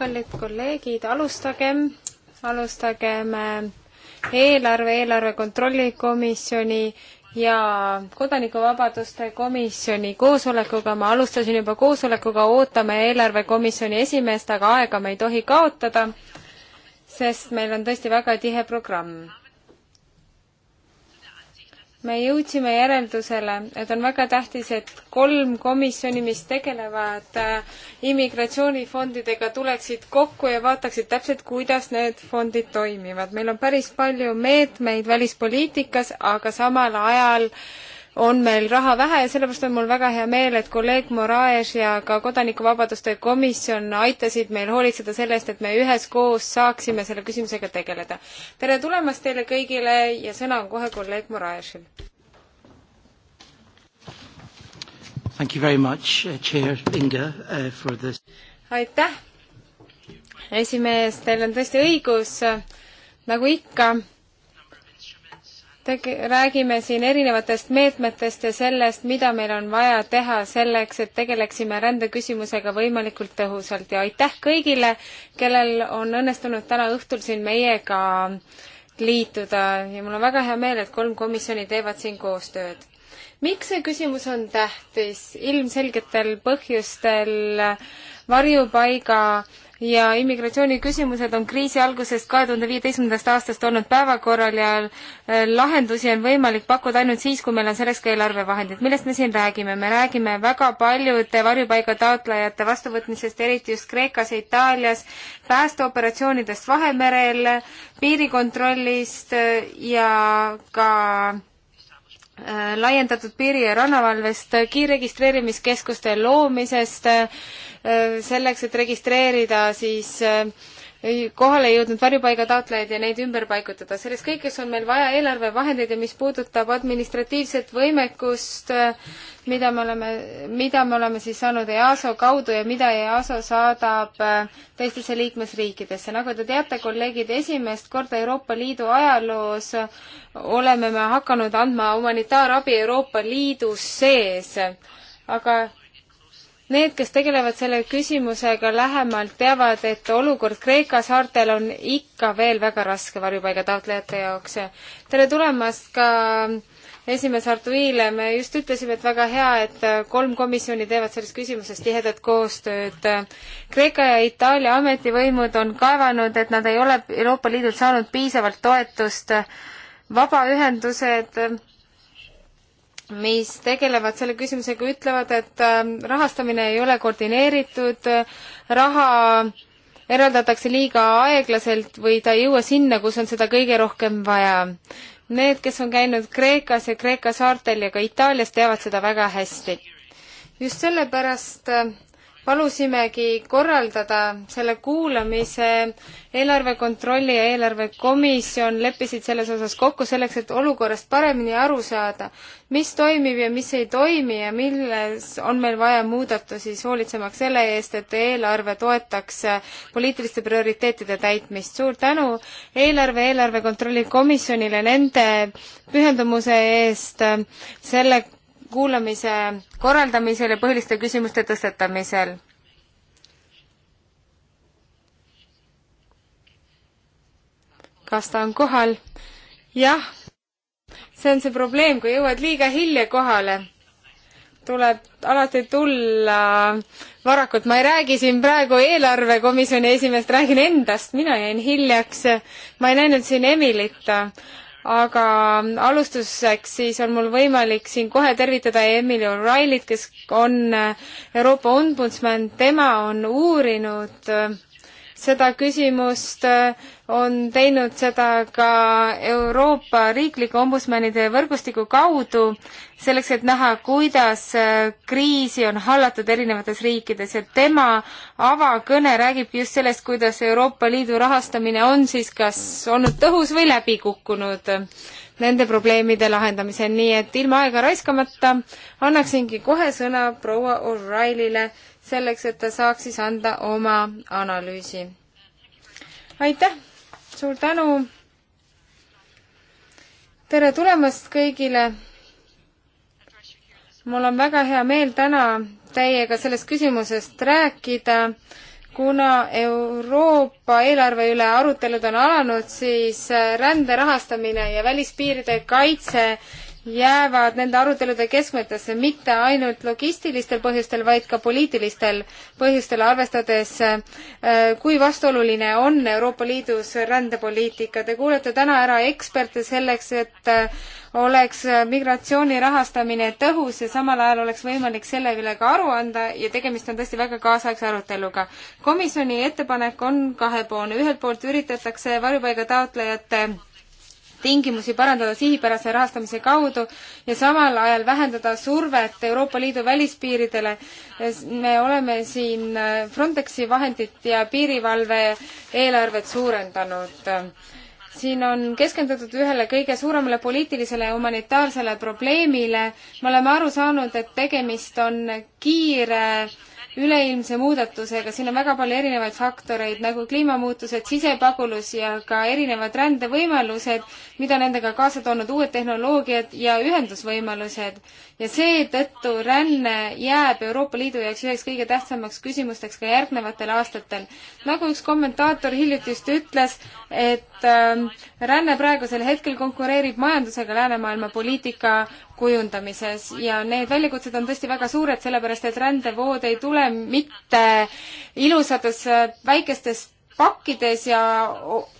kallid kolleegid, alustagem, alustagem äh, eelarve, eelarve kontrollikomisjoni ja kodanikuvabaduste komisjoni koosolekuga, ma alustasin juba koosolekuga, ootame eelarvekomisjoni esimeest, aga aega me ei tohi kaotada, sest meil on tõesti väga tihe programm me jõudsime järeldusele, et on väga tähtis, et kolm komisjoni, mis tegelevad äh, immigratsioonifondidega, tuleksid kokku ja vaataksid täpselt, kuidas need fondid toimivad. meil on päris palju meetmeid välispoliitikas, aga samal ajal äh, on meil raha vähe ja sellepärast on mul väga hea meel, et kolleeg Moraes ja ka Kodanikuvabaduste komisjon aitasid meil hoolitseda selle eest, et me üheskoos saaksime selle küsimusega tegeleda. tere tulemast teile kõigile ja sõna on kohe kolleeg Moraesil. Thank you very much, uh, Chair Inga uh,, for this. aitäh, esimees, teil on tõesti õigus, nagu ikka tegi, räägime siin erinevatest meetmetest ja sellest, mida meil on vaja teha selleks, et tegeleksime rändeküsimusega võimalikult tõhusalt ja aitäh kõigile, kellel on õnnestunud täna õhtul siin meiega liituda ja mul on väga hea meel, et kolm komisjoni teevad siin koostööd. miks see küsimus on tähtis? ilmselgetel põhjustel varjupaiga ja immigratsiooniküsimused on kriisi algusest, kahe tuhande viieteistkümnendast aastast olnud päevakorral ja äh, lahendusi on võimalik pakkuda ainult siis, kui meil on selleks ka eelarvevahendid. millest me siin räägime? me räägime väga paljude varjupaigataotlejate vastuvõtmisest, eriti just Kreekas ja Itaalias, päästeoperatsioonidest Vahemerel, piirikontrollist äh, ja ka äh, laiendatud piiri- ja rannavalvest, kiirregistreerimiskeskuste loomisest äh,, Äh, selleks, et registreerida siis äh, kohale jõudnud varjupaigataotlejaid ja neid ümber paigutada. selles kõiges on meil vaja eelarvevahendeid ja mis puudutab administratiivset võimekust, äh, mida me oleme, mida me oleme siis saanud EASO kaudu ja mida EASO saadab teistesse liikmesriikidesse. nagu te teate, kolleegid, esimest korda Euroopa Liidu ajaloos oleme me hakanud andma humanitaarabi Euroopa Liidu sees. aga Need, kes tegelevad selle küsimusega lähemalt, teavad, et olukord Kreeka saartel on ikka veel väga raske varjupaiga taotlejate jaoks. tere tulemast ka esimees Artuile, me just ütlesime, et väga hea, et kolm komisjoni teevad selles küsimuses tihedat koostööd. Kreeka ja Itaalia ametivõimud on kaevanud, et nad ei ole Euroopa Liidult saanud piisavalt toetust. vabaühendused mis tegelevad selle küsimusega, ütlevad, et ähm, rahastamine ei ole koordineeritud, raha eraldatakse liiga aeglaselt või ta ei jõua sinna, kus on seda kõige rohkem vaja. Need, kes on käinud Kreekas ja Kreeka saartel ja ka Itaalias, teavad seda väga hästi. just sellepärast äh, palusimegi korraldada selle kuulamise, eelarve kontrolli ja eelarvekomisjon leppisid selles osas kokku selleks, et olukorrast paremini aru saada, mis toimib ja mis ei toimi ja milles on meil vaja muudatusi, hoolitsemaks selle eest, et eelarve toetaks poliitiliste prioriteetide täitmist. suur tänu eelarve, eelarve kontrolli komisjonile nende pühendumuse eest selle kuulamise korraldamisel ja põhiliste küsimuste tõstatamisel. kas ta on kohal? jah, see on see probleem, kui jõuad liiga hilja kohale, tuleb alati tulla varakult. ma ei räägi siin praegu eelarvekomisjoni esimehest, räägin endast, mina jäin hiljaks, ma ei näinud siin Emilit aga alustuseks siis on mul võimalik siin kohe tervitada Emily O'Reillyt, kes on Euroopa ombudsman, tema on uurinud seda küsimust, äh, on teinud seda ka Euroopa riiklike ombusmanide võrgustiku kaudu, selleks et näha, kuidas äh, kriisi on hallatud erinevates riikides ja tema avakõne räägibki just sellest, kuidas Euroopa Liidu rahastamine on siis kas olnud tõhus või läbi kukkunud nende probleemide lahendamisel, nii et ilma aega raiskamata annaksingi kohe sõna proua O'Reillyle selleks, et ta saaks siis anda oma analüüsi. aitäh, suur tänu. tere tulemast kõigile. mul on väga hea meel täna teiega sellest küsimusest rääkida. kuna Euroopa eelarve üle arutelud on alanud, siis rände rahastamine ja välispiiride kaitse jäävad nende arutelude keskmetesse mitte ainult logistilistel põhjustel, vaid ka poliitilistel põhjustel, arvestades äh, kui vastuoluline on Euroopa Liidus rändepoliitika. Te kuulete täna ära eksperte selleks, et äh, oleks migratsiooni rahastamine tõhus ja samal ajal oleks võimalik selle üle ka aru anda ja tegemist on tõesti väga kaasaegse aruteluga. komisjoni ettepanek on kahepoolne, ühelt poolt üritatakse varjupaigataotlejate tingimusi parandada sihipärase rahastamise kaudu ja samal ajal vähendada survet Euroopa Liidu välispiiridele. me oleme siin äh, Frontexi vahendit ja piirivalve eelarvet suurendanud siin on keskendutud ühele kõige suuremale poliitilisele ja humanitaarsele probleemile. me oleme aru saanud, et tegemist on kiire äh, üleilmse muudatusega, siin on väga palju erinevaid faktoreid nagu kliimamuutused, sisepagulus ja ka erinevad rändevõimalused, mida nendega kaasa toonud uued tehnoloogiad ja ühendusvõimalused. ja seetõttu ränne jääb Euroopa Liidu jaoks üheks kõige tähtsamaks küsimusteks ka järgnevatel aastatel. nagu üks kommentaator hiljuti just ütles, et äh, ränne praegusel hetkel konkureerib majandusega läänemaailma poliitika kujundamises ja need väljakutsed on tõesti väga suured, sellepärast et rändevood ei tule mitte ilusates äh, väikestes pakkides ja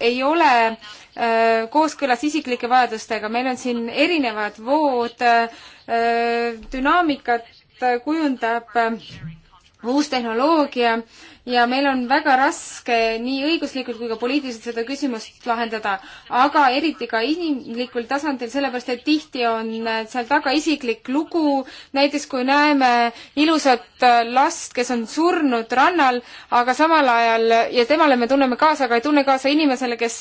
ei ole äh, kooskõlas isiklike vajadustega, meil on siin erinevad vood äh,, dünaamikat kujundab äh, uus tehnoloogia ja meil on väga raske nii õiguslikult kui ka poliitiliselt seda küsimust lahendada, aga eriti ka inimlikul tasandil, sellepärast et tihti on seal taga isiklik lugu, näiteks kui näeme ilusat last, kes on surnud rannal, aga samal ajal, ja temale me tunneme kaasa, aga ei tunne kaasa inimesele, kes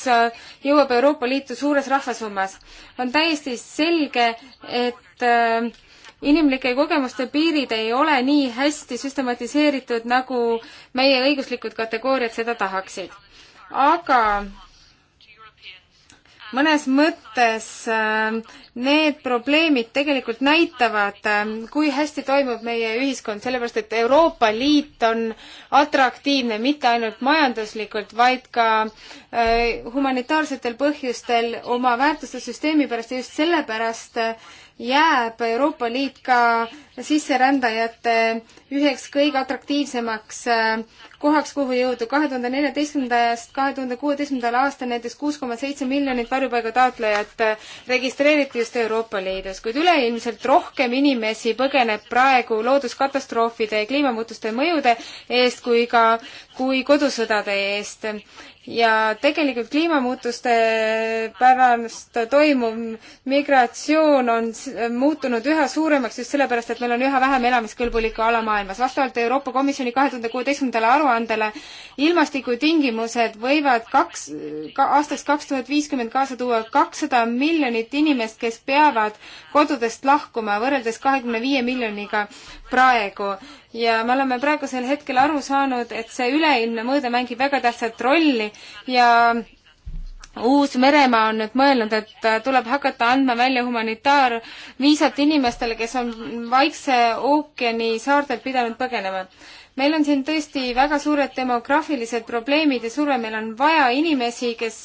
jõuab Euroopa Liitu suures rahvasummas. on täiesti selge, et äh, inimlike kogemuste piirid ei ole nii hästi süstematiseeritud, nagu meie õiguslikud kategooriad seda tahaksid. aga mõnes mõttes äh, need probleemid tegelikult näitavad, äh, kui hästi toimub meie ühiskond, sellepärast et Euroopa Liit on atraktiivne mitte ainult majanduslikult, vaid ka äh, humanitaarsetel põhjustel oma väärtuste süsteemi pärast ja just sellepärast jääb Euroopa Liit ka sisserändajate üheks kõige atraktiivsemaks äh, kohaks, kuhu jõuda. kahe tuhande neljateistkümnendast kahe tuhande kuueteistkümnendal aastal näiteks kuus koma seitse miljonit varjupaigataotlejat äh, registreeriti just Euroopa Liidus, kuid üleilmselt rohkem inimesi põgeneb praegu looduskatastroofide ja kliimamuutuste mõjude eest kui ka, kui kodusõdade eest ja tegelikult kliimamuutuste pärast toimuv migratsioon on muutunud üha suuremaks just sellepärast, et meil on üha vähem elamiskõlbulikku ala maailmas. vastavalt Euroopa Komisjoni kahe tuhande kuueteistkümnendale aruandele ilmastikutingimused võivad kaks ka,, aastaks kaks tuhat viiskümmend kaasa tuua kakssada miljonit inimest, kes peavad kodudest lahkuma, võrreldes kahekümne viie miljoniga praegu ja me oleme praegusel hetkel aru saanud, et see üleilmne mõõde mängib väga tähtsat rolli ja Uus-Meremaa on nüüd mõelnud, et tuleb hakata andma välja humanitaarviisat inimestele, kes on Vaikse ookeani saartelt pidanud põgenema. meil on siin tõesti väga suured demograafilised probleemid ja surve, meil on vaja inimesi, kes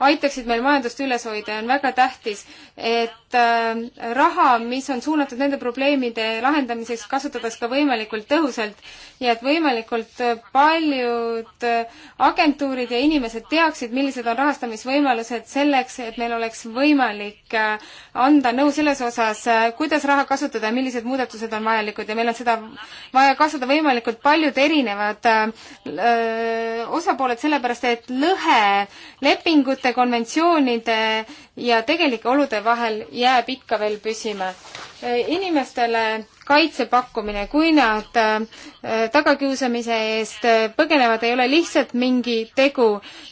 aitaksid meil majandust üles hoida ja on väga tähtis, et Äh, raha, mis on suunatud nende probleemide lahendamiseks, kasutades ka võimalikult tõhusalt ja et võimalikult äh, paljud äh, agentuurid ja inimesed teaksid, millised on rahastamisvõimalused selleks, et meil oleks võimalik anda nõu selles osas, kuidas raha kasutada ja millised muudatused on vajalikud ja meil on seda vaja kaasada võimalikult paljud erinevad osapooled, sellepärast et lõhe lepingute, konventsioonide ja tegelike olude vahel jääb ikka veel püsima. inimestele kaitse pakkumine, kui nad äh, tagakiusamise eest äh, põgenevad, ei ole lihtsalt mingi tegu.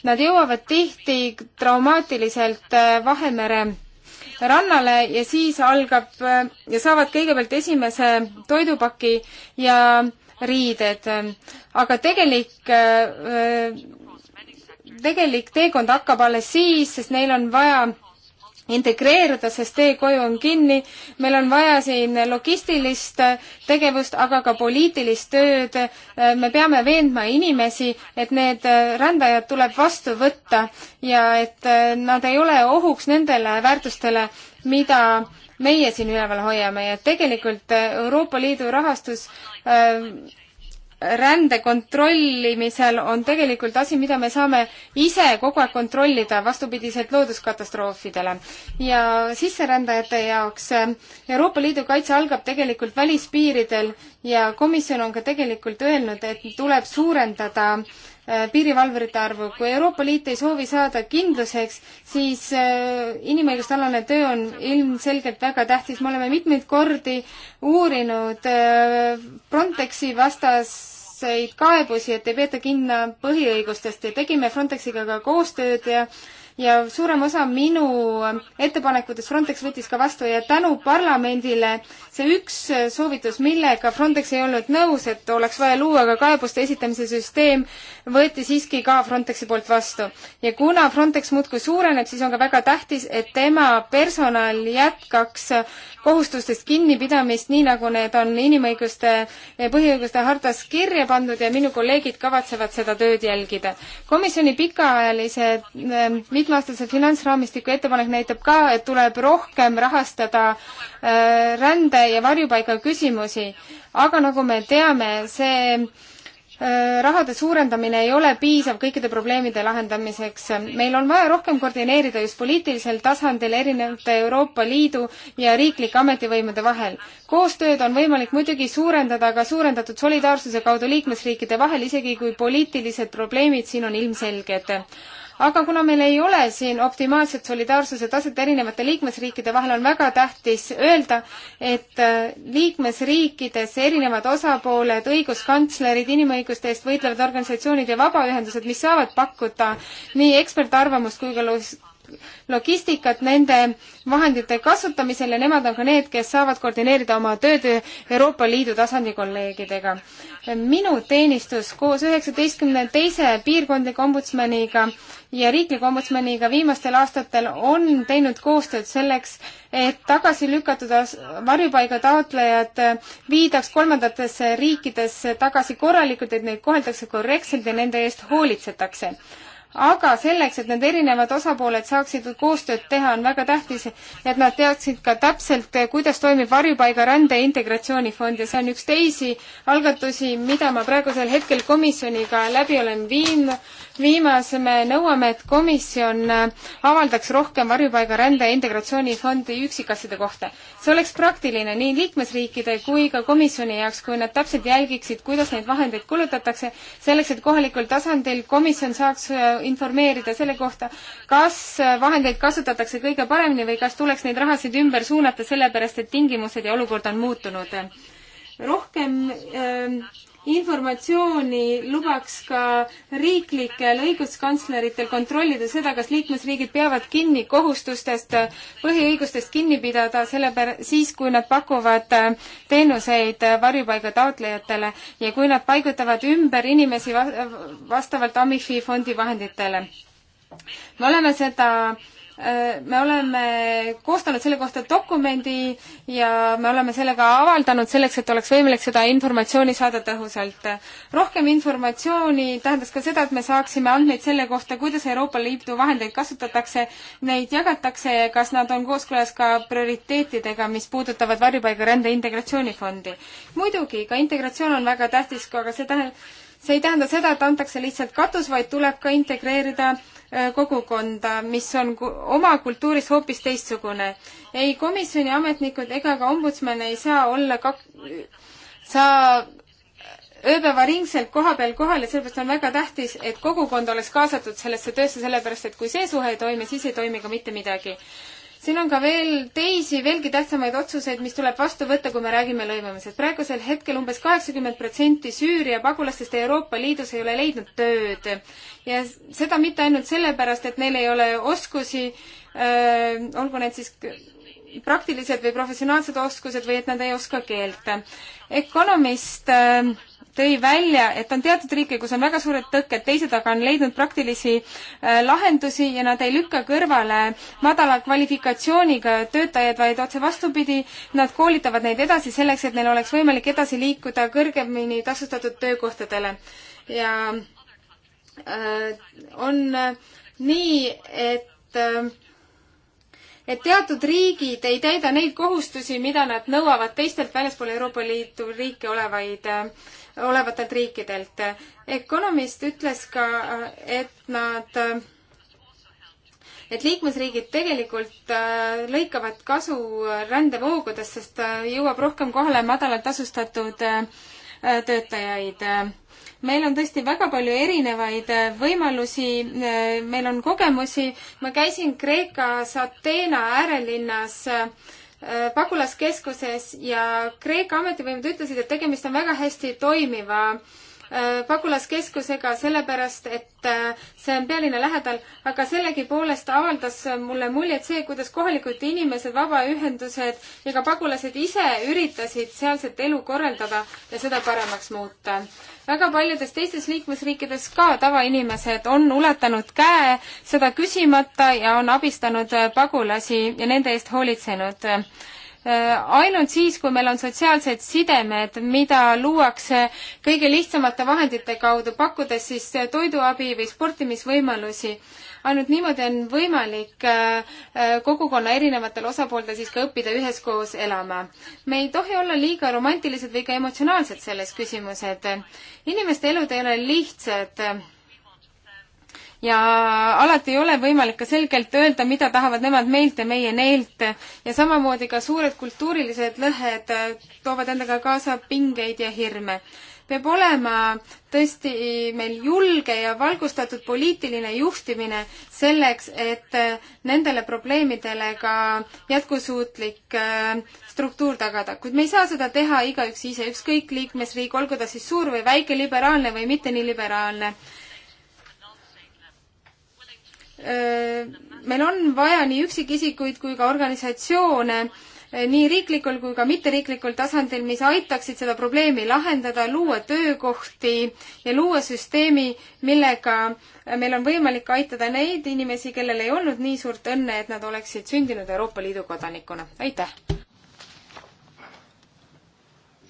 Nad jõuavad tihti traumaatiliselt äh, Vahemere rannale ja siis algab ja saavad kõigepealt esimese toidupaki ja riided. aga tegelik tegelik teekond hakkab alles siis, sest neil on vaja integreeruda, sest teekoju on kinni. meil on vaja siin logistilist tegevust, aga ka poliitilist tööd. me peame veendma inimesi, et need rändajad tuleb vastu võtta ja et nad ei ole ohuks nendele väärtustele, mida meie siin üleval hoiame ja tegelikult Euroopa Liidu rahastus äh, rände kontrollimisel on tegelikult asi, mida me saame ise kogu aeg kontrollida, vastupidiselt looduskatastroofidele. ja sisserändajate jaoks äh, Euroopa Liidu kaitse algab tegelikult välispiiridel ja komisjon on ka tegelikult öelnud, et tuleb suurendada äh, Äh, piirivalvurite arvu. kui Euroopa Liit ei soovi saada kindluseks, siis äh, inimõiguste alane töö on ilmselgelt väga tähtis. me oleme mitmeid kordi uurinud äh, Frontexi vastaseid kaebusi, et ei peeta kinni põhiõigustest ja tegime Frontexiga ka koostööd ja ja suurem osa minu ettepanekutest Frontex võttis ka vastu ja tänu parlamendile see üks soovitus, millega Frontex ei olnud nõus, et oleks vaja luua ka kaebuste esitamise süsteem, võeti siiski ka Frontexi poolt vastu. ja kuna Frontex muudkui suureneb, siis on ka väga tähtis, et tema personal jätkaks kohustustest kinnipidamist, nii nagu need on inimõiguste ja põhiõiguste hartas kirja pandud ja minu kolleegid kavatsevad seda tööd jälgida. komisjoni pikaajalise äh, mitmeaastase finantsraamistiku ettepanek näitab ka, et tuleb rohkem rahastada äh, rände ja varjupaiga küsimusi, aga nagu me teame, see äh, rahade suurendamine ei ole piisav kõikide probleemide lahendamiseks. meil on vaja rohkem koordineerida just poliitilisel tasandil erinevate Euroopa Liidu ja riiklike ametivõimude vahel. koostööd on võimalik muidugi suurendada ka suurendatud solidaarsuse kaudu liikmesriikide vahel, isegi kui poliitilised probleemid siin on ilmselged aga kuna meil ei ole siin optimaalset solidaarsuse taset erinevate liikmesriikide vahel, on väga tähtis öelda, et äh, liikmesriikides erinevad osapooled, õiguskantslerid, inimõiguste eest võitlevad organisatsioonid ja vabaühendused, mis saavad pakkuda nii ekspertarvamust kui ka logistikat nende vahendite kasutamisel ja nemad on ka need, kes saavad koordineerida oma tööd Euroopa Liidu tasandi kolleegidega. minu teenistus koos üheksateistkümne teise piirkondliku ombudsmaniga ja riikliku ombudsmaniga viimastel aastatel on teinud koostööd selleks, et tagasi lükatud varjupaiga taotlejad äh, viidaks kolmandatesse riikidesse tagasi korralikult, et neid koheldakse korrektselt ja nende eest hoolitsetakse aga selleks, et need erinevad osapooled saaksid koostööd teha, on väga tähtis, et nad teaksid ka täpselt, äh, kuidas toimib varjupaiga rände integratsioonifond ja see on üks teisi algatusi, mida ma praegusel hetkel komisjoniga läbi olen viinud viimase me nõuame, et komisjon äh, avaldaks rohkem varjupaigarände ja integratsioonifondi üksikasjade kohta. see oleks praktiline nii liikmesriikide kui ka komisjoni jaoks, kui nad täpselt jälgiksid, kuidas neid vahendeid kulutatakse, selleks et kohalikul tasandil komisjon saaks äh, informeerida selle kohta, kas äh, vahendeid kasutatakse kõige paremini või kas tuleks neid rahasid ümber suunata, sellepärast et tingimused ja olukord on muutunud rohkem äh, informatsiooni lubaks ka riiklikel õiguskantsleritel kontrollida seda, kas liikmesriigid peavad kinni kohustustest, põhiõigustest kinni pidada, selle pär-, siis kui nad pakuvad äh, teenuseid äh, varjupaiga taotlejatele ja kui nad paigutavad ümber inimesi vastavalt Amifi fondi vahenditele. me oleme seda Äh, me oleme koostanud selle kohta dokumendi ja me oleme selle ka avaldanud selleks, et oleks võimalik seda informatsiooni saada tõhusalt. rohkem informatsiooni tähendas ka seda, et me saaksime andmeid selle kohta, kuidas Euroopa Liidu vahendeid kasutatakse, neid jagatakse ja kas nad on kooskõlas ka prioriteetidega, mis puudutavad varjupaigarände integratsioonifondi. muidugi, ka integratsioon on väga tähtis, aga see tähendab, see ei tähenda seda, et antakse lihtsalt katus, vaid tuleb ka integreerida äh, kogukonda, mis on oma kultuuris hoopis teistsugune. ei komisjoni ametnikud ega ka ombudsman ei saa olla kak-, saa ööpäevaringselt kohapeal kohal ja sellepärast on väga tähtis, et kogukond oleks kaasatud sellesse töösse, sellepärast et kui see suhe ei toimi, siis ei toimi ka mitte midagi siin on ka veel teisi veelgi tähtsamaid otsuseid, mis tuleb vastu võtta, kui me räägime lõimimisest. praegusel hetkel umbes kaheksakümmend protsenti Süüria pagulastest Euroopa Liidus ei ole leidnud tööd ja seda mitte ainult sellepärast, et neil ei ole oskusi, olgu need siis praktilised või professionaalsed oskused või et nad ei oska keelt. Economist öö, tõi välja, et on teatud riike, kus on väga suured tõkked, teised aga on leidnud praktilisi äh, lahendusi ja nad ei lükka kõrvale madala kvalifikatsiooniga töötajaid, vaid otse vastupidi, nad koolitavad neid edasi selleks, et neil oleks võimalik edasi liikuda kõrgemini tasustatud töökohtadele. ja äh, on äh, nii, et äh, et teatud riigid ei täida neid kohustusi, mida nad nõuavad teistelt väljaspool Euroopa Liidu riike olevaid äh, olevatelt riikidelt. Economist ütles ka, et nad, et liikmesriigid tegelikult äh, lõikavad kasu rändevoogudest, sest äh, jõuab rohkem kohale madalalt asustatud äh, töötajaid. meil on tõesti väga palju erinevaid võimalusi, meil on kogemusi, ma käisin Kreekas Ateena äärelinnas Äh, pagulaskeskuses ja Kreeka ametivõimud ütlesid, et tegemist on väga hästi toimiva äh, Äh, pagulaskeskusega, sellepärast et äh, see on pealinna lähedal, aga sellegipoolest avaldas mulle muljet see, kuidas kohalikud inimesed, vabaühendused ja ka pagulased ise üritasid sealset elu korraldada ja seda paremaks muuta. väga paljudes teistes liikmesriikides ka tavainimesed on ulatanud käe seda küsimata ja on abistanud pagulasi ja nende eest hoolitsenud Äh, ainult siis, kui meil on sotsiaalsed sidemed, mida luuakse kõige lihtsamate vahendite kaudu, pakkudes siis äh, toiduabi või sportimisvõimalusi. ainult niimoodi on võimalik äh, kogukonna erinevatel osapooltel siis ka õppida üheskoos elama. me ei tohi olla liiga romantilised või ka emotsionaalsed selles küsimuses. inimeste elud ei ole lihtsad ja alati ei ole võimalik ka selgelt öelda, mida tahavad nemad meilt ja meie neilt. ja samamoodi ka suured kultuurilised lõhed toovad endaga kaasa pingeid ja hirme peab olema tõesti meil julge ja valgustatud poliitiline juhtimine selleks, et nendele probleemidele ka jätkusuutlik äh, struktuur tagada. kuid me ei saa seda teha igaüks ise, ükskõik liikmesriik, olgu ta siis suur või väike, liberaalne või mitte nii liberaalne Äh, meil on vaja nii üksikisikuid kui ka organisatsioone äh, nii riiklikul kui ka mitteriiklikul tasandil, mis aitaksid seda probleemi lahendada, luua töökohti ja luua süsteemi, millega äh, meil on võimalik aitada neid inimesi, kellel ei olnud nii suurt õnne, et nad oleksid sündinud Euroopa Liidu kodanikuna. aitäh!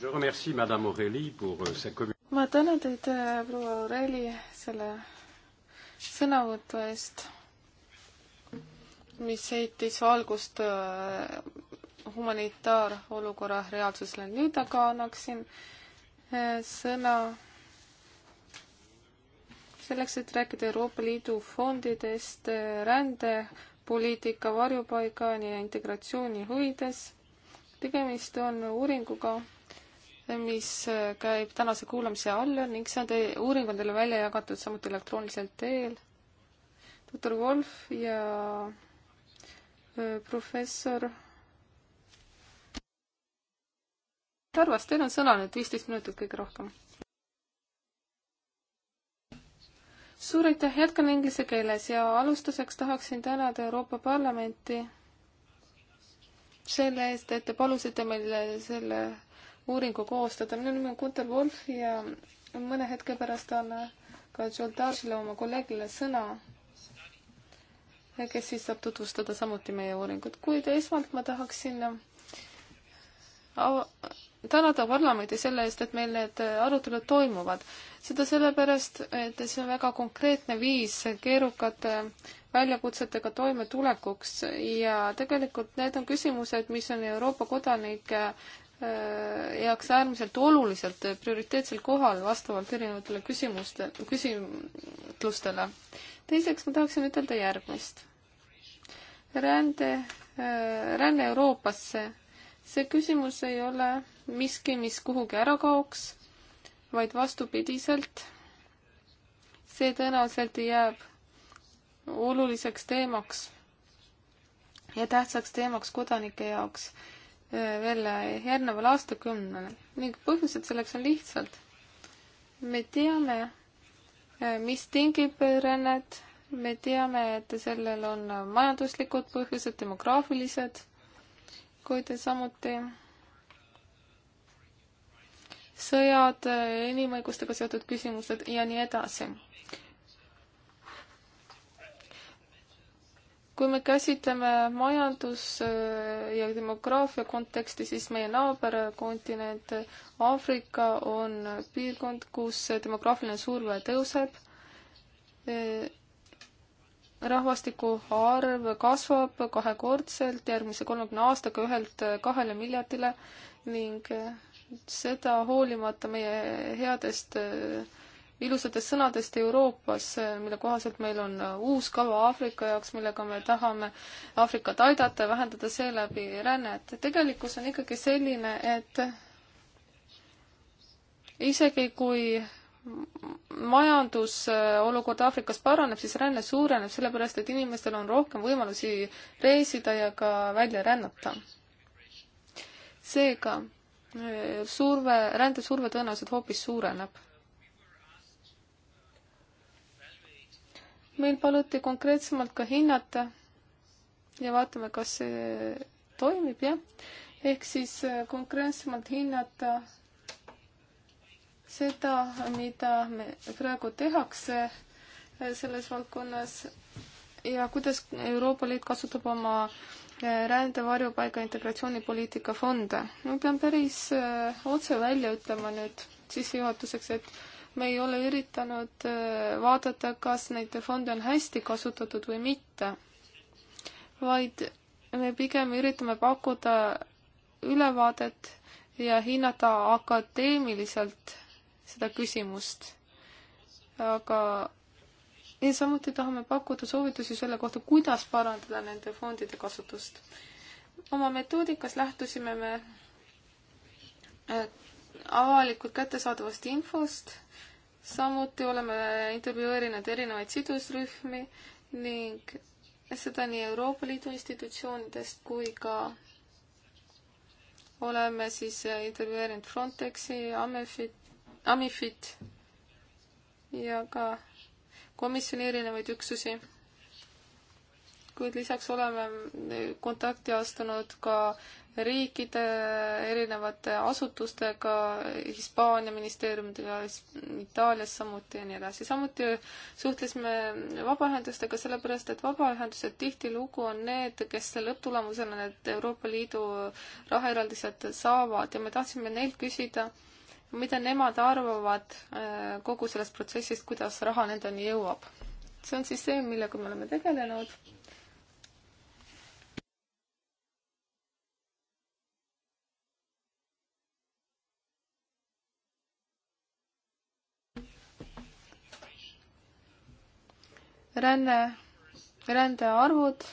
Euh, ma tänan teid, euh, proua Aureli, selle sõnavõtu eest mis heitis valgust äh, humanitaarolukorra reaalsusele. nüüd aga annaksin äh, sõna selleks, et rääkida Euroopa Liidu fondidest äh, rändepoliitika, varjupaigani ja integratsiooni huvides. tegemist on uuringuga, mis käib tänase kuulamise alla ning see on teie, uuring on teile välja jagatud samuti elektroonilisel teel. doktor Wolf ja professor Tarvas, teil on sõna nüüd viisteist minutit kõige rohkem. suur aitäh, jätkan inglise keeles ja alustuseks tahaksin tänada Euroopa Parlamenti selle eest, et te palusite meil selle uuringu koostada. minu nimi on Gunter Wolf ja mõne hetke pärast annan ka Joel Taršile, oma kolleegile, sõna kes siis saab tutvustada samuti meie uuringut, kuid esmalt ma tahaksin äh, tänada parlamendi selle eest, et meil need äh, arutelud toimuvad. seda sellepärast, et see on väga konkreetne viis keerukate väljakutsetega toimetulekuks ja tegelikult need on küsimused, mis on Euroopa kodanike Äh, jaoks äärmiselt oluliselt prioriteetsel kohal vastavalt erinevatele küsimuste, küsitlustele. teiseks ma tahaksin ütelda järgmist. rände, äh, ränne Euroopasse, see küsimus ei ole miski, mis kuhugi ära kaoks, vaid vastupidiselt. see tõenäoliselt jääb oluliseks teemaks ja tähtsaks teemaks kodanike jaoks veel äh, järgneval aastakümnel ning põhjused selleks on lihtsad. me teame, äh, mis tingib rännet, me teame, et sellel on äh, majanduslikud põhjused, demograafilised, kuid samuti sõjad, inimõigustega seotud küsimused ja nii edasi kui me käsitleme majandus- ja demograafia konteksti, siis meie naaberkontinent Aafrika on piirkond, kus demograafiline surve tõuseb. rahvastiku arv kasvab kahekordselt järgmise kolmekümne aastaga ühelt kahele miljardile ning seda hoolimata meie headest ilusatest sõnadest Euroopas, mille kohaselt meil on uus kava Aafrika jaoks, millega me tahame Aafrikat aidata ja vähendada seeläbi rännet. tegelikkus on ikkagi selline, et isegi kui majandusolukord Aafrikas paraneb, siis ränne suureneb, sellepärast et inimestel on rohkem võimalusi reisida ja ka välja rännata. seega surve, rändesurve tõenäoliselt hoopis suureneb meil paluti konkreetsemalt ka hinnata ja vaatame, kas see toimib, jah. ehk siis äh, konkreetsemalt hinnata seda, mida me praegu tehakse äh, selles valdkonnas ja kuidas Euroopa Liit kasutab oma äh, rände, varjupaiga, integratsioonipoliitika fonde. ma pean päris otse välja ütlema nüüd sissejuhatuseks, et me ei ole üritanud äh, vaadata, kas neid fonde on hästi kasutatud või mitte, vaid me pigem üritame pakkuda ülevaadet ja hinnata akadeemiliselt seda küsimust. aga ja samuti tahame pakkuda soovitusi selle kohta, kuidas parandada nende fondide kasutust. oma metoodikas lähtusime me äh, avalikult kättesaadavast infost, samuti oleme intervjueerinud erinevaid sidusrühmi ning seda nii Euroopa Liidu institutsioonidest kui ka oleme siis intervjueerinud Frontexi, Amifit, Amifit ja ka komisjoni erinevaid üksusi kuid lisaks oleme kontakti astunud ka riikide erinevate asutustega, Hispaania ministeeriumidega, Itaalias samuti ja nii edasi. samuti suhtlesime vabaühendustega, sellepärast et vabaühendused tihtilugu on need, kes lõpptulemusena need Euroopa Liidu rahaeraldised saavad ja me tahtsime neilt küsida, mida nemad arvavad äh, kogu sellest protsessist, kuidas raha nendeni jõuab. see on siis see, millega me oleme tegelenud ränne, rändearvud.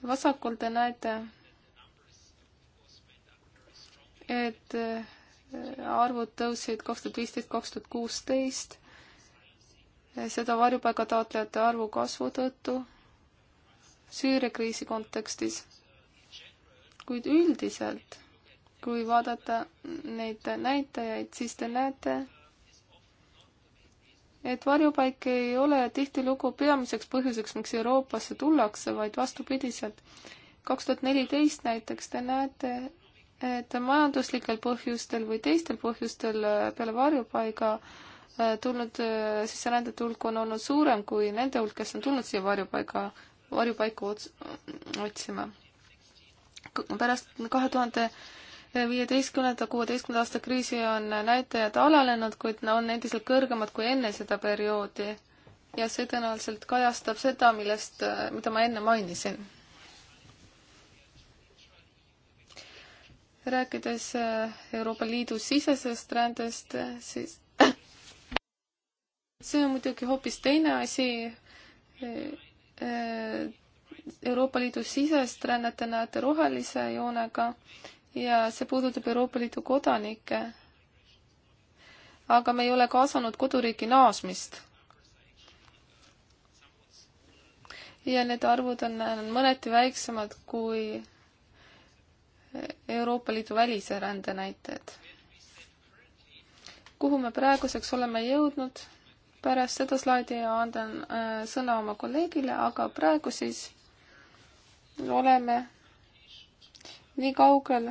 vasakul te näete, et äh, arvud tõusid kaks tuhat viisteist, kaks tuhat kuusteist, seda varjupaiga taotlejate arvu kasvu tõttu Süüria kriisi kontekstis. kuid üldiselt, kui vaadata neid näitajaid, siis te näete, et varjupaik ei ole tihtilugu peamiseks põhjuseks, miks Euroopasse tullakse, vaid vastupidiselt. kaks tuhat neliteist näiteks te näete, et majanduslikel põhjustel või teistel põhjustel peale varjupaiga äh, tulnud äh, sisserändajate hulk on olnud suurem kui nende hulk, kes on tulnud siia varjupaiga, varjupaika ots-, otsima. pärast kahe tuhande 2000 viieteistkümnenda, kuueteistkümnenda aasta kriisi on näitajad alanenud, kuid on endiselt kõrgemad kui enne seda perioodi. ja see tõenäoliselt kajastab seda, millest, mida ma enne mainisin. rääkides äh, Euroopa Liidu sisesest rändest, siis see on muidugi hoopis teine asi. Äh, äh, Euroopa Liidu sisest rännet te näete rohelise joonega ja see puudutab Euroopa Liidu kodanikke. aga me ei ole kaasanud koduriiki naasmist. ja need arvud on mõneti väiksemad kui Euroopa Liidu välise rände näitajad. kuhu me praeguseks oleme jõudnud? pärast seda slaidi andan äh, sõna oma kolleegile, aga praegu siis oleme nii kaugel,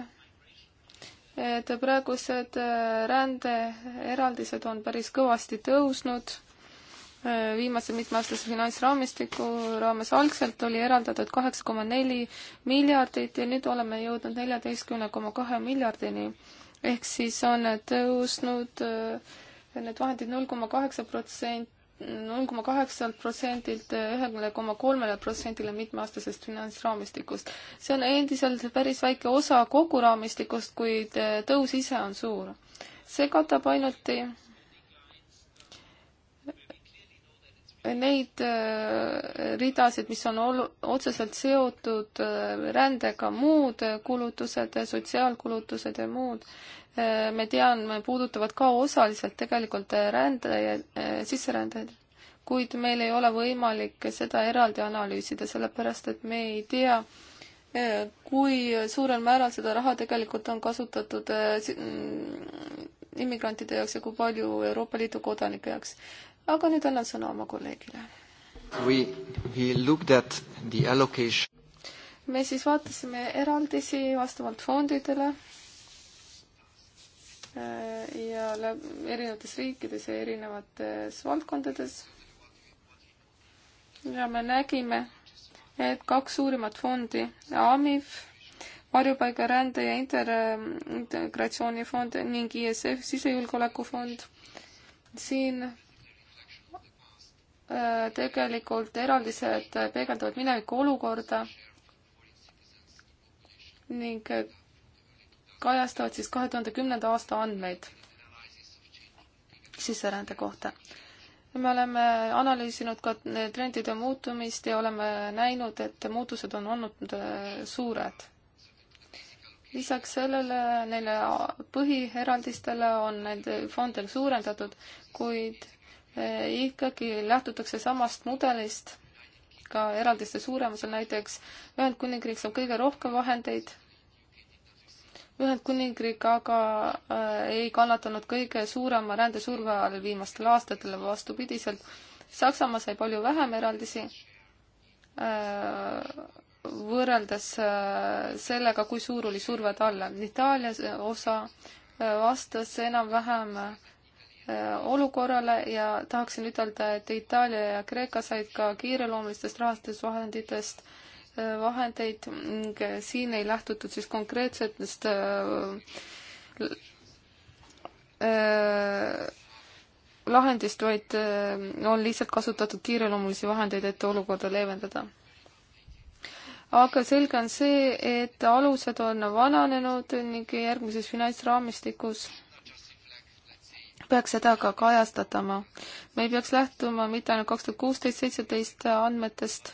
et praegused äh, rändeeraldised on päris kõvasti tõusnud. Äh, viimase mitmeaastase finantsraamistiku raames algselt oli eraldatud kaheksa koma neli miljardit ja nüüd oleme jõudnud neljateistkümne koma kahe miljardini. ehk siis on tõusnud äh, need vahendid null koma kaheksa protsenti null koma kaheksalt protsendilt ühele koma kolmele protsendile mitmeaastasest finantsraamistikust. see on endiselt päris väike osa kogu raamistikust, kuid eh, tõus ise on suur. see katab ainult eh, neid eh, ridasid, mis on olu-, otseselt seotud rändega, muud kulutused, sotsiaalkulutused ja muud me teame, puudutavad ka osaliselt tegelikult rändajaid, eh, sisserändajaid, kuid meil ei ole võimalik seda eraldi analüüsida, sellepärast et me ei tea, eh, kui suurel määral seda raha tegelikult on kasutatud eh, mm, immigrantide jaoks ja kui palju Euroopa Liidu kodanike jaoks. aga nüüd annan sõna oma kolleegile. We, we looked at the allocation me siis vaatasime eraldisi vastavalt fondidele Äh, ja erinevates riikides ja erinevates valdkondades. ja me nägime, et kaks suurimat fondi, AMIF, varjupaiga rände ja integratsioonifond ning ISF, sisejulgeolekufond, siin äh, tegelikult eraldised peegeldavad mineviku olukorda ning kajastavad siis kahe tuhande kümnenda aasta andmeid sisserände kohta. me oleme analüüsinud ka trendide muutumist ja oleme näinud, et muutused on olnud äh, suured. lisaks sellele neile põhieraldistele on nende fondel suurendatud, kuid äh, ikkagi lähtutakse samast mudelist ka eraldiste suuremusel, näiteks Ühendkuningriigis on kõige rohkem vahendeid Ühendkuningriik aga äh, ei kannatanud kõige suurema rändesurve all viimastel aastatel, vastupidiselt. Saksamaa sai palju vähem eraldisi äh, võrreldes äh, sellega, kui suur oli surve talle. Itaalia osa äh, vastas enam-vähem äh, olukorrale ja tahaksin ütelda, et Itaalia ja Kreeka said ka kiireloomulistest rahastusvahenditest äh, vahendeid ning siin ei lähtutud siis konkreetsetest äh, äh, lahendist, vaid äh, on lihtsalt kasutatud kiireloomulisi vahendeid, et olukorda leevendada. aga selge on see, et alused on vananenud ning järgmises finantsraamistikus peaks seda ka kajastatama. me ei peaks lähtuma mitte ainult kaks tuhat kuusteist, seitseteist andmetest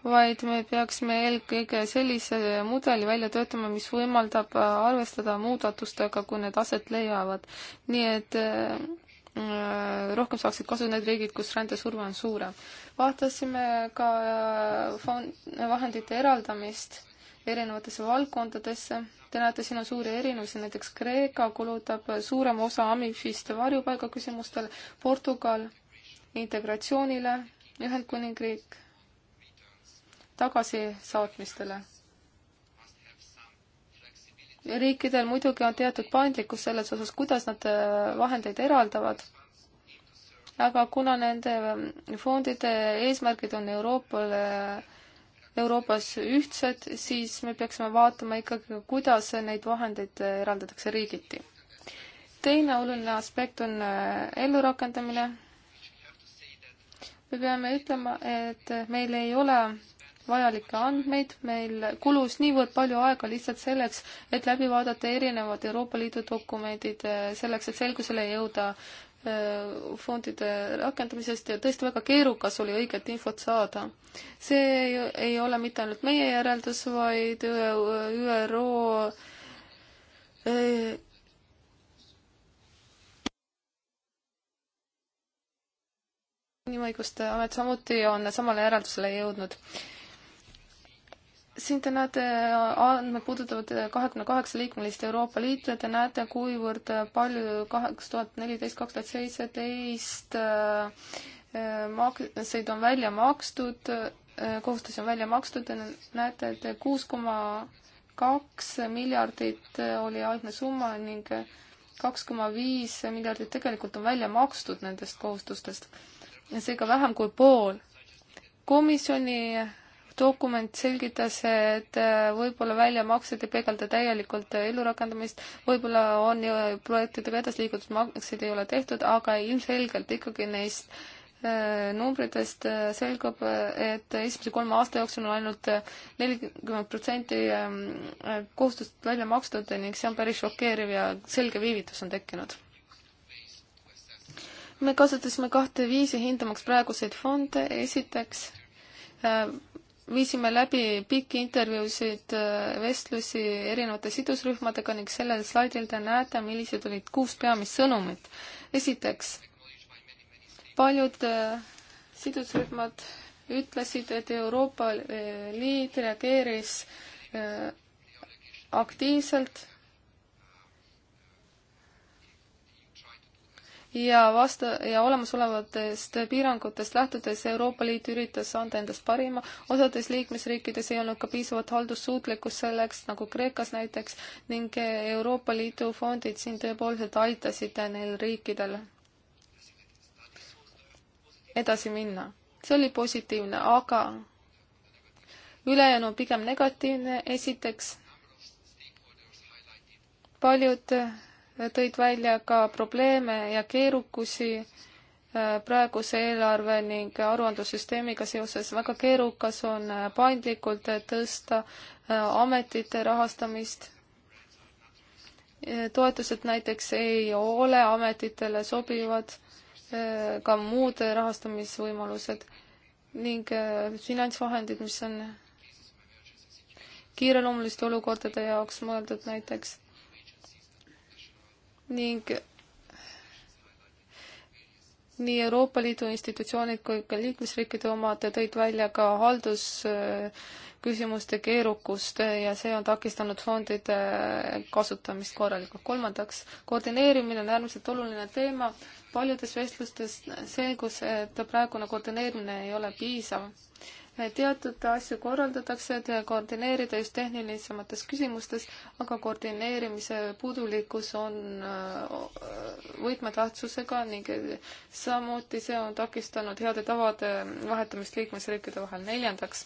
vaid me peaksime eelkõige sellise mudeli välja töötama, mis võimaldab arvestada muudatustega, kui need aset leiavad. nii et äh, rohkem saaksid kasu need riigid, kus rändesurve on suurem. vaatasime ka äh, fond, vahendite eraldamist erinevatesse valdkondadesse. Te näete, siin on suuri erinevusi, näiteks Kreeka kulutab suurema osa Amifist varjupaiga küsimustele, Portugal integratsioonile, Ühendkuningriik tagasisaatmistele. riikidel muidugi on teatud paindlikkus selles osas, kuidas nad äh, vahendeid eraldavad, aga kuna nende äh, fondide eesmärgid on Euroopale Euroopas ühtsed, siis me peaksime vaatama ikkagi, kuidas neid vahendeid äh, eraldatakse riigiti. teine oluline aspekt on ellurakendamine. me peame ütlema, et meil ei ole vajalikke andmeid, meil kulus niivõrd palju aega lihtsalt selleks, et läbi vaadata erinevad Euroopa Liidu dokumendid, eh, selleks, et selgusele jõuda eh, fondide rakendamisest ja tõesti väga keerukas oli õiget infot saada. see ei ole mitte ainult meie järeldus, vaid eh, ÜRO inimõiguste amet samuti on samale järeldusele jõudnud siin te näete, äh, andmed puudutavad äh, kahekümne kaheksa liikmelist Euroopa Liitu ja te näete, kuivõrd äh, palju kaheksa tuhat neliteist, kaks tuhat seitseteist makseid on välja makstud, kohustusi on välja makstud ja näete, et kuus koma kaks miljardit oli algne summa ning kaks koma viis miljardit tegelikult on välja makstud nendest kohustustest. seega vähem kui pool. komisjoni dokument selgitas, et äh, võib-olla väljamaksed ei peegelda täielikult äh, ellurakendamist, võib-olla on ju projektidega edasi liigutud, makseid ei ole tehtud, aga ilmselgelt ikkagi neist äh, numbritest selgub, et esimese kolme aasta jooksul on ainult nelikümmend protsenti ähm, kohustust välja makstud ning see on päris šokeeriv ja selge viivitus on tekkinud. me kasutasime kahte viisi hindamaks praeguseid fonde, esiteks viisime läbi pikki intervjuusid, äh, vestlusi erinevate sidusrühmadega ning sellel slaidil te näete, millised olid kuus peamist sõnumit. esiteks, paljud äh, sidusrühmad ütlesid, et Euroopa äh, Liit reageeris aktiivselt ja vasta- ja olemasolevatest piirangutest lähtudes Euroopa Liit üritas anda endast parima, osades liikmesriikides ei olnud ka piisavat haldussuutlikkust selleks, nagu Kreekas näiteks, ning Euroopa Liidu fondid siin tõepoolest aitasid neil riikidel edasi minna. see oli positiivne, aga ülejäänu pigem negatiivne, esiteks paljud tõid välja ka probleeme ja keerukusi äh, praeguse eelarve ning aruandlussüsteemiga seoses väga keerukas on äh, paindlikult äh, tõsta ametite rahastamist. toetused näiteks ei ole ametitele sobivad, ka muud rahastamisvõimalused ning finantsvahendid, mis on kiireloomuliste olukordade jaoks mõeldud näiteks ning nii Euroopa Liidu institutsioonid kui ka liikmesriikide omad tõid välja ka haldusküsimuste keerukust ja see on takistanud fondide kasutamist korralikult. kolmandaks, koordineerimine on äärmiselt oluline teema. paljudes vestlustes selgus, et praegune koordineerimine ei ole piisav teatud asju korraldatakse, koordineerida just tehnilisemates küsimustes, aga koordineerimise puudulikkus on äh, võtmetähtsusega ning samuti see on takistanud heade tavade vahetamist liikmesriikide vahel. neljandaks,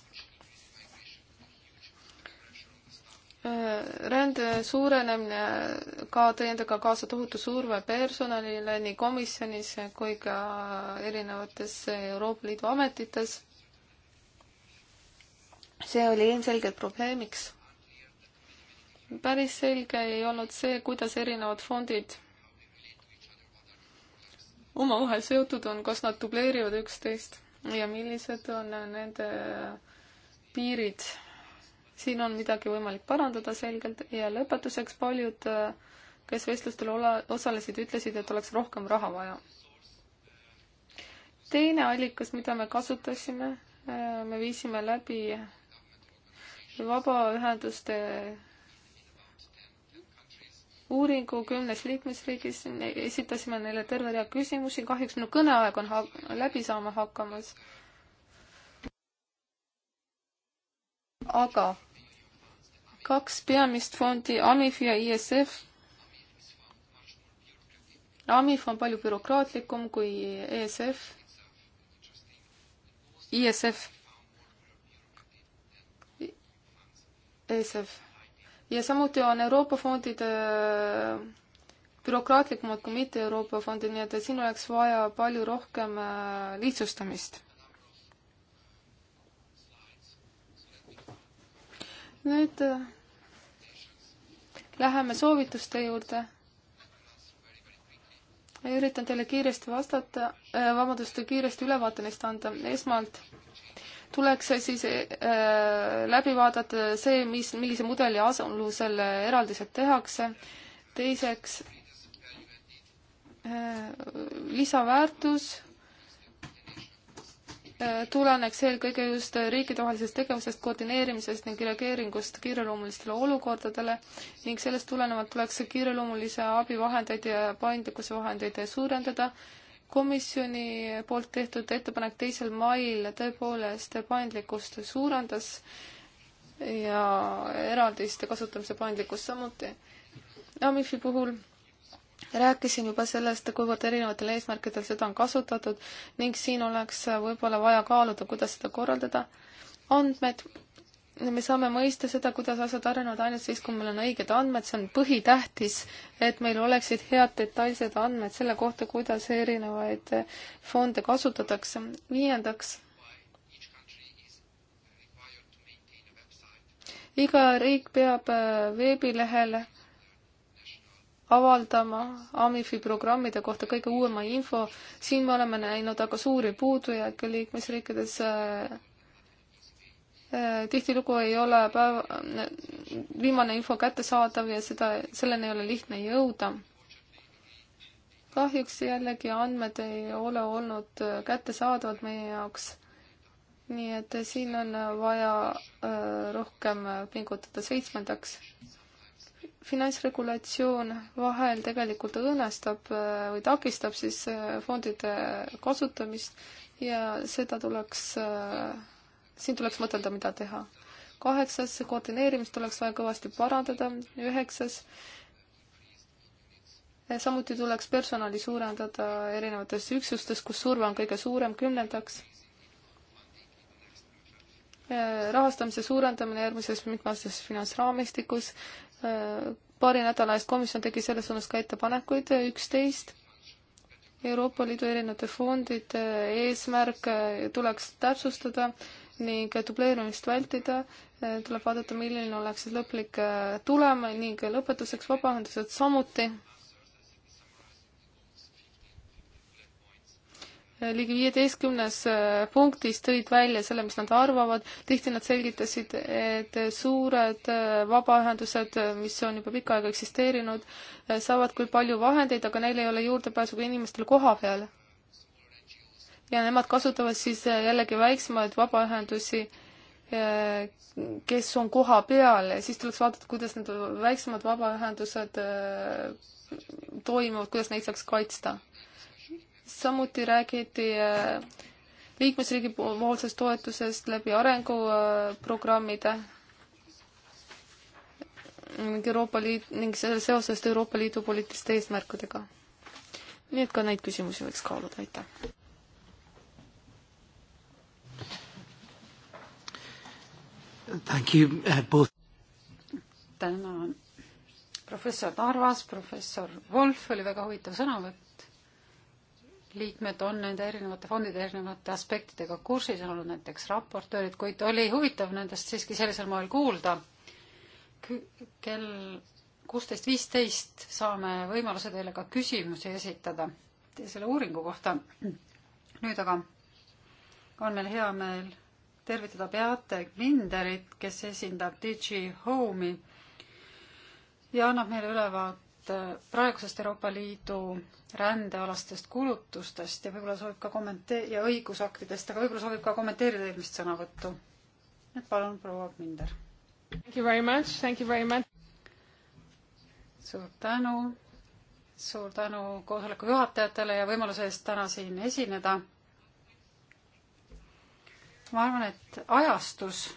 äh, rände suurenemine ka tõi endaga kaasa tohutu surve personalile nii komisjonis kui ka erinevates Euroopa Liidu ametites see oli ilmselgelt probleemiks. päris selge ei olnud see, kuidas erinevad fondid omavahel seotud on, kas nad dubleerivad üksteist ja millised on nende piirid. siin on midagi võimalik parandada selgelt ja lõpetuseks paljud, kes vestlustel ole, osalesid, ütlesid, et oleks rohkem raha vaja. teine allikas, mida me kasutasime, me viisime läbi vabaühenduste uuringu kümnes liikmesriigis, esitasime neile terve rea küsimusi, kahjuks minu kõneaeg on ha-, läbi saama hakkamas. aga kaks peamist fondi, AMIF ja ISF. AMIF on palju bürokraatlikum kui ESF. ISF ESF. ja samuti on Euroopa fondide äh, bürokraatlikumad kui mitte Euroopa fondid, nii et siin oleks vaja palju rohkem äh, lihtsustamist. nüüd äh, läheme soovituste juurde. üritan teile kiiresti vastata, vabandust, kiiresti ülevaate neist anda. esmalt tuleks siis äh, läbi vaadata see, mis, millise mudeli asendulusel eraldised tehakse. teiseks, äh, lisaväärtus äh, tuleneks eelkõige just riikidevahelisest tegevusest, koordineerimisest ning reageeringust kiireloomulistele olukordadele ning sellest tulenevalt tuleks kiireloomulise abivahendeid ja paindlikkuse vahendeid suurendada komisjoni poolt tehtud ettepanek teisel mail tõepoolest paindlikkust suurendas ja eraldiste kasutamise paindlikkust samuti. Amifi puhul rääkisin juba sellest, kuivõrd erinevatel eesmärkidel seda on kasutatud ning siin oleks võib-olla vaja kaaluda, kuidas seda korraldada. andmed me saame mõista seda, kuidas asjad arenevad ainult siis, kui meil on õiged andmed, see on põhitähtis, et meil oleksid head detailsed andmed selle kohta, kuidas erinevaid fonde kasutatakse. viiendaks, iga riik peab äh, veebilehel avaldama AMIF-i programmide kohta kõige uuema info, siin me oleme näinud aga suuri puudujääke liikmesriikides äh, Äh, tihtilugu ei ole päev, viimane info kättesaadav ja seda, selleni ei ole lihtne jõuda. kahjuks jällegi andmed ei ole olnud äh, kättesaadavad meie jaoks. nii et siin on vaja äh, rohkem pingutada. seitsmendaks, finantsregulatsioon vahel tegelikult õõnestab või takistab siis fondide kasutamist ja seda tuleks äh, siin tuleks mõtelda, mida teha. kaheksas, koordineerimist tuleks vaja kõvasti parandada, üheksas, samuti tuleks personali suurendada erinevates üksustes, kus surve on kõige suurem, kümnendaks, rahastamise suurendamine järgmises mitmeaastases finantsraamistikus, paari nädala eest komisjon tegi selles suunas ka ettepanekuid, üksteist Euroopa Liidu erinevate fondide eesmärk tuleks täpsustada ning dubleerimist vältida, tuleb vaadata, milline oleks siis lõplik äh, tulem ning lõpetuseks vabaühendused samuti. ligi viieteistkümnes äh, punktis tõid välja selle, mis nad arvavad, tihti nad selgitasid, et suured äh, vabaühendused, mis on juba pikka aega eksisteerinud, saavad küll palju vahendeid, aga neil ei ole juurdepääsu ka inimestele koha peale ja nemad kasutavad siis äh, jällegi väiksemaid vabaühendusi, äh, kes on koha peal ja siis tuleks vaadata, kuidas need väiksemad vabaühendused äh, toimuvad, kuidas neid saaks kaitsta. samuti räägiti liikmesriigi poolsest toetusest läbi arenguprogrammide ning Euroopa Liit ning selle seosest Euroopa Liidu poliitiliste eesmärkidega. nii et ka neid küsimusi võiks kaaluda, aitäh! Uh, tänan professor Narvas, professor Wolf oli väga huvitav sõnavõtt. liikmed on nende erinevate fondide erinevate aspektidega kursis, on olnud näiteks raportöörid, kuid oli huvitav nendest siiski sellisel moel kuulda. kell kuusteist viisteist saame võimaluse teile ka küsimusi esitada selle uuringu kohta. nüüd aga on meil hea meel tervitada Beate Minderit, kes esindab DG Home'i ja annab meile ülevaate praegusest Euroopa Liidu rändealastest kulutustest ja võib-olla soovib ka kommentee- ja õigusaktidest, aga võib-olla soovib ka kommenteerida eelmist sõnavõttu. et palun, proua Minder. Thank you very much, thank you very much. suur tänu, suur tänu koosoleku juhatajatele ja võimaluse eest täna siin esineda ma arvan, et ajastus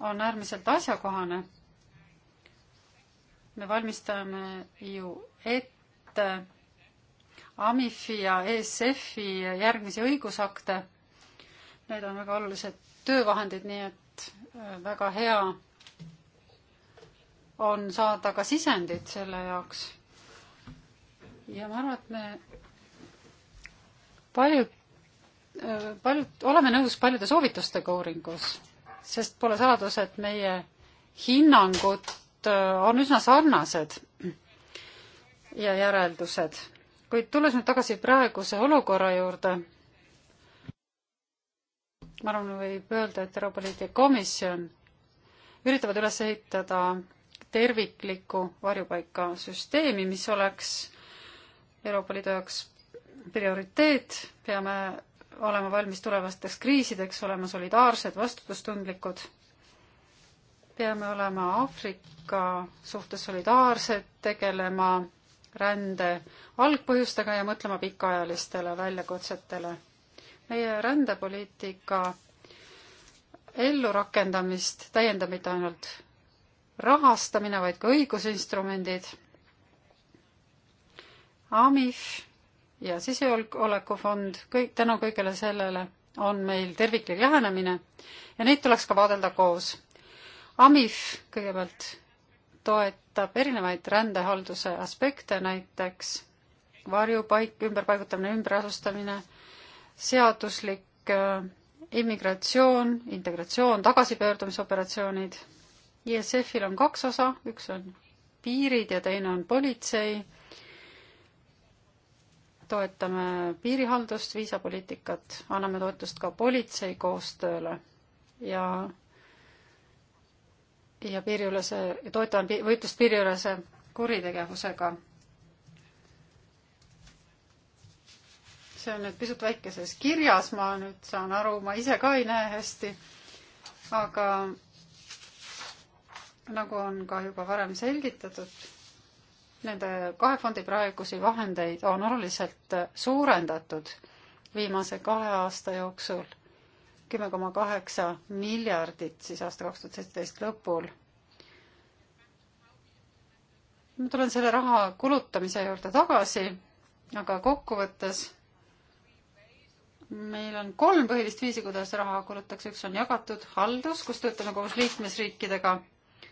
on äärmiselt asjakohane. me valmistame ju ette AMIF-i ja ESF-i järgmisi õigusakte. Need on väga olulised töövahendid, nii et äh, väga hea on saada ka sisendit selle jaoks. ja ma arvan, et me paljud paljud, oleme nõus paljude soovitustega uuringus, sest pole saladus, et meie hinnangud äh, on üsna sarnased ja järeldused. kuid tulles nüüd tagasi praeguse olukorra juurde, ma arvan, võib öelda, et Euroopa Liit ja komisjon üritavad üles ehitada terviklikku varjupaikasüsteemi, mis oleks Euroopa Liidu jaoks prioriteet, peame olema valmis tulevasteks kriisideks, olema solidaarsed, vastutustundlikud. peame olema Aafrika suhtes solidaarsed, tegelema rände algpõhjustega ja mõtlema pikaajalistele väljakutsetele. meie rändepoliitika ellurakendamist täiendab mitte ainult rahastamine, vaid ka õigusinstrumendid. AMIF ja sisejulgeolekufond, kõik, tänu kõigele sellele on meil terviklik lähenemine ja neid tuleks ka vaadelda koos. AMIF kõigepealt toetab erinevaid rändehalduse aspekte, näiteks varjupaik, ümberpaigutamine, ümberasustamine, seaduslik äh, immigratsioon, integratsioon, tagasipöördumisoperatsioonid. ISF-il on kaks osa, üks on piirid ja teine on politsei toetame piirihaldust, viisapoliitikat, anname toetust ka politsei koostööle ja ja piiriülese, toetame võitlust piiriülese kuritegevusega. see on nüüd pisut väikeses kirjas, ma nüüd saan aru, ma ise ka ei näe hästi, aga nagu on ka juba varem selgitatud nende kahe fondi praegusi vahendeid on oluliselt suurendatud viimase kahe aasta jooksul, kümme koma kaheksa miljardit siis aasta kaks tuhat seitseteist lõpul. ma tulen selle raha kulutamise juurde tagasi, aga kokkuvõttes meil on kolm põhilist viisi, kuidas raha kulutatakse, üks on jagatud haldus, kus töötame koos liikmesriikidega,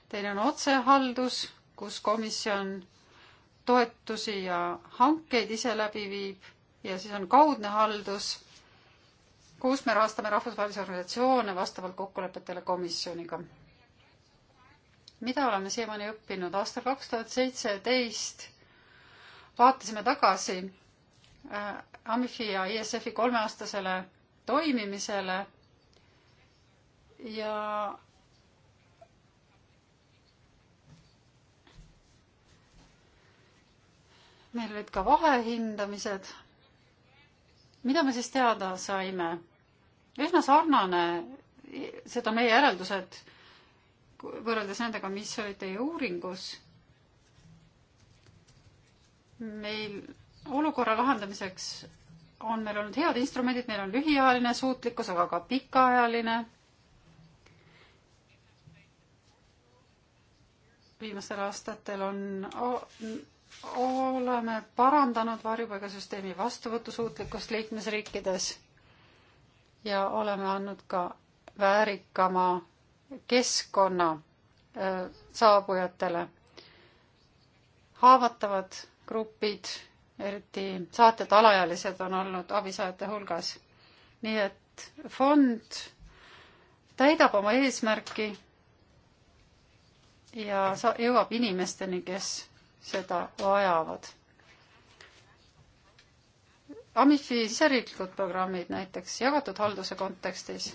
teine on otsehaldus, kus komisjon toetusi ja hankeid ise läbi viib ja siis on kaudne haldus, kus me rahastame rahvusvahelisi organisatsioone vastavalt kokkulepetele komisjoniga. mida oleme siiamaani õppinud? aastal kaks tuhat seitseteist vaatasime tagasi äh, AMIF-i ja ISF-i kolmeaastasele toimimisele ja meil olid ka vahehindamised. mida me siis teada saime? üsna sarnane, seda meie järeldused võrreldes nendega, mis olid teie uuringus. meil olukorra lahendamiseks on meil olnud head instrumendid, meil on lühiajaline suutlikkus, aga ka pikaajaline viimastel aastatel on oleme parandanud varjupaigasüsteemi vastuvõtusuutlikkust liikmesriikides ja oleme andnud ka väärikama keskkonna saabujatele. haavatavad grupid, eriti saatjad, alaealised on olnud abisaajate hulgas. nii et fond täidab oma eesmärki ja sa-, jõuab inimesteni, kes seda vajavad. Amifi siseriiklikud programmid näiteks jagatud halduse kontekstis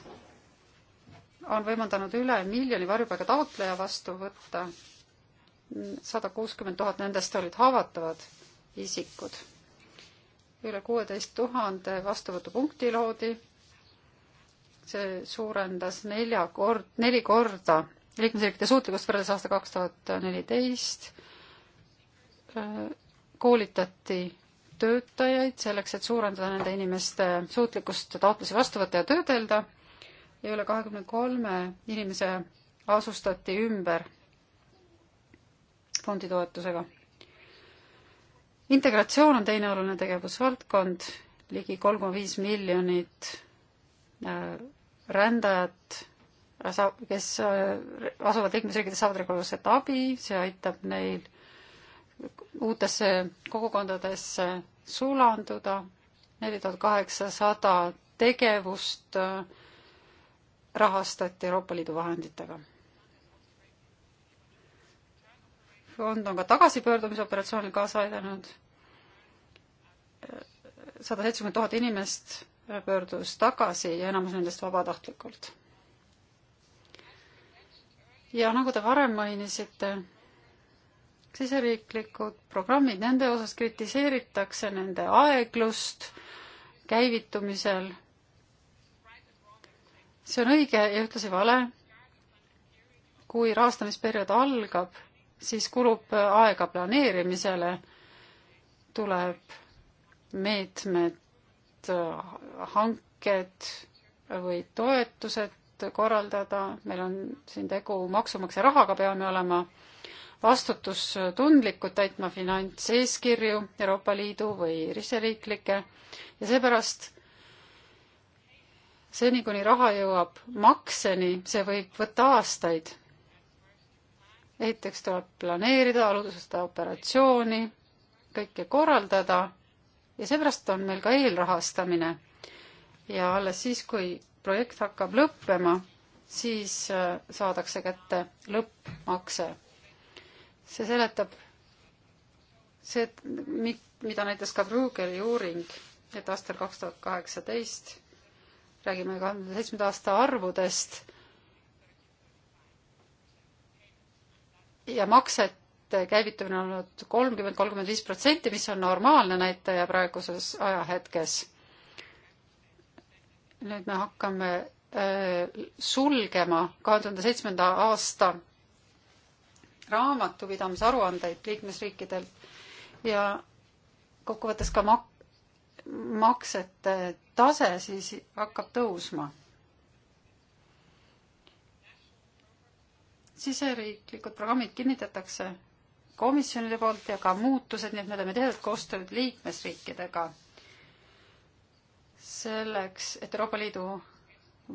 on võimaldanud üle miljoni varjupaiga taotleja vastu võtta. sada kuuskümmend tuhat nendest olid haavatavad isikud. üle kuueteist tuhande vastuvõtupunkti loodi. see suurendas nelja kord, neli korda liikmesriikide suutlikkust võrreldes aasta kaks tuhat neliteist koolitati töötajaid selleks, et suurendada nende inimeste suutlikkust taotlusi vastu võtta ja töödelda ja üle kahekümne kolme inimese asustati ümber fondi toetusega. integratsioon on teine oluline tegevusvaldkond, ligi kolm koma viis miljonit äh, rändajat, äh, kes äh, asuvad liikmesriikides, saavad regulaarset abi, see aitab neil uutesse kogukondadesse sulanduda, neli tuhat kaheksasada tegevust äh, rahastati Euroopa Liidu vahenditega. fond on ka tagasipöördumisoperatsioonil kaasa aidanud. sada seitsekümmend tuhat inimest äh, pöördus tagasi ja enamus nendest vabatahtlikult. ja nagu te varem mainisite, siseriiklikud programmid, nende osas kritiseeritakse nende aeglust käivitumisel. see on õige ja ühtlasi vale. kui rahastamisperiood algab, siis kulub aega planeerimisele, tuleb meetmed, hanked või toetused korraldada, meil on siin tegu maksumaksja rahaga, peame olema äh, vastutustundlikult täitma finantseeskirju Euroopa Liidu või riseriiklikke ja seepärast seni, kuni raha jõuab makseni, see võib võtta aastaid. esiteks tuleb planeerida, alustada operatsiooni, kõike korraldada ja seepärast on meil ka eelrahastamine. ja alles siis, kui projekt hakkab lõppema, siis äh, saadakse kätte lõppmakse see seletab see, mida näitas ka Bruegeli uuring, et aastal kaks tuhat kaheksateist räägime kahekümne seitsmenda aasta arvudest ja maksete käivitumine on olnud kolmkümmend, kolmkümmend viis protsenti, mis on normaalne näitaja praeguses ajahetkes. nüüd me hakkame äh, sulgema kahe tuhande seitsmenda aasta raamatupidamisaruandeid liikmesriikidelt ja kokkuvõttes ka mak-, maksete tase siis hakkab tõusma. siseriiklikud programmid kinnitatakse komisjonide poolt ja ka muutused, nii et me teeme tihedat koostööd liikmesriikidega selleks, et Euroopa Liidu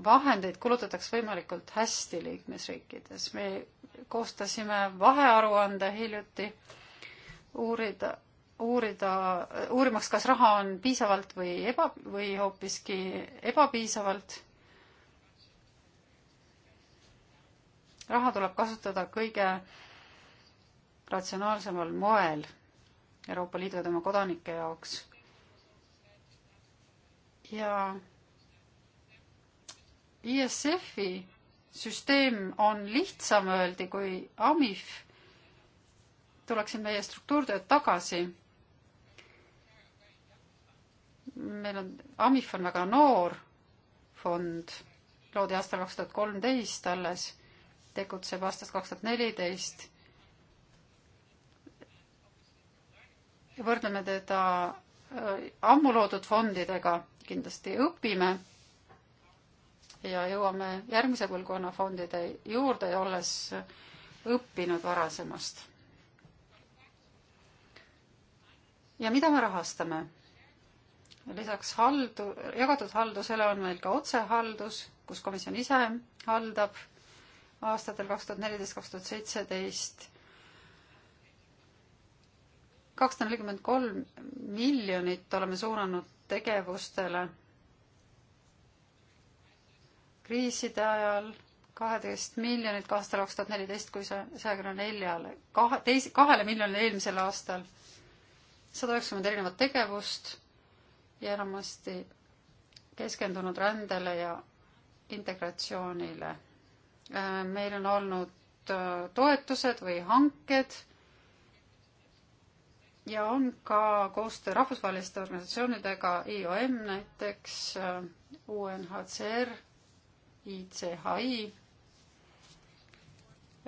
vahendeid kulutataks võimalikult hästi liikmesriikides. me koostasime vahearuande hiljuti uurida, uurida, uurimaks, kas raha on piisavalt või eba, või hoopiski ebapiisavalt. raha tuleb kasutada kõige ratsionaalsemal moel Euroopa Liidu ja tema kodanike jaoks. ja ISF-i süsteem on lihtsam, öeldi, kui AMIF. tuleksin meie struktuurtööd tagasi. meil on, AMIF on väga noor fond, loodi aastal kaks tuhat kolmteist alles, tegutseb aastast kaks tuhat neliteist. ja võrdleme teda äh, ammu loodud fondidega, kindlasti õpime ja jõuame järgmise põlvkonna fondide juurde, olles õppinud varasemast. ja mida me rahastame? lisaks haldu-, jagatud haldusele on meil ka otsehaldus, kus komisjon ise haldab aastatel kaks tuhat neliteist, kaks tuhat seitseteist kakssada nelikümmend kolm miljonit oleme suunanud tegevustele kriiside ajal kaheteist miljonit ka aastal kaks tuhat neliteist kui sajakümne neljale, kahe, teise, kahele miljonile eelmisel aastal. sada üheksakümmend erinevat tegevust ja enamasti keskendunud rändele ja integratsioonile. Äh, meil on olnud äh, toetused või hanked ja on ka koostöö rahvusvaheliste organisatsioonidega, IOM näiteks, äh, UNHCR ICHI,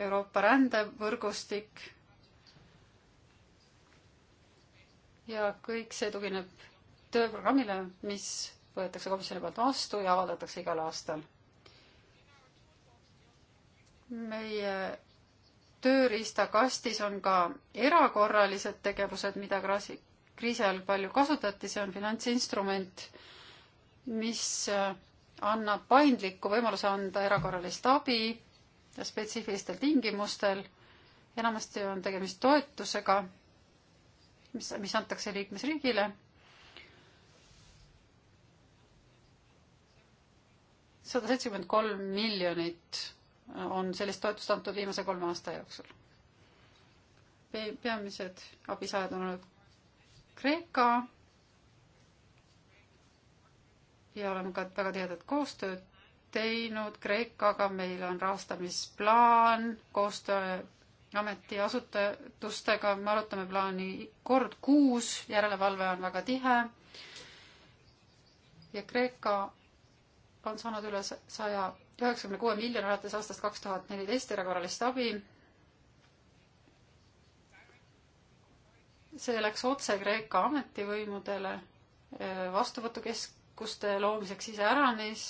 Euroopa rändevõrgustik ja kõik see tugineb tööprogrammile, mis võetakse komisjoni poolt vastu ja avaldatakse igal aastal. meie tööriistakastis on ka erakorralised tegevused, mida kriisi ajal palju kasutati, see on finantsinstrument, mis annab paindliku võimaluse anda erakorralist abi spetsiifilistel tingimustel. enamasti on tegemist toetusega, mis, mis antakse liikmesriigile. sada seitsekümmend kolm miljonit on sellist toetust antud viimase kolme aasta jooksul. peamised abisaajad on olnud Kreeka ja oleme ka väga tihedat koostööd teinud Kreekaga, meil on rahastamisplaan koostöö ametiasutustega, me arutame plaani kord kuus, järelevalve on väga tihe. ja Kreeka on saanud üle saja üheksakümne kuue miljoni alates aastast kaks tuhat neliteist erakorralist abi. see läks otse Kreeka ametivõimudele, eh, vastuvõtukesk-, oskuste loomiseks iseäranis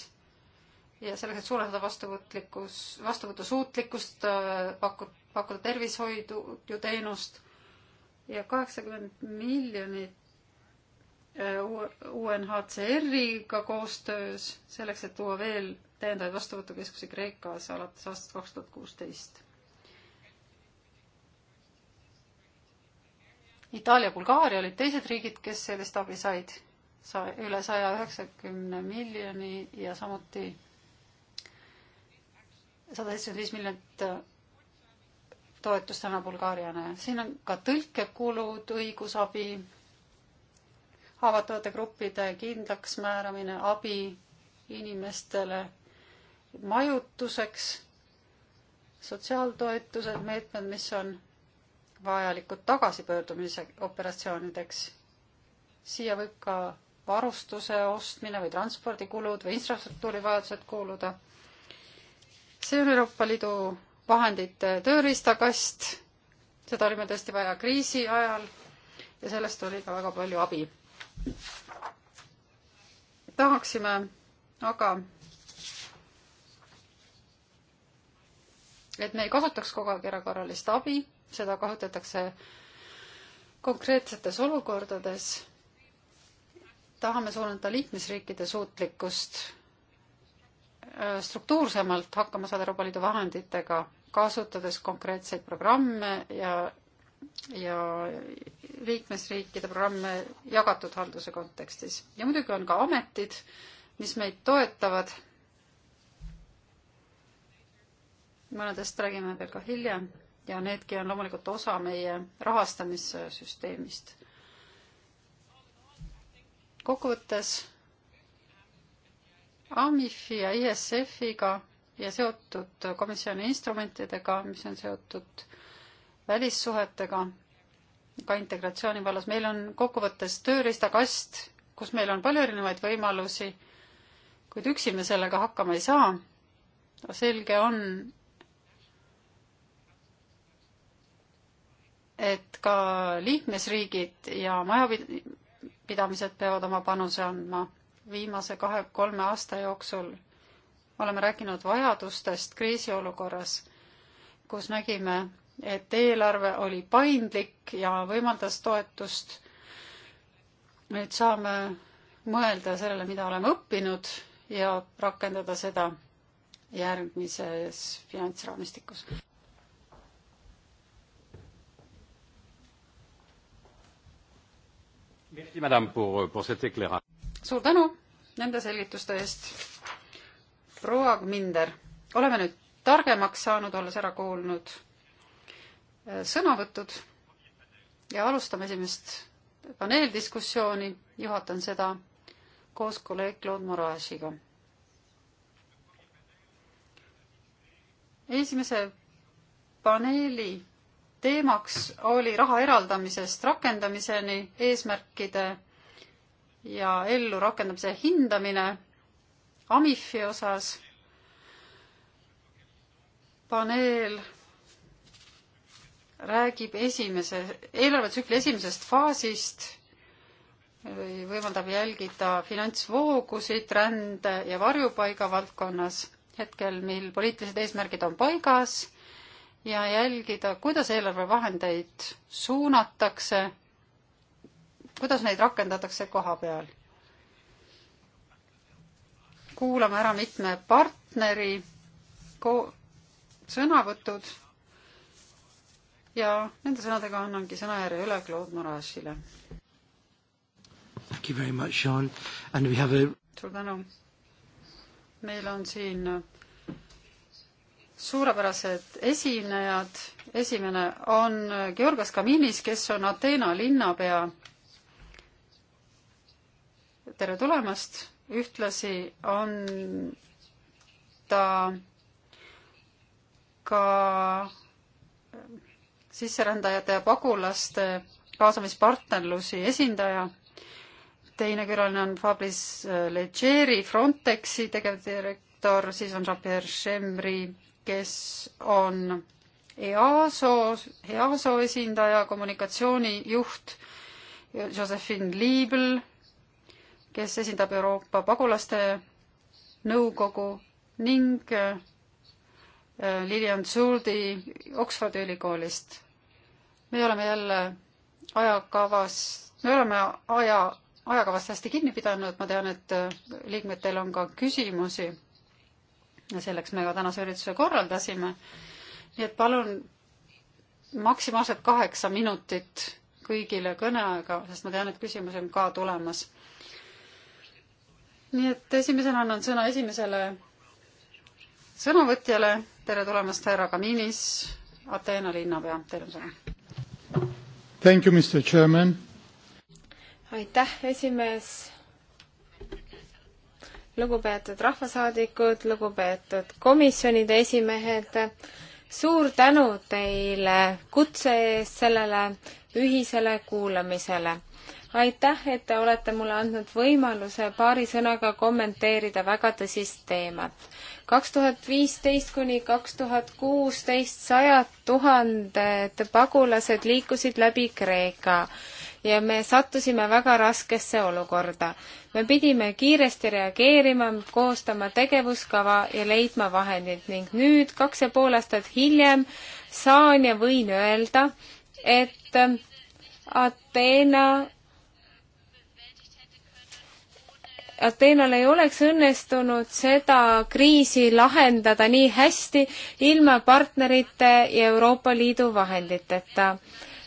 ja selleks, et suurendada vastuvõtlikkus, vastuvõtusuutlikkust, äh, paku-, pakkuda tervishoidu ju teenust ja kaheksakümmend miljonit äh, UNHCR-iga koostöös selleks, et tuua veel täiendavaid vastuvõtukeskusi Kreekas alates aastast kaks tuhat kuusteist. Itaalia, Bulgaaria olid teised riigid, kes sellist abi said sa-, üle saja üheksakümne miljoni ja samuti sada seitsekümmend viis miljonit äh, toetust täna Bulgaariale. siin on ka tõlkekulud, õigusabi, haavatavate gruppide kindlaksmääramine, abi inimestele majutuseks, sotsiaaltoetused, meetmed, mis on vajalikud tagasipöördumise operatsioonideks. siia võib ka varustuse ostmine või transpordikulud või infrastruktuuri vajadused kuuluda. see on Euroopa Liidu vahendite tööriistakast, seda oli meil tõesti vaja kriisi ajal ja sellest oli ka väga palju abi. tahaksime aga, et me ei kasutaks kogu aeg erakorralist abi, seda kasutatakse konkreetsetes olukordades tahame suunata liikmesriikide suutlikkust äh, struktuursemalt hakkama saada Euroopa Liidu vahenditega, kasutades konkreetseid programme ja, ja liikmesriikide programme jagatud halduse kontekstis. ja muidugi on ka ametid, mis meid toetavad. mõnedest räägime veel ka hiljem ja needki on loomulikult osa meie rahastamissüsteemist kokkuvõttes AMIF-i ja ISF-iga ja seotud komisjoni instrumentidega, mis on seotud välissuhetega, ka integratsiooni vallas, meil on kokkuvõttes tööriistakast, kus meil on palju erinevaid võimalusi, kuid üksi me sellega hakkama ei saa. selge on, et ka liikmesriigid ja majapi-, pidamised peavad oma panuse andma. viimase kahe-kolme aasta jooksul oleme rääkinud vajadustest kriisiolukorras, kus nägime, et eelarve oli paindlik ja võimaldas toetust. nüüd saame mõelda sellele, mida oleme õppinud ja rakendada seda järgmises finantsraamistikus. Euh, suur tänu nende selgituste eest. proua Minder, oleme nüüd targemaks saanud, olles ära kuulnud äh, sõnavõtud ja alustame esimest paneeldiskussiooni, juhatan seda koos kolleeg Claude Moraesiga. esimese paneeli teemaks oli raha eraldamisest rakendamiseni, eesmärkide ja ellurakendamise hindamine Amifi osas. paneel räägib esimese, eelarvetsükli esimesest faasist, võimaldab jälgida finantsvoogusid rände ja varjupaiga valdkonnas hetkel, mil poliitilised eesmärgid on paigas ja jälgida, kuidas eelarvevahendeid suunatakse, kuidas neid rakendatakse koha peal. kuulame ära mitme partneri ko-, sõnavõtud ja nende sõnadega annangi sõnajärje üle Claude Morage'ile. Thank you very much, Sean, and we have a suur tänu. meil on siin suurepärased esinejad. esimene on Georgas Kaminis, kes on Ateena linnapea. tere tulemast, ühtlasi on ta ka sisserändajate ja pagulaste kaasamispartnerlusi esindaja. teine külaline on Fabrice Leggeri, Frontexi tegevdirektor, siis on Jean-Pierre Chemri kes on EASO, EASO esindaja, kommunikatsioonijuht Josephine Liibel, kes esindab Euroopa Pagulaste Nõukogu ning äh, Lilian Zurdi Oxfordi ülikoolist. me oleme jälle ajakavas, me oleme aja, ajakavast hästi kinni pidanud, ma tean, et äh, liikmetel on ka küsimusi selleks me ka tänase ürituse korraldasime. nii et palun maksimaalselt kaheksa minutit kõigile kõneaega, sest ma tean, et küsimusi on ka tulemas. nii et esimesena annan sõna esimesele sõnavõtjale. tere tulemast, härra Kaminis, Ateena linnapea, teil on sõna. aitäh, esimees lugupeetud rahvasaadikud, lugupeetud komisjonide esimehed, suur tänu teile kutse eest sellele ühisele kuulamisele. aitäh, et te olete mulle andnud võimaluse paari sõnaga kommenteerida väga tõsist teemat. kaks tuhat viisteist kuni kaks tuhat kuusteist sajad tuhanded pagulased liikusid läbi Kreeka ja me sattusime väga raskesse olukorda. me pidime kiiresti reageerima, koostama tegevuskava ja leidma vahendid ning nüüd kaks ja pool aastat hiljem saan ja võin öelda, et Ateena Ateenal ei oleks õnnestunud seda kriisi lahendada nii hästi ilma partnerite ja Euroopa Liidu vahenditeta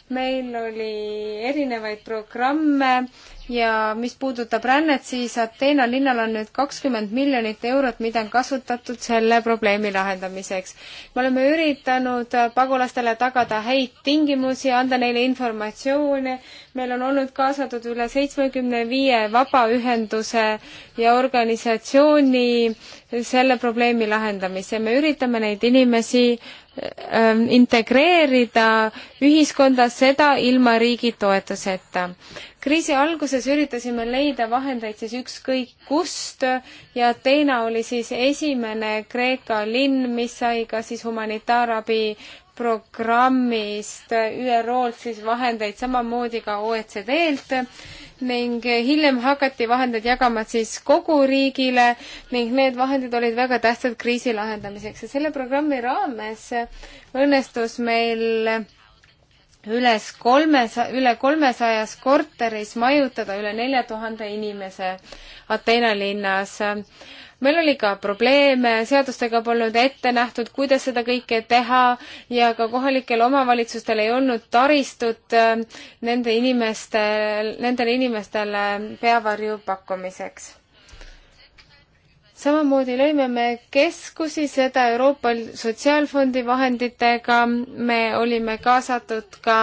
meil oli erinevaid programme ja mis puudutab rännet, siis Ateena linnal on nüüd kakskümmend miljonit eurot, mida on kasutatud selle probleemi lahendamiseks. me oleme üritanud pagulastele tagada häid tingimusi, anda neile informatsiooni, meil on olnud kaasatud üle seitsmekümne viie vabaühenduse ja organisatsiooni selle probleemi lahendamisse, me üritame neid inimesi Ähm, integreerida ühiskonda, seda ilma riigi toetuseta. kriisi alguses üritasime leida vahendeid siis ükskõik kust ja Ateena oli siis esimene Kreeka linn, mis sai ka siis humanitaarabi programmist ÜRO-lt siis vahendeid, samamoodi ka OECD-lt ning hiljem hakati vahendeid jagama siis kogu riigile ning need vahendid olid väga tähtsad kriisi lahendamiseks ja selle programmi raames õnnestus meil üles kolmesaja, üle kolmesajas korteris majutada üle nelja tuhande inimese Ateena linnas. meil oli ka probleeme, seadustega polnud ette nähtud, kuidas seda kõike teha ja ka kohalikel omavalitsustel ei olnud taristut eh, nende inimeste, nendele inimestele peavarju pakkumiseks samamoodi lõime me keskusi, seda Euroopa Sotsiaalfondi vahenditega, me olime kaasatud ka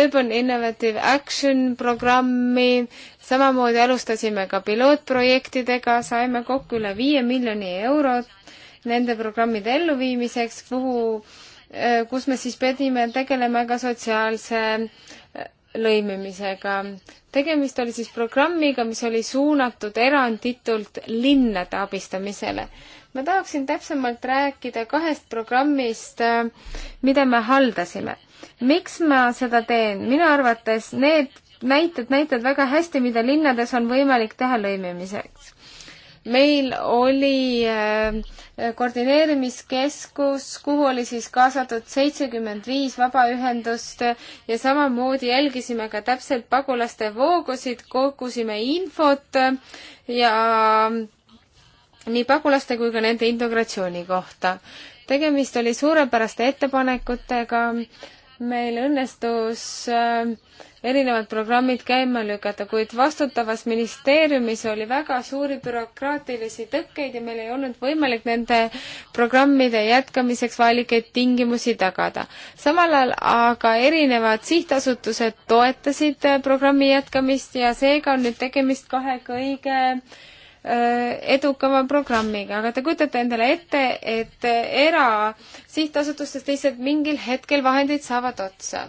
Urban Innovative Action programmi, samamoodi alustasime ka pilootprojektidega, saime kokku üle viie miljoni euro nende programmide elluviimiseks, kuhu, eh, kus me siis pidime tegelema ka sotsiaalse lõimimisega. tegemist oli siis programmiga, mis oli suunatud eranditult linnade abistamisele. ma tahaksin täpsemalt rääkida kahest programmist, mida me haldasime. miks ma seda teen? minu arvates need näited näitavad väga hästi, mida linnades on võimalik teha lõimimiseks meil oli äh, koordineerimiskeskus, kuhu oli siis kaasatud seitsekümmend viis vabaühendust ja samamoodi jälgisime ka täpselt pagulaste voogusid, kogusime infot ja nii pagulaste kui ka nende integratsiooni kohta. tegemist oli suurepäraste ettepanekutega meil õnnestus äh, erinevad programmid käima lükata, kuid vastutavas ministeeriumis oli väga suuri bürokraatilisi tõkkeid ja meil ei olnud võimalik nende programmide jätkamiseks vajalikke tingimusi tagada. samal ajal aga erinevad sihtasutused toetasid äh, programmi jätkamist ja seega on nüüd tegemist kahe kõige Äh, edukama programmiga, aga te kujutate endale ette, et erasihtasutustest lihtsalt mingil hetkel vahendid saavad otsa.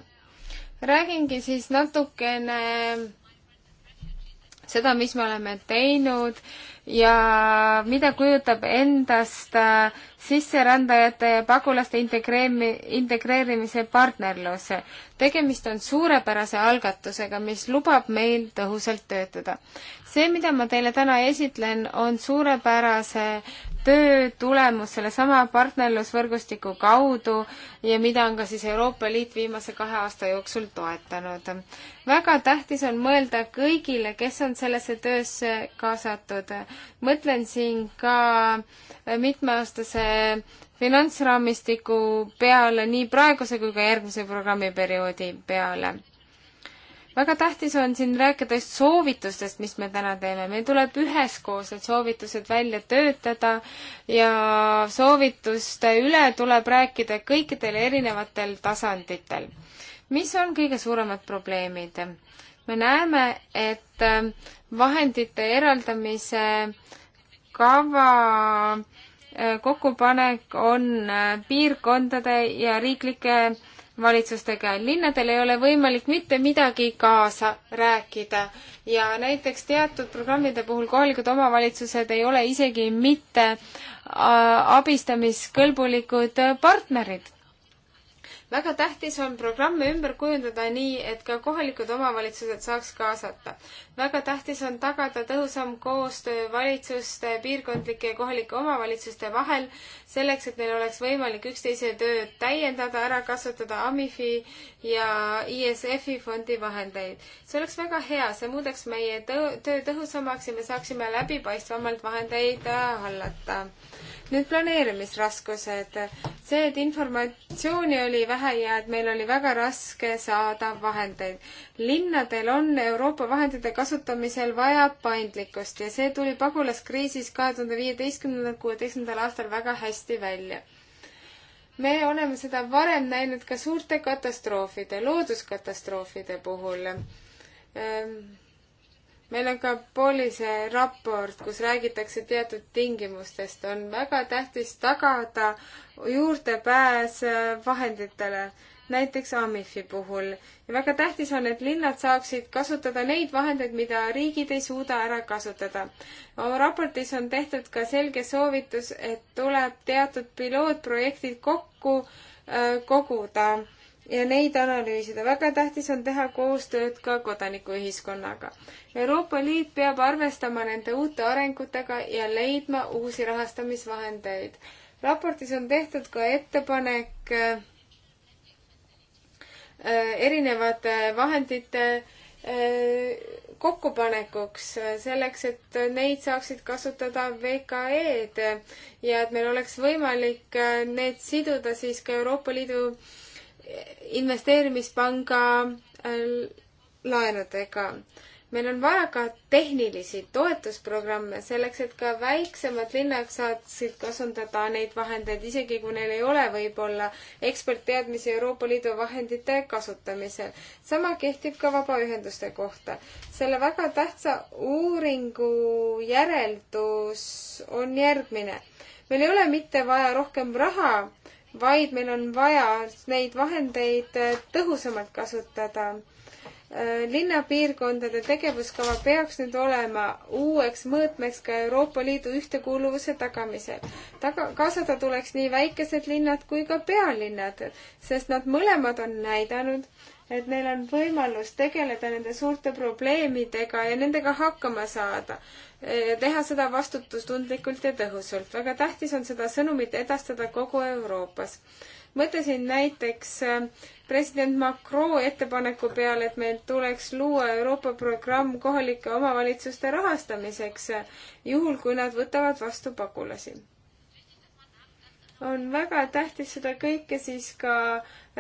räägingi siis natukene seda, mis me oleme teinud ja mida kujutab endast äh, sisserändajate ja pagulaste integreeri-, integreerimise partnerlus. tegemist on suurepärase algatusega, mis lubab meil tõhusalt töötada. see, mida ma teile täna esitlen, on suurepärase töö tulemus sellesama partnerlusvõrgustiku kaudu ja mida on ka siis Euroopa Liit viimase kahe aasta jooksul toetanud. väga tähtis on mõelda kõigile, kes on sellesse töösse kaasatud. mõtlen siin ka mitmeaastase finantsraamistiku peale, nii praeguse kui ka järgmise programmiperioodi peale väga tähtis on siin rääkida just soovitustest, mis me täna teeme. meil tuleb üheskoos need soovitused välja töötada ja soovituste üle tuleb rääkida kõikidel erinevatel tasanditel. mis on kõige suuremad probleemid? me näeme, et äh, vahendite eraldamise kava äh, kokkupanek on äh, piirkondade ja riiklike valitsustega. linnadel ei ole võimalik mitte midagi kaasa rääkida ja näiteks teatud programmide puhul kohalikud omavalitsused ei ole isegi mitte äh, abistamiskõlbulikud partnerid väga tähtis on programme ümber kujundada nii, et ka kohalikud omavalitsused saaks kaasata. väga tähtis on tagada tõhusam koostöö valitsuste, piirkondlike ja kohalike omavalitsuste vahel, selleks et neil oleks võimalik üksteise tööd täiendada, ära kasutada AMIF-i ja ISF-i fondi vahendeid. see oleks väga hea, see muudaks meie töö tõhusamaks ja me saaksime läbipaistvamalt vahendeid äh, hallata nüüd planeerimisraskused. see, et informatsiooni oli vähe ja et meil oli väga raske saada vahendeid. linnadel on Euroopa vahendite kasutamisel vaja paindlikkust ja see tuli pagulaskriisis kahe tuhande viieteistkümnendal, kuueteistkümnendal aastal väga hästi välja me oleme seda varem näinud ka suurte katastroofide, looduskatastroofide puhul ähm meil on ka Polise raport, kus räägitakse teatud tingimustest, on väga tähtis tagada juurdepääs äh, vahenditele, näiteks Amifi puhul. ja väga tähtis on, et linnad saaksid kasutada neid vahendeid, mida riigid ei suuda ära kasutada. oma raportis on tehtud ka selge soovitus, et tuleb teatud pilootprojektid kokku äh, koguda ja neid analüüsida. väga tähtis on teha koostööd ka kodanikuühiskonnaga. Euroopa Liit peab arvestama nende uute arengutega ja leidma uusi rahastamisvahendeid. raportis on tehtud ka ettepanek äh, erinevate vahendite äh, kokkupanekuks, äh, selleks, et neid saaksid kasutada VKE-d ja et meil oleks võimalik need siduda siis ka Euroopa Liidu äh, investeerimispanga äh, laenudega. meil on vaja ka tehnilisi toetusprogramme selleks, et ka väiksemad linnad saaksid kasutada neid vahendeid, isegi kui neil ei ole võib-olla ekspertteadmisi Euroopa Liidu vahendite kasutamisel. sama kehtib ka vabaühenduste kohta. selle väga tähtsa uuringu järeldus on järgmine. meil ei ole mitte vaja rohkem raha vaid meil on vaja neid vahendeid äh, tõhusamalt kasutada. Äh, linnapiirkondade tegevuskava peaks nüüd olema uueks mõõtmeks ka Euroopa Liidu ühtekuuluvuse tagamisel. taga, kaasada tuleks nii väikesed linnad kui ka pealinnad, sest nad mõlemad on näidanud, et neil on võimalus tegeleda nende suurte probleemidega ja nendega hakkama saada. teha seda vastutustundlikult ja tõhusalt. väga tähtis on seda sõnumit edastada kogu Euroopas. mõtlesin näiteks äh, president Macron ettepaneku peale, et meil tuleks luua Euroopa programm kohalike omavalitsuste rahastamiseks, äh, juhul kui nad võtavad vastu pagulasi on väga tähtis seda kõike siis ka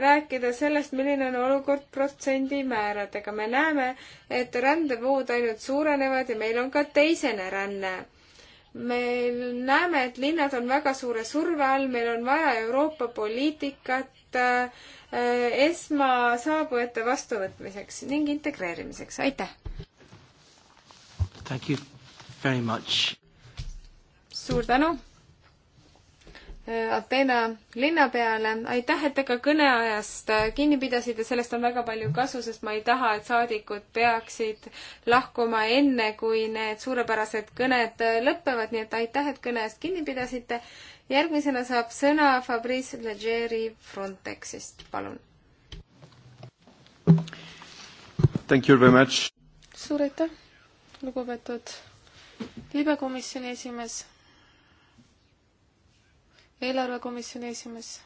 rääkida sellest, milline on olukord protsendimääradega. me näeme, et rändevood ainult suurenevad ja meil on ka teisene ränne. me näeme, et linnad on väga suure surve all, meil on vaja Euroopa poliitikat äh, esmasaabujate vastuvõtmiseks ning integreerimiseks. aitäh! suur tänu! Ateena linnapeale, aitäh, et te ka kõneajast kinni pidasite, sellest on väga palju kasu, sest ma ei taha, et saadikud peaksid lahkuma enne, kui need suurepärased kõned lõpevad, nii et aitäh, et kõneajast kinni pidasite. järgmisena saab sõna Fabrice Legeri Frontexist, palun. suur aitäh, lugupeetud libekomisjoni esimees eelarvekomisjoni esimees.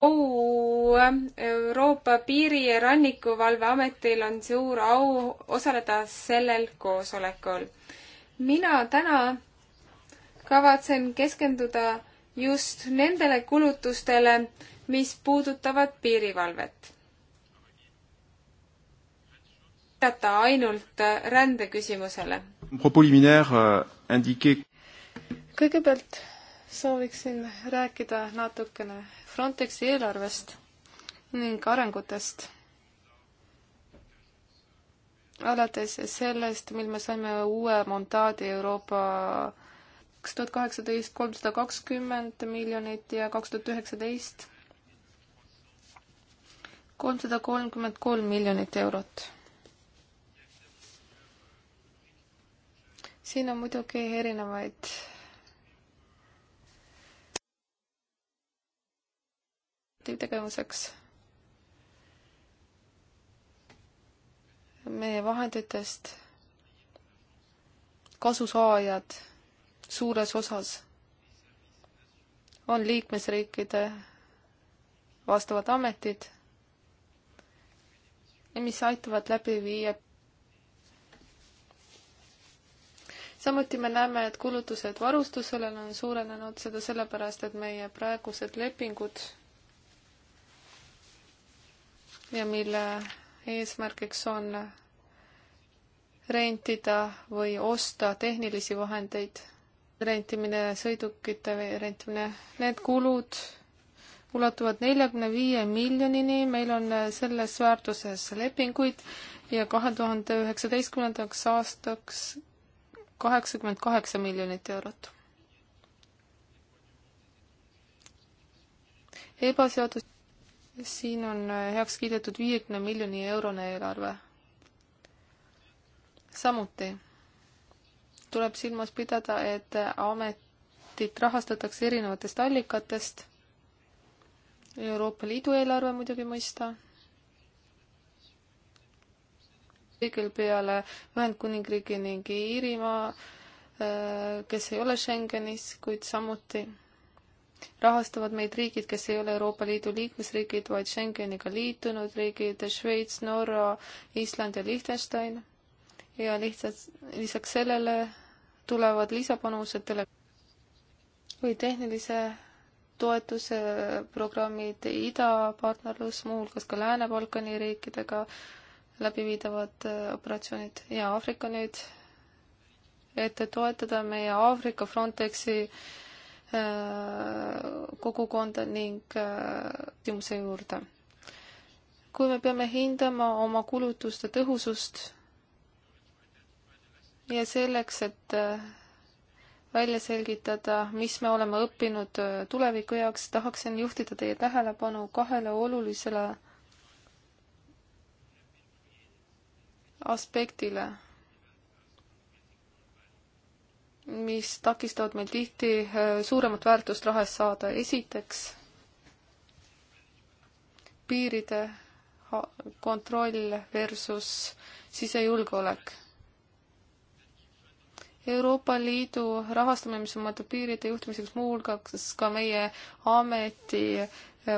Oh, Euroopa Piiri- ja Rannikuvalveametil on suur au osaleda sellel koosolekul. mina täna kavatsen keskenduda just nendele kulutustele, mis puudutavad piirivalvet. teata ainult rändeküsimusele kõigepealt sooviksin rääkida natukene Frontexi eelarvest ning arengutest. alates sellest, mil me saime uue mandaadi Euroopa kaks tuhat kaheksateist kolmsada kakskümmend miljonit ja kaks tuhat üheksateist kolmsada kolmkümmend kolm miljonit eurot. siin on muidugi erinevaid kollektiivtegevuseks. meie vahenditest kasusaajad suures osas on liikmesriikide vastavad ametid, mis aitavad läbi viia samuti me näeme, et kulutused varustusele on suurenenud, seda sellepärast, et meie praegused lepingud ja mille eesmärgiks on rentida või osta tehnilisi vahendeid, rentimine, sõidukite rentimine, need kulud ulatuvad neljakümne viie miljonini, meil on selles väärtuses lepinguid ja kahe tuhande üheksateistkümnendaks aastaks kaheksakümmend kaheksa miljonit eurot. ebaseadus- siin on eh, heaks kiidetud viiekümne miljoni eurone eelarve. samuti tuleb silmas pidada, et ametit rahastatakse erinevatest allikatest. Euroopa Liidu eelarve muidugi mõista. kõigil peale Ühendkuningriigi ning Iirimaa, eh, kes ei ole Schengenis, kuid samuti rahastavad meid riigid, kes ei ole Euroopa Liidu liikmesriigid, vaid Schengeniga liitunud riigid, Šveits, Norra, Island ja Liechtenstein. ja lihtsalt lisaks sellele tulevad lisapanused tele- või tehnilise toetuse programmid idapartnerlus, muuhulgas ka Lääne-Balkani riikidega läbiviidavad äh, operatsioonid ja Aafrika nüüd, et toetada meie Aafrika Frontexi äh, Äh, kogukonda ning äh, tingimuse juurde. kui me peame hindama oma kulutuste tõhusust ja selleks, et äh, välja selgitada, mis me oleme õppinud tuleviku jaoks, tahaksin juhtida teie tähelepanu kahele olulisele aspektile mis takistavad meil tihti äh, suuremat väärtust raha eest saada. esiteks piiride kontroll versus sisejulgeolek. Euroopa Liidu rahastamine, mis on mõeldud piiride juhtimiseks, muuhulgas ka meie ameti äh,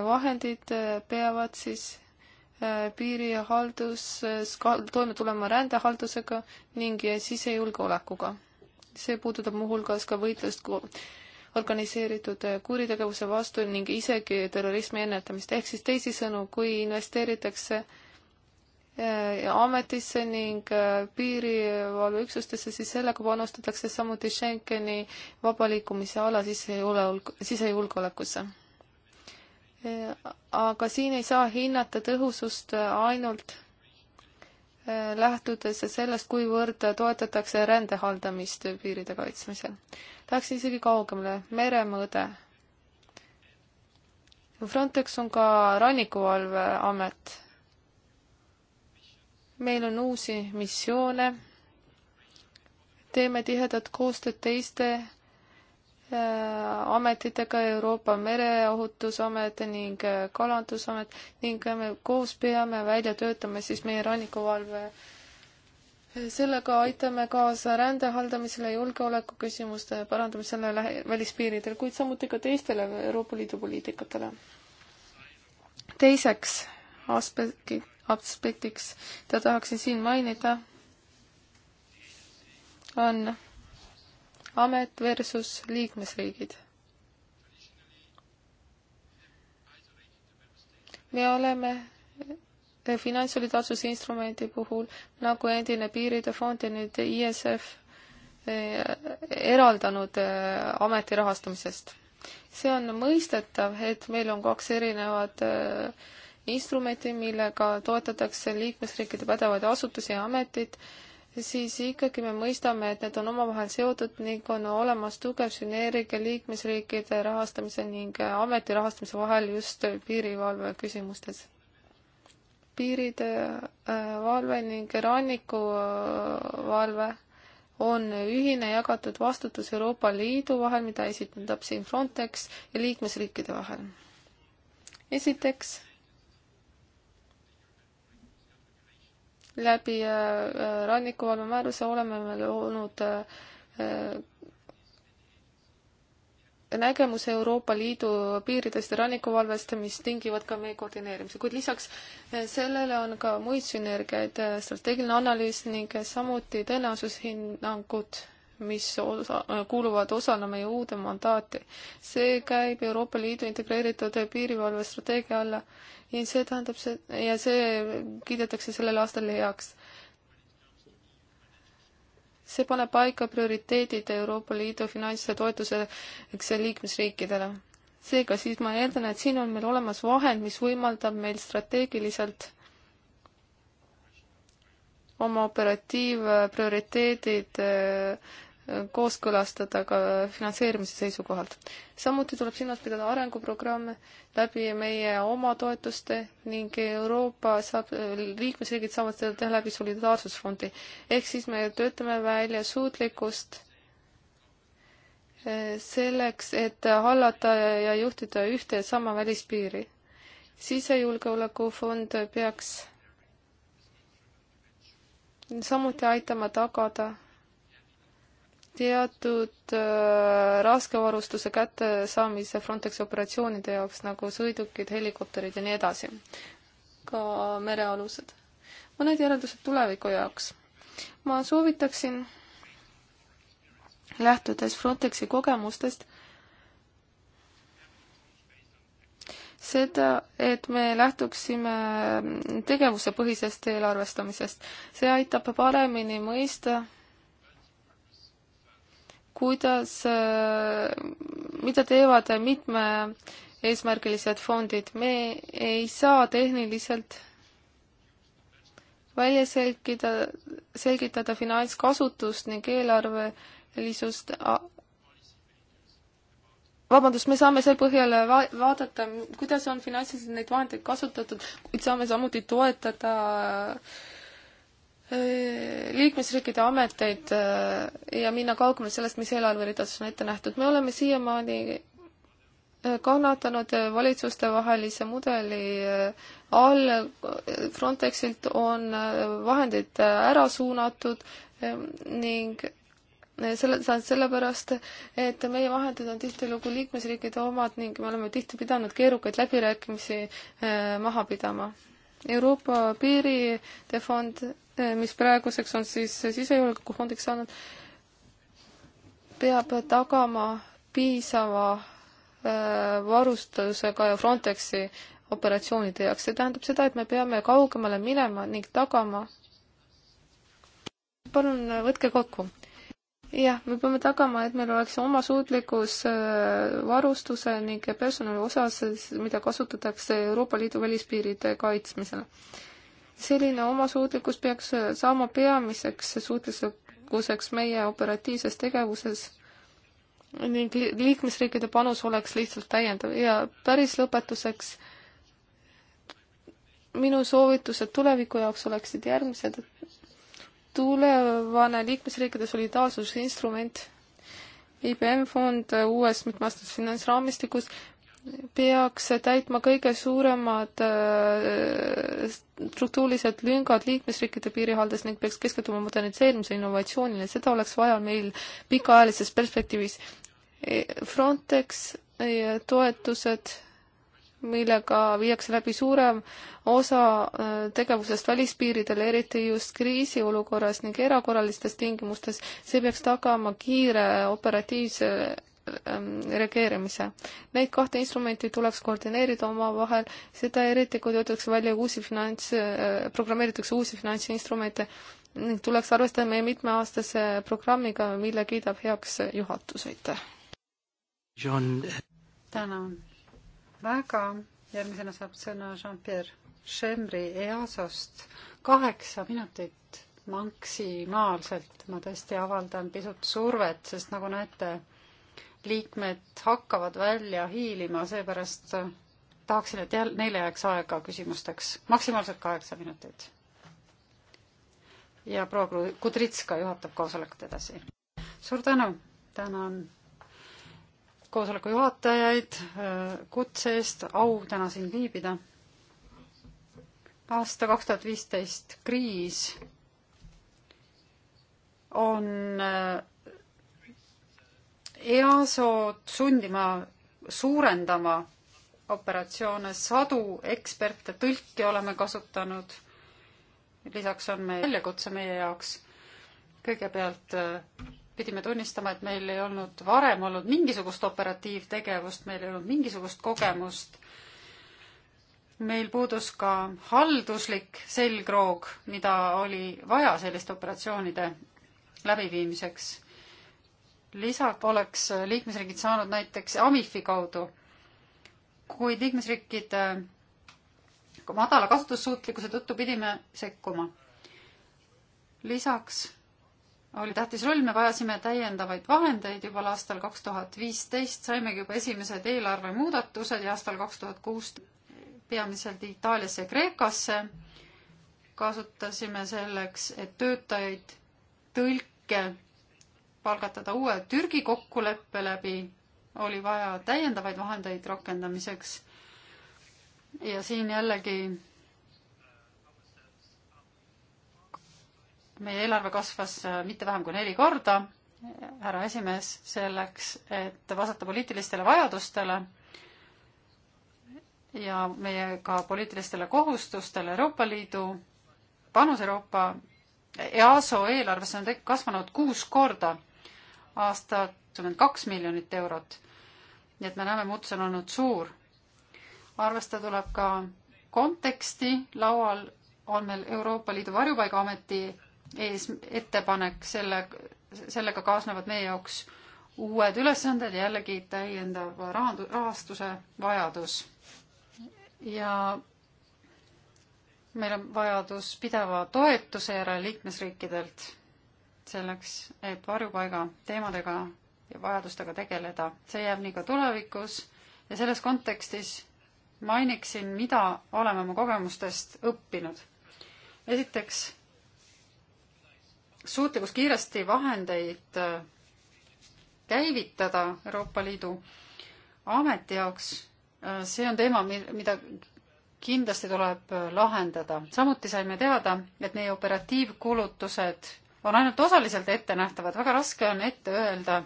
vahendid äh, peavad siis piirihaldus toime tulema rändehaldusega ning sisejulgeolekuga see puudutab muuhulgas ka võitlust organiseeritud kuritegevuse vastu ning isegi terrorismi ennetamist. ehk siis teisisõnu, kui investeeritakse äh, ametisse ning äh, piirivalveüksustesse, siis sellega panustatakse samuti Schengeni vaba liikumise ala sisejulgeolek, sisejulgeolekusse. Äh, aga siin ei saa hinnata tõhusust ainult lähtudes sellest, kuivõrd toetatakse rände haldamist piiride kaitsmisel. Läheks isegi kaugemale, meremõõde. Frontex on ka rannikuvalveamet. meil on uusi missioone, teeme tihedat koostööd teiste Äh, ametitega Euroopa Mereohutusamet ning äh, Kalandusamet ning me koos peame välja töötama siis meie rannikuvalve sellega aitame kaasa rände haldamisele, julgeoleku küsimuste parandamisele lähe-, välispiiridel, kuid samuti ka teistele Euroopa Liidu poliitikatele. teiseks aspekti, aspektiks, mida tahaksin siin mainida, on amet versus liikmesriigid. me oleme finantsolidaarsuse instrumendi puhul nagu endine piiride fond ja nüüd ISF eh, eraldanud eh, ameti rahastamisest. see on mõistetav, et meil on kaks erinevat eh, instrumenti, millega toetatakse liikmesriikide pädevaid asutusi ja ametit siis ikkagi me mõistame, et need on omavahel seotud ning on olemas tugev sünergia liikmesriikide rahastamise ning ameti rahastamise vahel just piirivalve küsimustes. piiride äh, valve ning rannikuvalve äh, on ühine jagatud vastutus Euroopa Liidu vahel, mida esindab siin Frontex ja liikmesriikide vahel. esiteks läbi äh, äh, rannikuvalve määruse oleme me loonud äh, nägemuse Euroopa Liidu piiridest ja rannikuvalvest, mis tingivad ka meie koordineerimise, kuid lisaks sellele on ka muid sünergiaid, strateegiline analüüs ning samuti tõenäosushinnangud mis osa, kuuluvad osana meie uude mandaati. see käib Euroopa Liidu integreeritud piirivalvestrateegia alla ja see tähendab see, ja see kiidetakse sellel aastal heaks. see paneb paika prioriteedid Euroopa Liidu finantsse toetuseks liikmesriikidele. seega siis ma eeldan, et siin on meil olemas vahend, mis võimaldab meil strateegiliselt oma operatiivprioriteedid kooskõlastada ka finantseerimise seisukohalt. samuti tuleb silmas pidada arenguprogramme läbi meie oma toetuste ning Euroopa saab, liikmesriigid saavad seda teha läbi Solidaarsusfondi. ehk siis me töötame välja suutlikkust eh, selleks, et hallata ja juhtida ühte ja sama välispiiri. sisejulgeolekufond peaks samuti aitama tagada teatud äh, raskevarustuse kättesaamise Frontexi operatsioonide jaoks, nagu sõidukid, helikopterid ja nii edasi, ka merealused. mõned järeldused tuleviku jaoks. ma soovitaksin, lähtudes Frontexi kogemustest, seda, et me lähtuksime tegevusepõhisest eelarvestamisest. see aitab paremini mõista, kuidas, äh, mida teevad mitmeeesmärgilised fondid, me ei saa tehniliselt välja selgida, selgitada finantskasutust ning eelarvelisust, vabandust, me saame selle põhjal va-, vaadata, kuidas on finantsiliselt neid vahendeid kasutatud, kuid saame samuti toetada äh, Äh, liikmesriikide ameteid äh, ja minna kaugemale sellest, mis eelarveridades on ette nähtud. me oleme siiamaani äh, kannatanud valitsustevahelise mudeli all, Frontexilt on vahendid ära suunatud ning selle, sellepärast, et meie vahendid on tihtilugu liikmesriikide omad ning me oleme tihti pidanud keerukaid läbirääkimisi maha pidama. Euroopa piiride fond, eh, mis praeguseks on siis sisejulgeoleku fondiks saanud, peab tagama piisava eh, varustusega ja Frontexi operatsioonide jaoks, see tähendab seda, et me peame kaugemale minema ning tagama. palun võtke kokku jah, me peame tagama, et meil oleks oma suutlikkus äh, varustuse ning personali osas, mida kasutatakse Euroopa Liidu välispiiride kaitsmisel. selline oma suutlikkus peaks saama peamiseks suutlikkuseks meie operatiivses tegevuses ning liikmesriikide panus oleks lihtsalt täiendav ja päris lõpetuseks minu soovitused tuleviku jaoks oleksid järgmised, et tulevane liikmesriikide solidaarsusinstrument IBM fond uues mitmeaastases finantsraamistikus peaks täitma kõige suuremad äh, struktuurilised lüngad liikmesriikide piirihaldes ning peaks keskenduma moderniseerimise innovatsioonile, seda oleks vaja meil pikaajalises perspektiivis. Frontex toetused millega viiakse läbi suurem osa äh, tegevusest välispiiridel, eriti just kriisiolukorras ning erakorralistes tingimustes, see peaks tagama kiire operatiivse ähm, reageerimise. Neid kahte instrumenti tuleks koordineerida omavahel, seda eriti, kui töötatakse välja uusi finants, äh, programmeeritakse uusi finantsinstrumente ning tuleks arvestada meie mitmeaastase programmiga, mille kiidab heaks juhatus, aitäh! Eh, tänan väga, järgmisena saab sõna Jean-Pierre Schembri EASO-st. kaheksa minutit maksimaalselt, ma tõesti avaldan pisut survet, sest nagu näete, liikmed hakkavad välja hiilima, seepärast tahaksin, et jälle neile jääks aega küsimusteks, maksimaalselt kaheksa minutit. ja proua Kudritska juhatab koosolekut edasi. suur tänu, tänan koosoleku juhatajaid äh, kutse eest, au täna siin viibida. aasta kaks tuhat viisteist kriis on äh, EASO-d sundima suurendama operatsioone, sadu eksperte, tõlki oleme kasutanud. lisaks on meie väljakutse meie jaoks kõigepealt äh, pidime tunnistama, et meil ei olnud varem olnud mingisugust operatiivtegevust, meil ei olnud mingisugust kogemust. meil puudus ka halduslik selgroog, mida oli vaja selliste operatsioonide läbiviimiseks. lisaks oleks liikmesriigid saanud näiteks Amifi kaudu, kuid liikmesriikide madala kasutussuutlikkuse tõttu pidime sekkuma. lisaks oli tähtis roll, me vajasime täiendavaid vahendeid juba aastal kaks tuhat viisteist, saimegi juba esimesed eelarvemuudatused ja aastal kaks tuhat kuus peamiselt Itaaliasse ja Kreekasse kasutasime selleks, et töötajaid, tõlke palgatada uue Türgi kokkuleppe läbi, oli vaja täiendavaid vahendeid rakendamiseks. ja siin jällegi meie eelarve kasvas äh, mitte vähem kui neli korda, härra esimees, selleks, et vastata poliitilistele vajadustele ja meie ka poliitilistele kohustustele Euroopa Liidu panus Euroopa EASO eelarvesse on kasvanud kuus korda, aasta kakskümmend kaks miljonit eurot. nii et me näeme, muutus on olnud suur. arvestada tuleb ka konteksti, laual on meil Euroopa Liidu Varjupaigaameti ees, ettepanek, selle, sellega kaasnevad meie jaoks uued ülesanded ja jällegi täiendav rahandu-, rahastuse vajadus. ja meil on vajadus pideva toetuse järele liikmesriikidelt selleks, et varjupaiga teemadega ja vajadustega tegeleda. see jääb nii ka tulevikus ja selles kontekstis mainiksin, mida oleme oma kogemustest õppinud. esiteks suutlikkus kiiresti vahendeid äh, käivitada Euroopa Liidu ameti jaoks, äh, see on teema, mida kindlasti tuleb äh, lahendada. samuti saime teada, et meie operatiivkulutused on ainult osaliselt ettenähtavad, väga raske on ette öelda,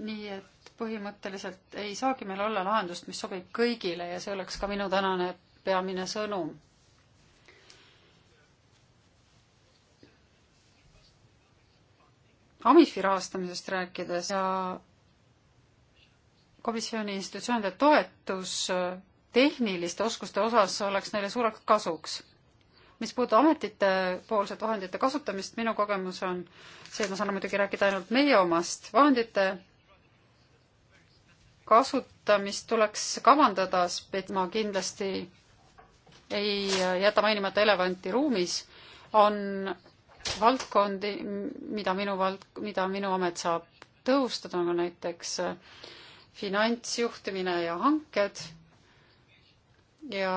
nii et põhimõtteliselt ei saagi meil olla lahendust, mis sobib kõigile ja see oleks ka minu tänane peamine sõnum. AMIF-i rahastamisest rääkides ja komisjoni institutsioonide toetus tehniliste oskuste osas oleks neile suureks kasuks. mis puudutab ametitepoolset vahendite kasutamist, minu kogemus on see, et ma saan muidugi rääkida ainult meie omast, vahendite kasutamist tuleks kavandada, et ma kindlasti ei äh, jäta mainimata elevanti ruumis, on valdkondi, mida minu vald, mida minu amet saab tõhustada, nagu näiteks äh, finantsjuhtimine ja hanked ja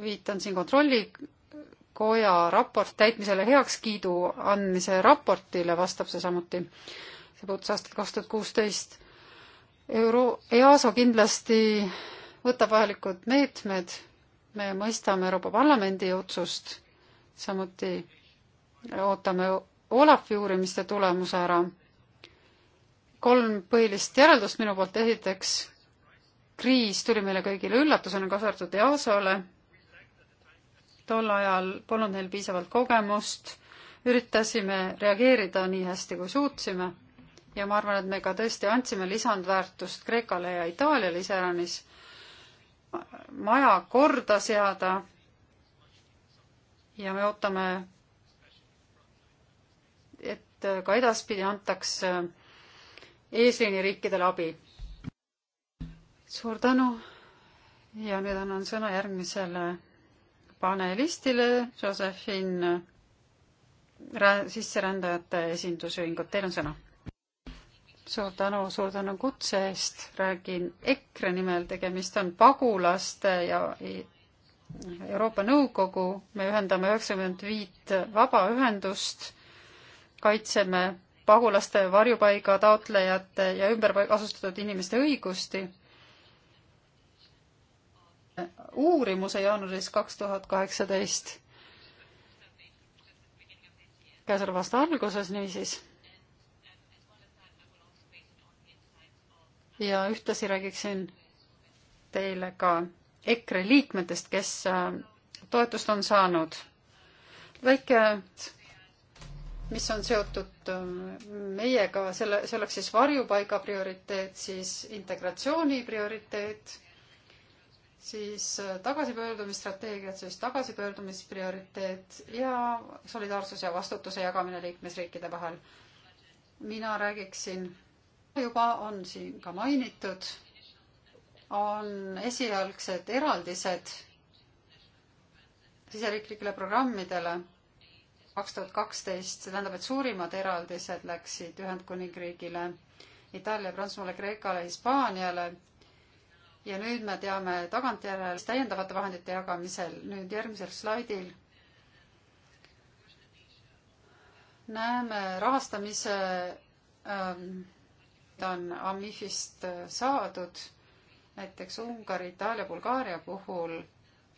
viitan siin kontrollikoja raport, täitmisele heakskiidu andmise raportile vastab see samuti, see puudutas aastat kaks tuhat kuusteist. Euro, EASO kindlasti võtab vajalikud meetmed me mõistame Euroopa Parlamendi otsust, samuti ootame Olafi uurimiste tulemuse ära. kolm põhilist järeldust minu poolt, esiteks kriis tuli meile kõigile üllatusena, kaasa arvatud EASO-le. tol ajal polnud neil piisavalt kogemust, üritasime reageerida nii hästi, kui suutsime ja ma arvan, et me ka tõesti andsime lisandväärtust Kreekale ja Itaaliale iseäranis maja korda seada ja me ootame, et ka edaspidi antaks eesliini riikidele abi. suur tänu ja nüüd annan sõna järgmisele panelistile, Josephine, sisserändajate esindusühingud, teil on sõna suur tänu, suur tänu kutse eest, räägin EKRE nimel, tegemist on pagulaste ja Euroopa Nõukogu, me ühendame üheksakümmend viit vabaühendust, kaitseme pagulaste, varjupaiga taotlejate ja ümber asustatud inimeste õigusti. uurimuse jaanuaris kaks tuhat kaheksateist, käesoleva aasta alguses niisiis ja ühtlasi räägiksin teile ka EKRE liikmetest, kes äh, toetust on saanud. väike, mis on seotud äh, meiega, selle, see oleks siis varjupaiga prioriteet, siis integratsiooni prioriteet, siis äh, tagasipöördumisstrateegiad, siis tagasipöördumisprioriteet ja solidaarsus ja vastutuse jagamine liikmesriikide vahel. mina räägiksin juba on siin ka mainitud, on esialgsed eraldised siseriiklikele programmidele kaks tuhat kaksteist, see tähendab, et suurimad eraldised läksid Ühendkuningriigile, Itaaliale, Prantsusmaale, Kreekale, Hispaaniale ja nüüd me teame tagantjärele täiendavate vahendite jagamisel, nüüd järgmisel slaidil näeme rahastamise ähm, on AMIF-ist äh, saadud, näiteks Ungari, Itaalia, Bulgaaria puhul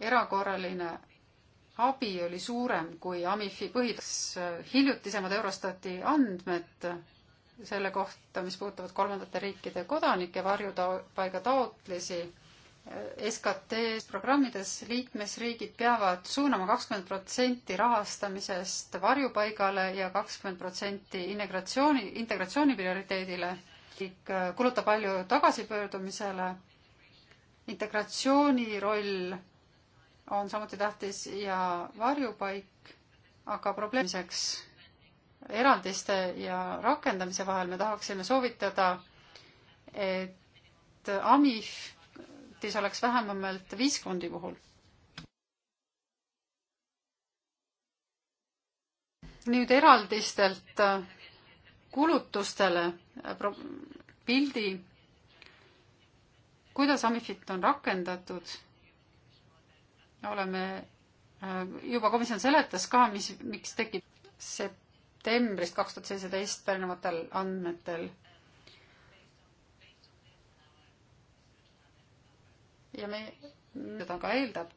erakorraline abi oli suurem kui AMIF-i põhitaks hiljutisemad Eurostati andmed selle kohta, mis puutuvad kolmandate riikide kodanike varjupaiga taotlusi äh, SKT programmides liikmesriigid peavad suunama kakskümmend protsenti rahastamisest varjupaigale ja kakskümmend protsenti integratsiooni, integratsiooni prioriteedile riik äh, kulutab palju tagasipöördumisele. integratsiooni roll on samuti tähtis ja varjupaik, aga probleemiks eraldiste ja rakendamise vahel me tahaksime soovitada, et AMIF-is oleks vähemalt viiskondi puhul. nüüd eraldistelt kulutustele Äh, pildi, kuidas Amifit on rakendatud. oleme, äh, juba komisjon seletas ka, mis, miks tekib septembrist kaks tuhat seitseteist pärinevatel andmetel. ja me, seda ka eeldab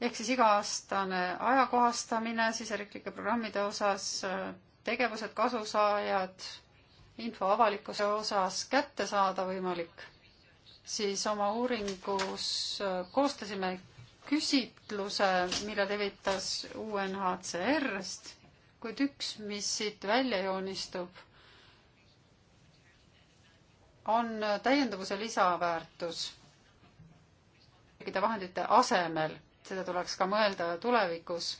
ehk siis iga-aastane ajakohastamine siseriiklike programmide osas, äh, tegevused, kasusaajad info avalikkuse osas kätte saada võimalik, siis oma uuringus äh, koostasime küsitluse, mille levitas UNHCR-st, kuid üks, mis siit välja joonistub, on täienduvuse lisaväärtus kõikide vahendite asemel, seda tuleks ka mõelda tulevikus,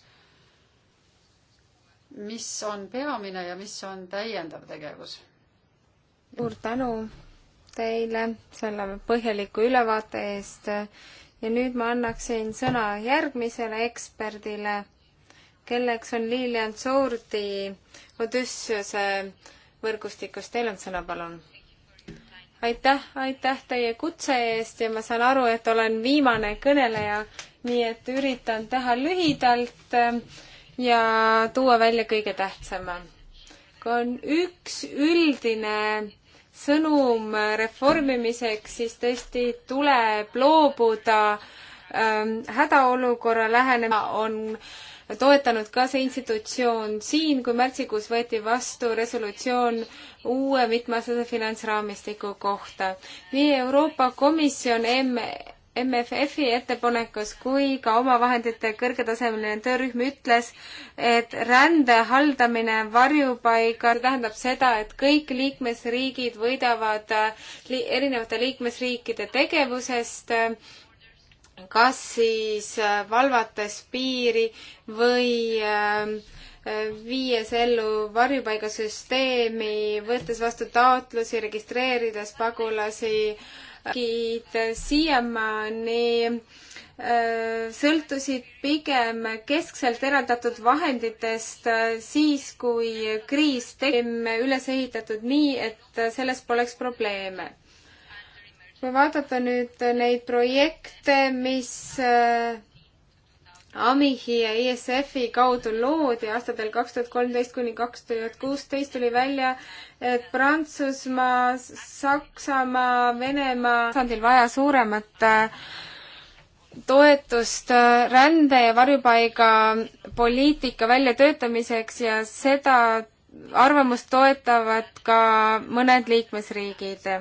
mis on peamine ja mis on täiendav tegevus suur tänu teile selle põhjaliku ülevaate eest ja nüüd ma annaksin sõna järgmisele eksperdile, kelleks on Lilian Sourdi Odüssiuse võrgustikust. Teil on sõna, palun. aitäh, aitäh teie kutse eest ja ma saan aru, et olen viimane kõneleja, nii et üritan teha lühidalt ja tuua välja kõige tähtsama. on üks üldine sõnum reformimiseks, siis tõesti tuleb loobuda ähm, hädaolukorra lähenema, on toetanud ka see institutsioon siin, kui märtsikuus võeti vastu resolutsioon uue mitmeaastase finantsraamistiku kohta. nii Euroopa Komisjon M MFF-i ettepanekus kui ka omavahendite kõrgetasemeline töörühm ütles, et rände haldamine varjupaiga tähendab seda, et kõik liikmesriigid võidavad li erinevate liikmesriikide tegevusest, kas siis äh, valvates piiri või ähm, äh, viies ellu varjupaigasüsteemi, võttes vastu taotlusi, registreerides pagulasi äh,, siiamaani äh, sõltusid pigem keskselt eraldatud vahenditest äh, siis, kui kriis tegime üles ehitatud nii, et selles poleks probleeme. kui vaadata nüüd neid projekte, mis äh, AMIHi ja ISF-i e kaudu loodi aastatel kaks tuhat kolmteist kuni kaks tuhat kuusteist tuli välja, et Prantsusmaa, Saksamaa, Venemaa tasandil vaja suuremat äh, toetust äh, rände ja varjupaiga poliitika väljatöötamiseks ja seda arvamust toetavad ka mõned liikmesriigid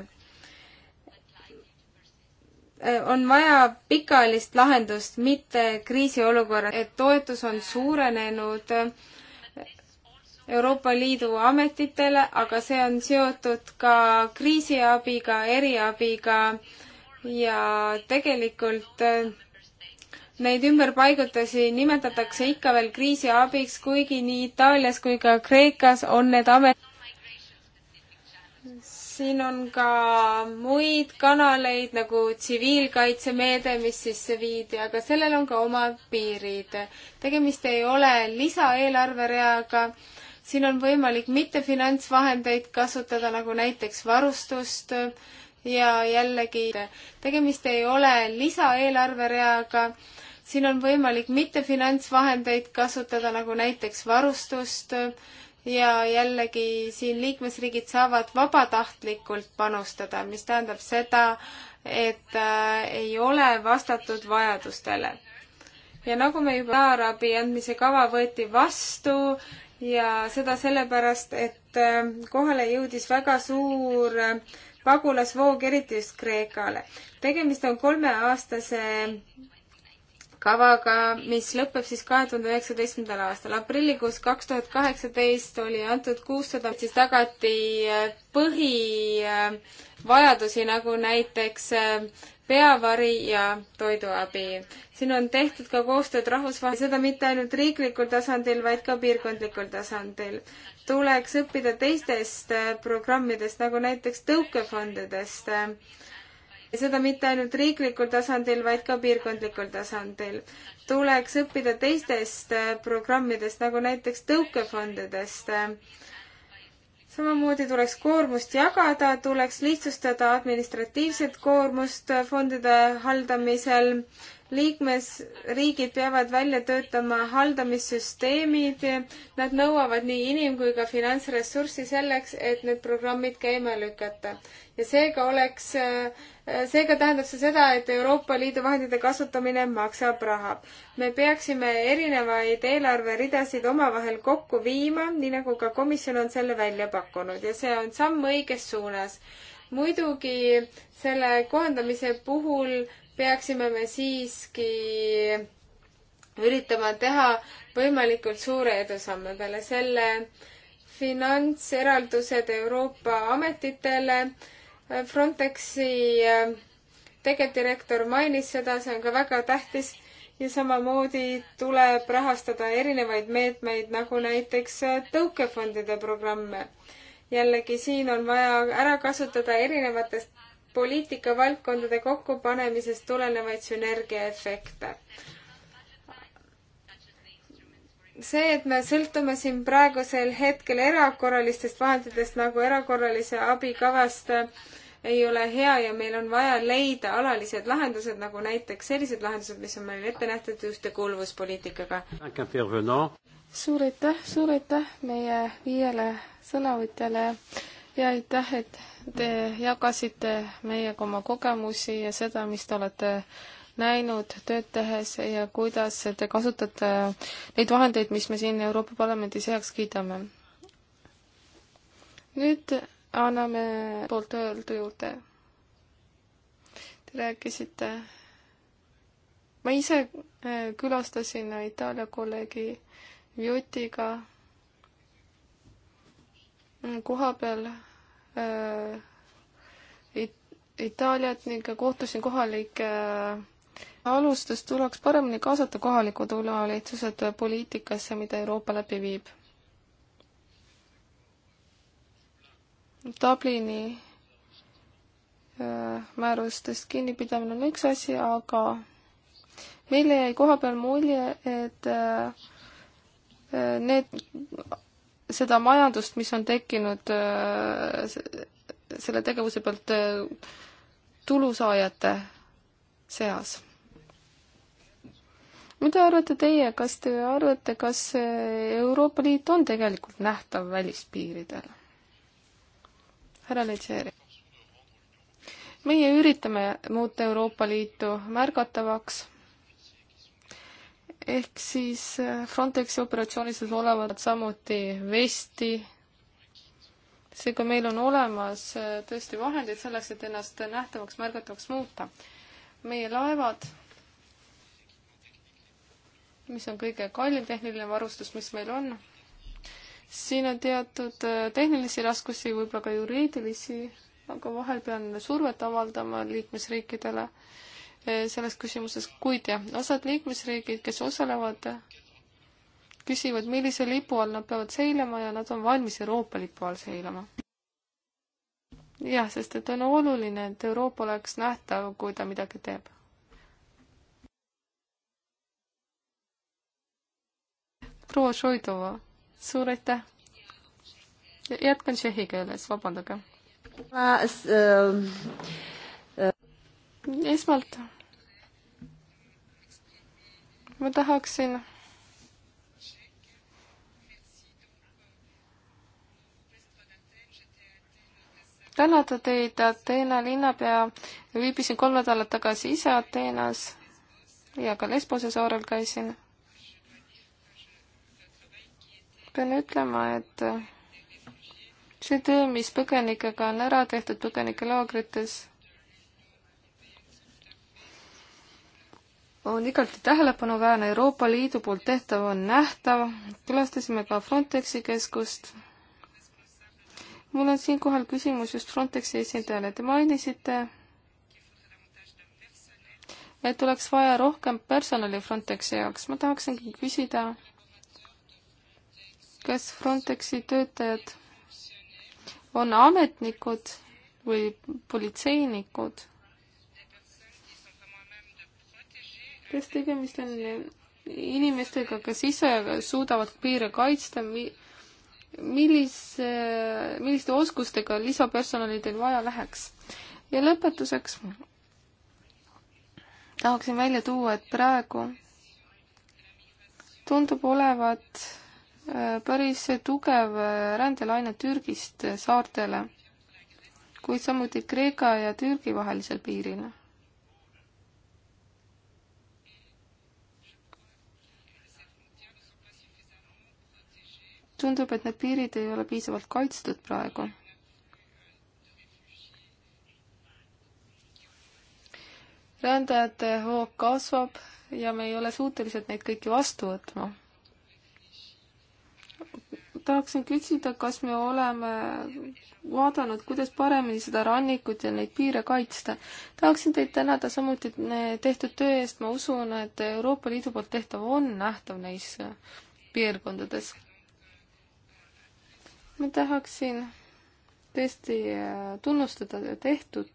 Äh, on vaja pikaajalist lahendust, mitte kriisiolukorra, et toetus on suurenenud äh, Euroopa Liidu ametitele, aga see on seotud ka kriisiabiga, eriabiga ja tegelikult äh, neid ümberpaigutusi nimetatakse ikka veel kriisiabiks, kuigi nii Itaalias kui ka Kreekas on need amet-, siin on ka muid kanaleid nagu tsiviilkaitsemeede, mis sisse viidi, aga sellel on ka omad piirid. tegemist ei ole lisaeelarvereaga, siin on võimalik mittefinantsvahendeid kasutada, nagu näiteks varustust ja jällegi tegemist ei ole lisaeelarvereaga, siin on võimalik mittefinantsvahendeid kasutada, nagu näiteks varustust ja jällegi siin liikmesriigid saavad vabatahtlikult panustada, mis tähendab seda, et äh, ei ole vastatud vajadustele. ja nagu me juba taarabi andmise kava võeti vastu ja seda sellepärast, et äh, kohale jõudis väga suur äh, pagulasvoog, eriti just Kreekale. tegemist on kolmeaastase kavaga, mis lõpeb siis kahe tuhande üheksateistkümnendal aastal. aprillikuus kaks tuhat kaheksateist oli antud kuussada, siis tagati äh, põhivajadusi, äh, nagu näiteks äh, peavari ja toiduabi. siin on tehtud ka koostööd rahvusvahel, seda mitte ainult riiklikul tasandil, vaid ka piirkondlikul tasandil. tuleks õppida teistest programmidest, nagu näiteks tõukefondidest ja seda mitte ainult riiklikul tasandil, vaid ka piirkondlikul tasandil. tuleks õppida teistest äh, programmidest, nagu näiteks tõukefondidest. samamoodi tuleks koormust jagada, tuleks lihtsustada administratiivset koormust äh, fondide haldamisel liikmesriigid peavad välja töötama haldamissüsteemid, nad nõuavad nii inim- kui ka finantsressurssi selleks, et need programmid käima lükata. ja seega oleks, äh, seega tähendab see seda, et Euroopa Liidu vahendite kasutamine maksab raha. me peaksime erinevaid eelarveridasid omavahel kokku viima, nii nagu ka komisjon on selle välja pakkunud ja see on samm õiges suunas muidugi selle kohandamise puhul peaksime me siiski üritama teha võimalikult suure edusamme peale selle finantseraldused Euroopa ametitele. Frontexi äh, tegevdirektor mainis seda, see on ka väga tähtis ja samamoodi tuleb rahastada erinevaid meetmeid, nagu näiteks äh, tõukefondide programme. jällegi siin on vaja ära kasutada erinevatest poliitikavaldkondade kokkupanemisest tulenevaid sünergiaefekte. see, et me sõltume siin praegusel hetkel erakorralistest vahenditest nagu erakorralise abikavast, ei ole hea ja meil on vaja leida alalised lahendused, nagu näiteks sellised lahendused, mis on meil ette nähtud ühtekuuluvuspoliitikaga. suur aitäh, suur aitäh meie viiele sõnavõtjale ja aitäh, et Te jagasite meiega oma kogemusi ja seda, mis te olete näinud tööd tehes ja kuidas te kasutate neid vahendeid, mis me siin Euroopa Parlamendis heaks kiidame. nüüd anname poolt öeldu juurde. Te rääkisite, ma ise äh, külastasin Itaalia kolleegi Vjutiga koha peal Äh, It Itaaliat ning kohtusin kohalike äh, alustes tuleks paremini kaasata kohalikud omavalitsused poliitikasse, mida Euroopa läbi viib. Dublini äh, määrustest kinnipidamine on üks asi, aga meile jäi koha peal mulje, et need seda majandust, mis on tekkinud äh, selle tegevuse pealt äh, tulusaajate seas. mida arvate teie, kas te arvate, kas äh, Euroopa Liit on tegelikult nähtav välispiiridel? härra Leitseri. meie üritame muuta Euroopa Liitu märgatavaks ehk siis äh, Frontexi operatsioonides olevad samuti vesti, seega meil on olemas äh, tõesti vahendid selleks, et ennast nähtavaks, märgatavaks muuta. meie laevad, mis on kõige kallim tehniline varustus, mis meil on, siin on teatud äh, tehnilisi raskusi, võib-olla ka juriidilisi, aga vahel pean survet avaldama liikmesriikidele Eh, selles küsimuses, kuid jah, osad liikmesriigid, kes osalevad, küsivad, millise lipu all nad peavad seilama ja nad on valmis Euroopa lipu all seilama. jah, sest et on oluline, et Euroopa oleks nähtav, kui ta midagi teeb. proua Šoidova, suur aitäh! jätkan tšehhi keeles, vabandage. Ähm, esmalt ma tahaksin tänada teid, Ateena linnapea, viibisin kolm nädalat tagasi ise Ateenas ja ka Lesbose saarel käisin. pean ütlema, et see töö, mis põgenikega on ära tehtud põgenikelaagrites on igati tähelepanuväärne, Euroopa Liidu poolt tehtav on nähtav, külastasime ka Frontexi keskust. mul on siinkohal küsimus just Frontexi esindajale, te mainisite, et oleks vaja rohkem personali Frontexi jaoks, ma tahaksingi küsida, kas Frontexi töötajad on ametnikud või politseinikud kas tegemist on inimestega, kes ise suudavad piire kaitsta, millise, milliste oskustega lisapersonali teil vaja läheks? ja lõpetuseks tahaksin välja tuua, et praegu tundub olevat äh, päris tugev äh, rändelaine Türgist saartele, kuid samuti Kreeka ja Türgi vahelisel piiril tundub, et need piirid ei ole piisavalt kaitstud praegu. rändajate hoog kasvab ja me ei ole suutelised neid kõiki vastu võtma. tahaksin küsida, kas me oleme vaadanud, kuidas paremini seda rannikut ja neid piire kaitsta. tahaksin teid tänada samuti tehtud töö eest, ma usun, et Euroopa Liidu poolt tehtav on nähtav neis piirkondades ma tahaksin tõesti äh, tunnustada tehtud.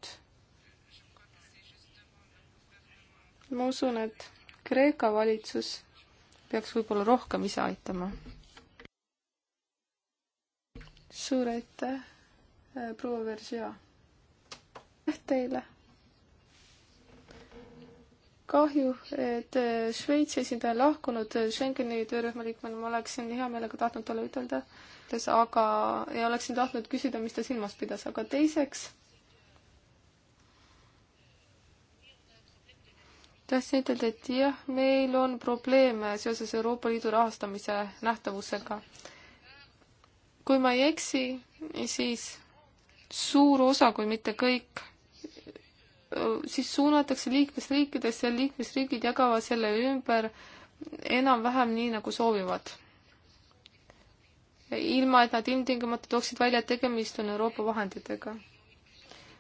ma usun, et Kreeka valitsus peaks võib-olla rohkem ise aitama. suur aitäh, äh, proua Veržia. aitäh teile. kahju, et äh, Šveitsi esindaja on lahkunud Schengeni töörühma liikmena, ma oleksin hea meelega tahtnud talle ütelda suhtes, aga, ja oleksin tahtnud küsida, mis ta silmas pidas, aga teiseks tahtsin ütelda, et jah, meil on probleeme seoses Euroopa Liidu rahastamise nähtavusega. kui ma ei eksi, siis suur osa, kui mitte kõik, siis suunatakse liikmesriikidesse ja liikmesriigid jagavad selle ümber enam-vähem nii, nagu soovivad ilma et nad ilmtingimata tooksid välja, et tegemist on Euroopa vahenditega.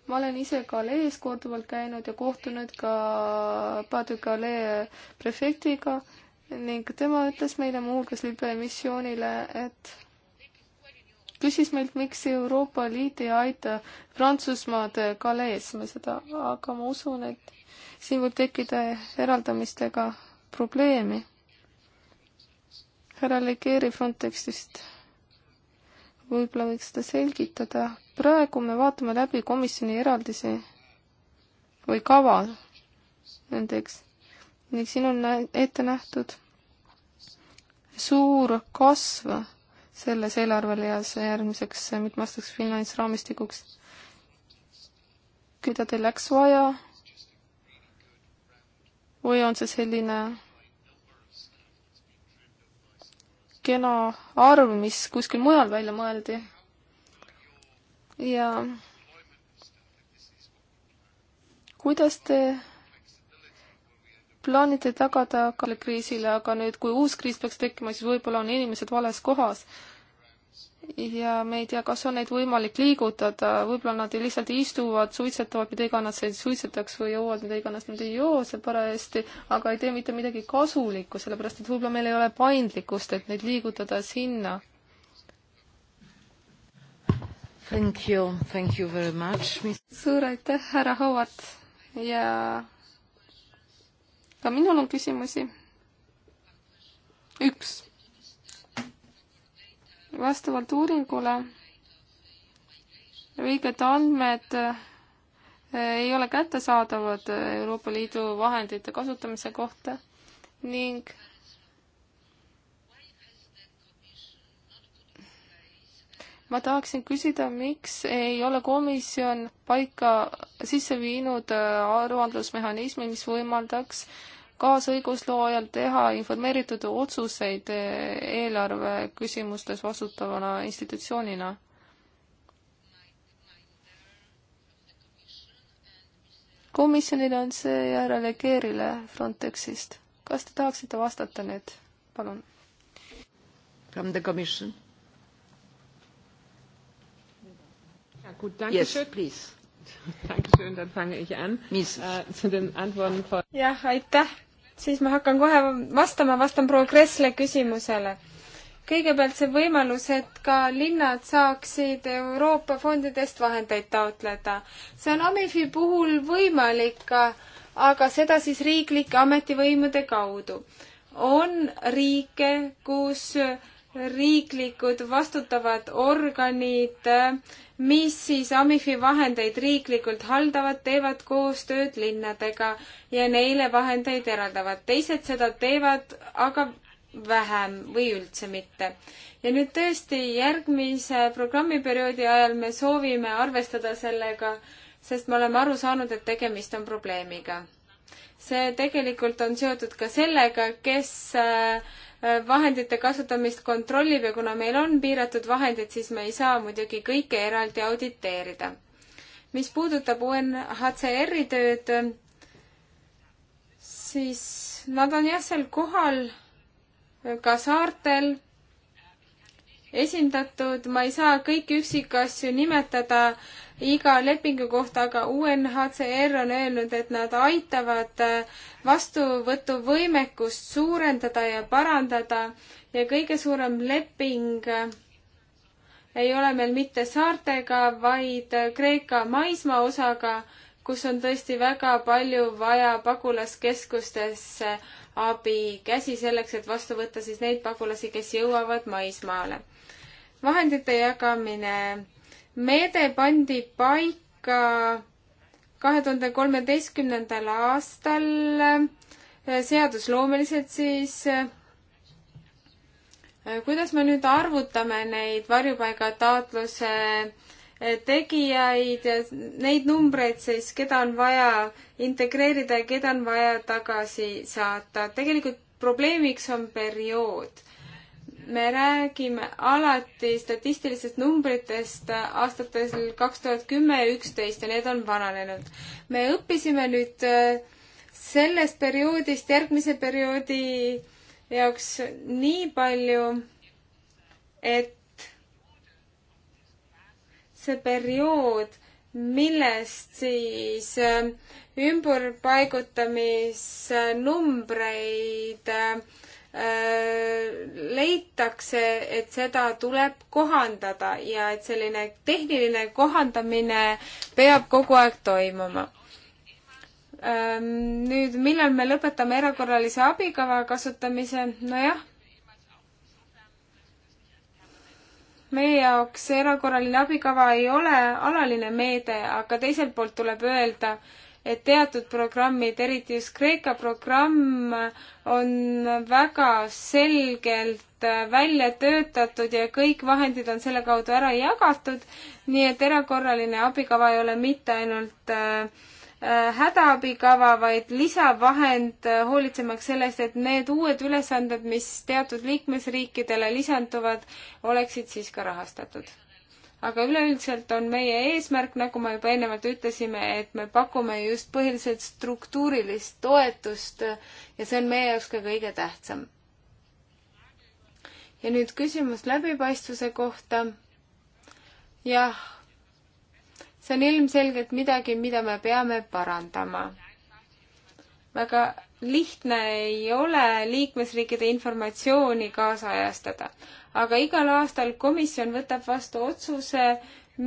ma olen ise Galees korduvalt käinud ja kohtunud ka Pas-de-Calais prefektiga ning tema ütles meile muuhulgas libe missioonile, et küsis meilt, miks Euroopa Liit ei aita Prantsusmaad Galees, me seda, aga ma usun, et siin võib tekkida eraldamistega probleemi. härra Legeri Frontexist võib-olla võiks seda selgitada. praegu me vaatame läbi komisjoni eraldisi või kava nendeks ning siin on ette nähtud suur kasv selles eelarvelias järgmiseks mitmeaastaseks finantsraamistikuks, mida teil läks vaja või on see selline kena arv, mis kuskil mujal välja mõeldi. ja kuidas te plaanite tagada ka kriisile, aga nüüd, kui uus kriis peaks tekkima, siis võib-olla on inimesed vales kohas ja me ei tea, kas on neid võimalik liigutada, võib-olla nad lihtsalt istuvad, suitsetavad, mida iganes neid suitsetaks või joovad, mida iganes nad ei joo seal parajasti, aga ei tee mitte midagi kasulikku, sellepärast et võib-olla meil ei ole paindlikkust, et neid liigutada sinna. Thank you, thank you very much. suur aitäh, härra Howard ja ka minul on küsimusi. üks vastavalt uuringule õiged andmed eh, ei ole kättesaadavad Euroopa Liidu vahendite kasutamise kohta ning ma tahaksin küsida, miks ei ole komisjon paika sisse viinud eh, aruandlusmehhanismi, mis võimaldaks äh, kaasõigusloojal teha informeeritud otsuseid eelarve küsimustes vastutavana institutsioonina. komisjonile on seejärel Egeerile Frontexist. kas te tahaksite vastata nüüd, palun? From the commission. Yes, please. Dankeschön, dann fange ich an. Äh, zu den Antworten von... jah, aitäh siis ma hakkan kohe vastama, vastan proua Kressle küsimusele. kõigepealt see võimalus, et ka linnad saaksid Euroopa fondidest vahendeid taotleda. see on Amifi puhul võimalik, aga seda siis riiklike ametivõimude kaudu. on riike, kus riiklikud vastutavad organid, mis siis Amifi vahendeid riiklikult haldavad, teevad koostööd linnadega ja neile vahendeid eraldavad. teised seda teevad aga vähem või üldse mitte. ja nüüd tõesti järgmise programmiperioodi ajal me soovime arvestada sellega, sest me oleme aru saanud, et tegemist on probleemiga. see tegelikult on seotud ka sellega, kes äh, vahendite kasutamist kontrollib ja kuna meil on piiratud vahendid, siis me ei saa muidugi kõike eraldi auditeerida. mis puudutab UNHCR-i tööd, siis nad on jah seal kohal ka saartel esindatud, ma ei saa kõiki üksikasju nimetada iga lepingu kohta, aga UNHCR on öelnud, et nad aitavad äh, vastuvõtuvõimekust suurendada ja parandada ja kõige suurem leping äh, ei ole meil mitte saartega, vaid äh, Kreeka maismaa osaga, kus on tõesti väga palju vaja pagulaskeskustesse abi käsi selleks, et vastu võtta siis neid pagulasi, kes jõuavad maismaale. vahendite jagamine meede pandi paika kahe tuhande kolmeteistkümnendal aastal eh, seadusloomeliselt siis eh, kuidas me nüüd arvutame neid varjupaigataotluse eh, tegijaid ja neid numbreid siis, keda on vaja integreerida ja keda on vaja tagasi saata. tegelikult probleemiks on periood me räägime alati statistilistest numbritest aastatel kaks tuhat kümme ja üksteist ja need on vananenud. me õppisime nüüd äh, sellest perioodist järgmise perioodi jaoks nii palju, et see periood, millest siis ümberpaigutamisnumbreid äh, Äh, leitakse, et seda tuleb kohandada ja et selline tehniline kohandamine peab kogu aeg toimuma. Ähm, nüüd, millal me lõpetame erakorralise abikava kasutamise, nojah, meie jaoks erakorraline abikava ei ole alaline meede, aga teiselt poolt tuleb öelda, et teatud programmid, eriti just Kreeka programm, on väga selgelt äh, välja töötatud ja kõik vahendid on selle kaudu ära jagatud, nii et erakorraline abikava ei ole mitte ainult äh, äh, hädaabikava, vaid lisavahend hoolitsemaks sellest, et need uued ülesanded, mis teatud liikmesriikidele lisanduvad, oleksid siis ka rahastatud aga üleüldiselt on meie eesmärk, nagu ma juba eelnevalt ütlesime, et me pakume just põhiliselt struktuurilist toetust ja see on meie jaoks ka kõige tähtsam. ja nüüd küsimus läbipaistvuse kohta. jah, see on ilmselgelt midagi, mida me peame parandama. väga lihtne ei ole liikmesriikide informatsiooni kaasajastada, aga igal aastal komisjon võtab vastu otsuse,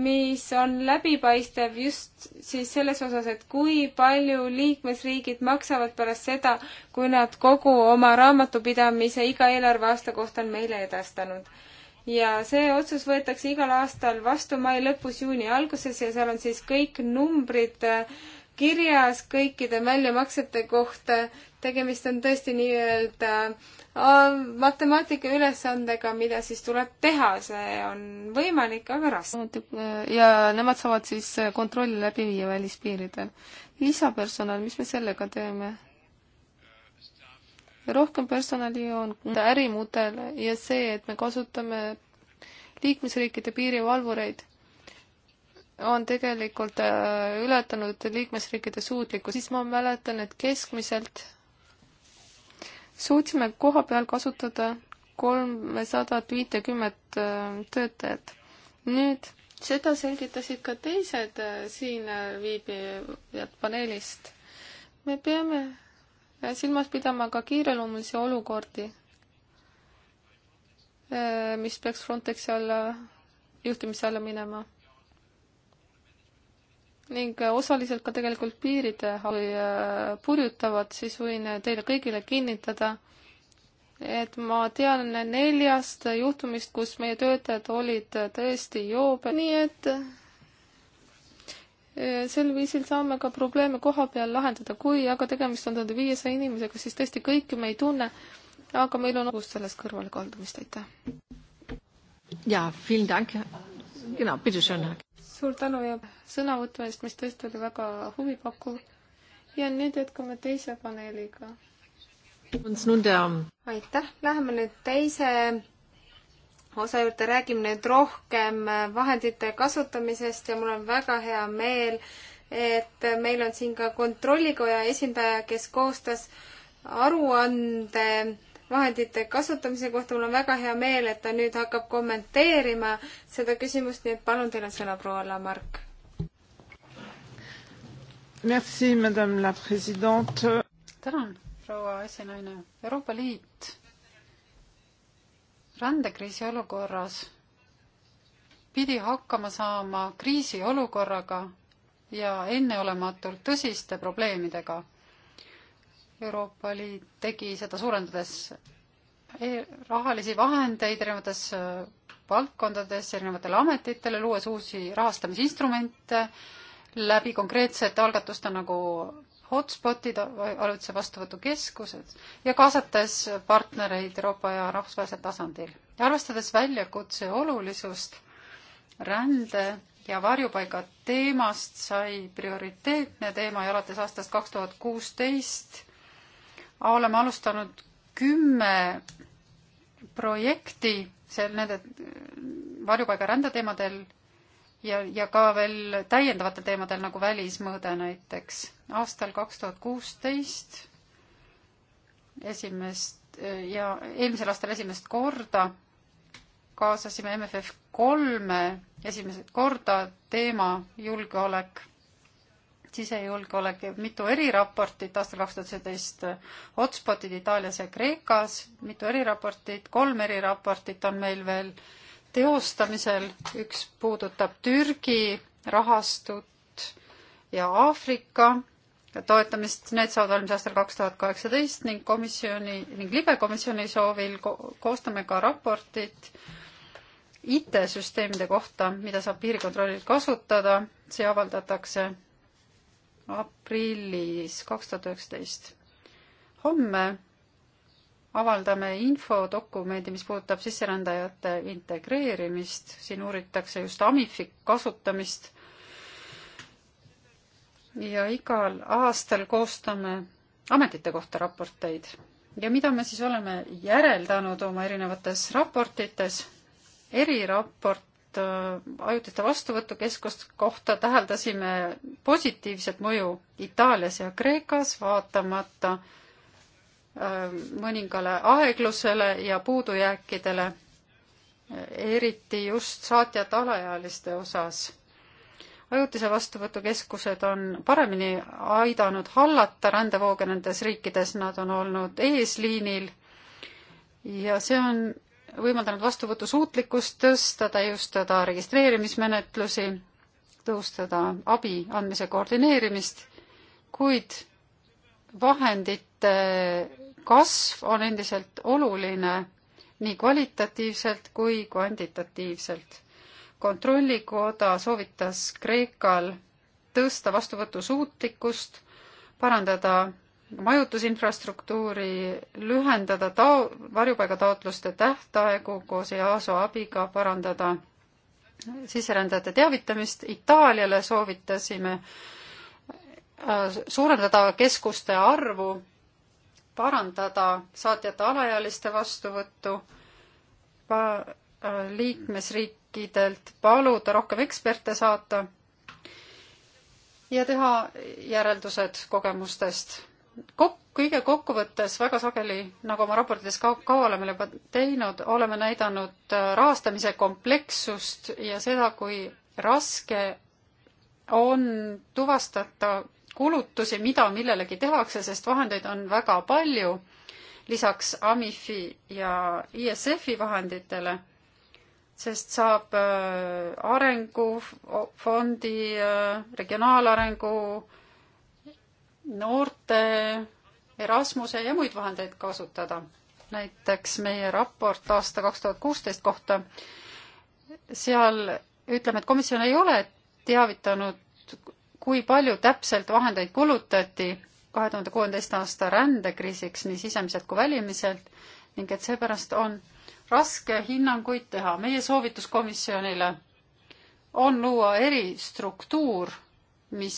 mis on läbipaistev just siis selles osas, et kui palju liikmesriigid maksavad pärast seda, kui nad kogu oma raamatupidamise iga eelarveaasta kohta on meile edastanud. ja see otsus võetakse igal aastal vastu mai lõpus, juuni alguses ja seal on siis kõik numbrid äh, kirjas kõikide väljamaksete kohta. tegemist on tõesti nii-öelda äh, matemaatika ülesandega, mida siis tuleb teha, see on võimalik, aga raske. ja nemad saavad siis kontrolli läbi viia välispiiridel. lisapersonal, mis me sellega teeme? rohkem personali on ärimudel ja see, et me kasutame liikmesriikide piirivalvureid on tegelikult äh, ületanud liikmesriikide suutlikku, siis ma mäletan, et keskmiselt suutsime koha peal kasutada kolmesadat viitekümmet äh, töötajat. nüüd seda selgitasid ka teised äh, siin viibijad paneelist. me peame silmas pidama ka kiireloomulisi olukordi, mis peaks Frontexi alla, juhtimise alla minema ning äh, osaliselt ka tegelikult piirid äh, äh, purjutavad, siis võin teile kõigile kinnitada, et ma tean neljast juhtumist, kus meie töötajad olid tõesti joobed, nii et sel viisil saame ka probleeme koha peal lahendada, kui aga tegemist on tuhande viiesaja inimesega, siis tõesti kõiki me ei tunne, aga meil on ohus sellest kõrvalekaldumist, aitäh. jaa, vielen dank. genau, bitte schön suur tänu ja sõnavõtu eest, mis tõesti oli väga huvipakkuv. ja nüüd jätkame teise paneeliga. aitäh, läheme nüüd teise osa juurde, räägime nüüd rohkem vahendite kasutamisest ja mul on väga hea meel, et meil on siin ka kontrollikoja esindaja, kes koostas aruande vahendite kasutamise kohta. mul on väga hea meel, et ta nüüd hakkab kommenteerima seda küsimust, nii et palun, teil on sõna, proua Lamarck. Merci, madame la presidente. tänan, proua esinaine. Euroopa Liit rändekriisi olukorras pidi hakkama saama kriisiolukorraga ja enneolematult tõsiste probleemidega. Euroopa Liit tegi seda suurendades e-, rahalisi vahendeid erinevates äh, valdkondades, erinevatele ametitele, luues uusi rahastamisinstrumente läbi konkreetsete algatuste nagu hotspotid, ajutise vastuvõtu keskused ja kaasates partnereid Euroopa ja rahvusvahelisel tasandil. ja arvestades väljakutse olulisust, rände ja varjupaiga teemast sai prioriteetne teema ja alates aastast kaks tuhat kuusteist oleme alustanud kümme projekti seal nende varjupaiga rändeteemadel ja, ja ka veel täiendavatel teemadel nagu välismõõde näiteks. aastal kaks tuhat kuusteist esimest ja eelmisel aastal esimest korda kaasasime MFF kolme esimesed korda teema julgeolek sisejulgeolek, mitu eriraportit aastal kaks tuhat seitseteist, hotspotid Itaalias ja Kreekas, mitu eriraportit, kolm eriraportit on meil veel teostamisel, üks puudutab Türgi rahastut ja Aafrika toetamist, need saavad valmis aastal kaks tuhat kaheksateist ning komisjoni ning libekomisjoni soovil ko koostame ka raportit IT-süsteemide kohta, mida saab piirikontrollil kasutada, see avaldatakse aprillis kaks tuhat üheksateist. homme avaldame infodokumendi, mis puudutab sisserändajate integreerimist, siin uuritakse just Amifi kasutamist ja igal aastal koostame ametite kohta raporteid. ja mida me siis oleme järeldanud oma erinevates raportites, eriraport Äh, ajutiste vastuvõtukeskust kohta täheldasime positiivset mõju Itaalias ja Kreekas, vaatamata äh, mõningale aeglusele ja puudujääkidele, eriti just saatjate alaealiste osas. ajutise vastuvõtukeskused on paremini aidanud hallata rändevooge nendes riikides, nad on olnud eesliinil ja see on võimaldanud vastuvõtusuutlikkust tõsta, täiustada registreerimismenetlusi, tõhustada abi andmise koordineerimist, kuid vahendite kasv on endiselt oluline nii kvalitatiivselt kui kvantitatiivselt. kontrollikoda soovitas Kreekal tõsta vastuvõtusuutlikkust, parandada majutusinfrastruktuuri, lühendada tao-, varjupaigataotluste tähtaegu koos EASO abiga, parandada sisserändajate teavitamist, Itaaliale soovitasime äh, suurendada keskuste arvu, parandada saatjate alaealiste vastuvõttu, äh, liikmesriikidelt paluda rohkem eksperte saata ja teha järeldused kogemustest kok-, kõige kokkuvõttes väga sageli, nagu oma raportides ka-, ka oleme juba teinud, oleme näidanud äh, rahastamise komplekssust ja seda, kui raske on tuvastada kulutusi, mida millelegi tehakse, sest vahendeid on väga palju, lisaks AMIF-i ja ISF-i vahenditele sest saab äh, arengufondi, äh, regionaalarengu noorte Erasmuse ja muid vahendeid kasutada. näiteks meie raport aasta kaks tuhat kuusteist kohta, seal ütleme, et komisjon ei ole teavitanud, kui palju täpselt vahendeid kulutati kahe tuhande kuueteist aasta rändekriisiks nii sisemiselt kui välimiselt ning et seepärast on raske hinnanguid teha. meie soovitus komisjonile on luua eristruktuur mis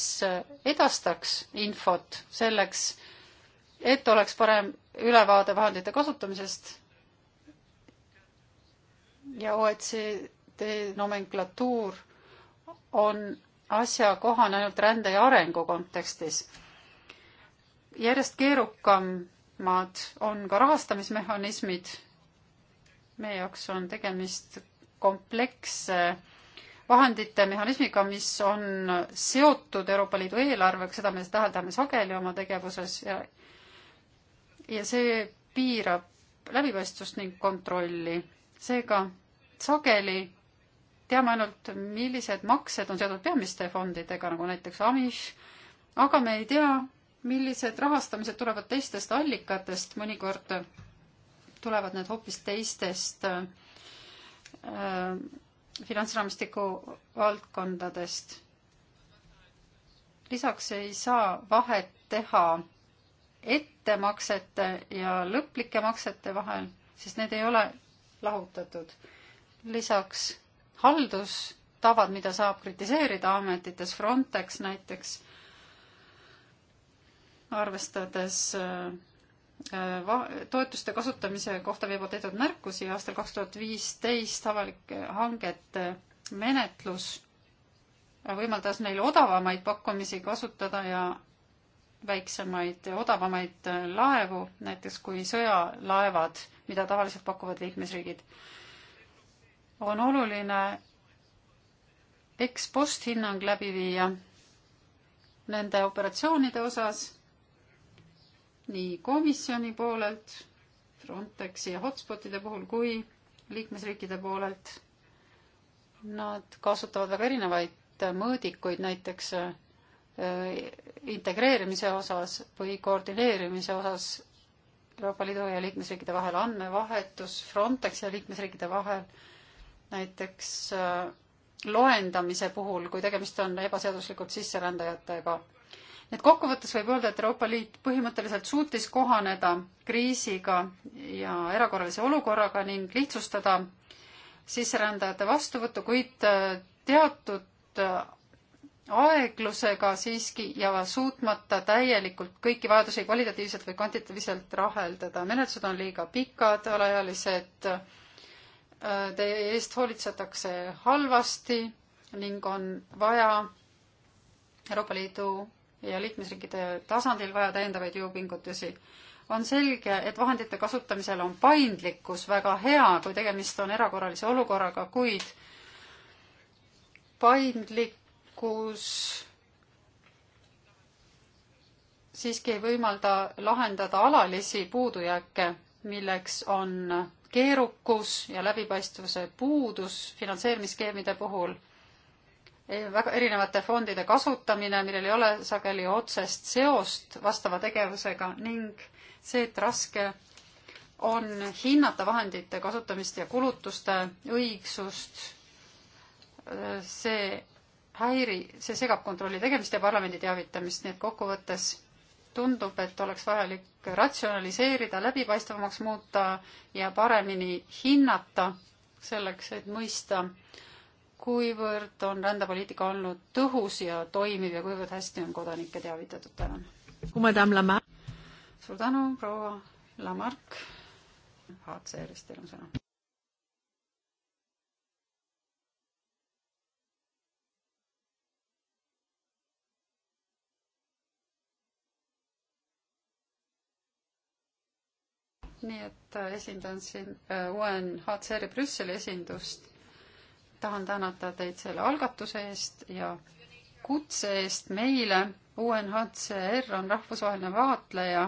edastaks infot selleks, et oleks parem ülevaade vahendite kasutamisest ja OECD nomenklatuur on asjakohane ainult rände ja arengu kontekstis. järjest keerukamad on ka rahastamismehhanismid. meie jaoks on tegemist kompleksse äh, vahendite mehhanismiga, mis on seotud Euroopa Liidu eelarvega, seda me täheldame sageli oma tegevuses ja ja see piirab läbipaistvust ning kontrolli. seega sageli teame ainult, millised maksed on seotud peamiste fondidega, nagu näiteks Amish, aga me ei tea, millised rahastamised tulevad teistest allikatest, mõnikord tulevad need hoopis teistest äh, finantsraamistiku valdkondadest. lisaks ei saa vahet teha ettemaksete ja lõplike maksete vahel, sest need ei ole lahutatud. lisaks haldustavad, mida saab kritiseerida ametites, Frontex näiteks, arvestades äh, Äh, toetuste kasutamise kohta veel tehtud märkusi aastal kaks tuhat viisteist avalik äh, hangete menetlus äh, võimaldas neil odavamaid pakkumisi kasutada ja väiksemaid, odavamaid laevu, näiteks kui sõjalaevad, mida tavaliselt pakuvad liikmesriigid. on oluline ex-post hinnang läbi viia nende operatsioonide osas nii komisjoni poolelt, Frontexi ja hotspotide puhul kui liikmesriikide poolelt. Nad kasutavad väga erinevaid mõõdikuid, näiteks äh, integreerimise osas või koordineerimise osas Euroopa Liidu ja liikmesriikide vahel, andmevahetus Frontexi ja liikmesriikide vahel, näiteks äh, loendamise puhul, kui tegemist on ebaseaduslikult sisserändajatega nii et kokkuvõttes võib öelda, et Euroopa Liit põhimõtteliselt suutis kohaneda kriisiga ja erakorralise olukorraga ning lihtsustada sisserändajate vastuvõttu, kuid äh, teatud äh, aeglusega siiski ja suutmata täielikult kõiki vajadusi kvalitatiivselt või kvantitatiivselt raheldada. menetlused on liiga pikad, alaealised, äh, teie eest hoolitsetakse halvasti ning on vaja Euroopa Liidu ja liikmesriikide tasandil vaja täiendavaid jõupingutusi. on selge, et vahendite kasutamisel on paindlikkus väga hea, kui tegemist on erakorralise olukorraga, kuid paindlikkus siiski ei võimalda lahendada alalisi puudujääke, milleks on keerukus ja läbipaistvuse puudus finantseerimisskeemide puhul väga erinevate fondide kasutamine, millel ei ole sageli otsest seost vastava tegevusega ning see, et raske on hinnata vahendite kasutamist ja kulutuste õigsust, see häiri, see segab kontrolli tegemist ja parlamendi teavitamist, nii et kokkuvõttes tundub, et oleks vajalik ratsionaliseerida, läbipaistvamaks muuta ja paremini hinnata selleks, et mõista äh, kuivõrd on rändepoliitika olnud tõhus ja toimiv ja kuivõrd hästi on kodanikke teavitatud, tänan. suur tänu, proua Lamarck. HCR-ist teil on sõna. nii et äh, esindan siin äh, UNHCR-i Brüsseli esindust tahan tänada teid selle algatuse eest ja kutse eest meile. UNHCR on rahvusvaheline vaatleja.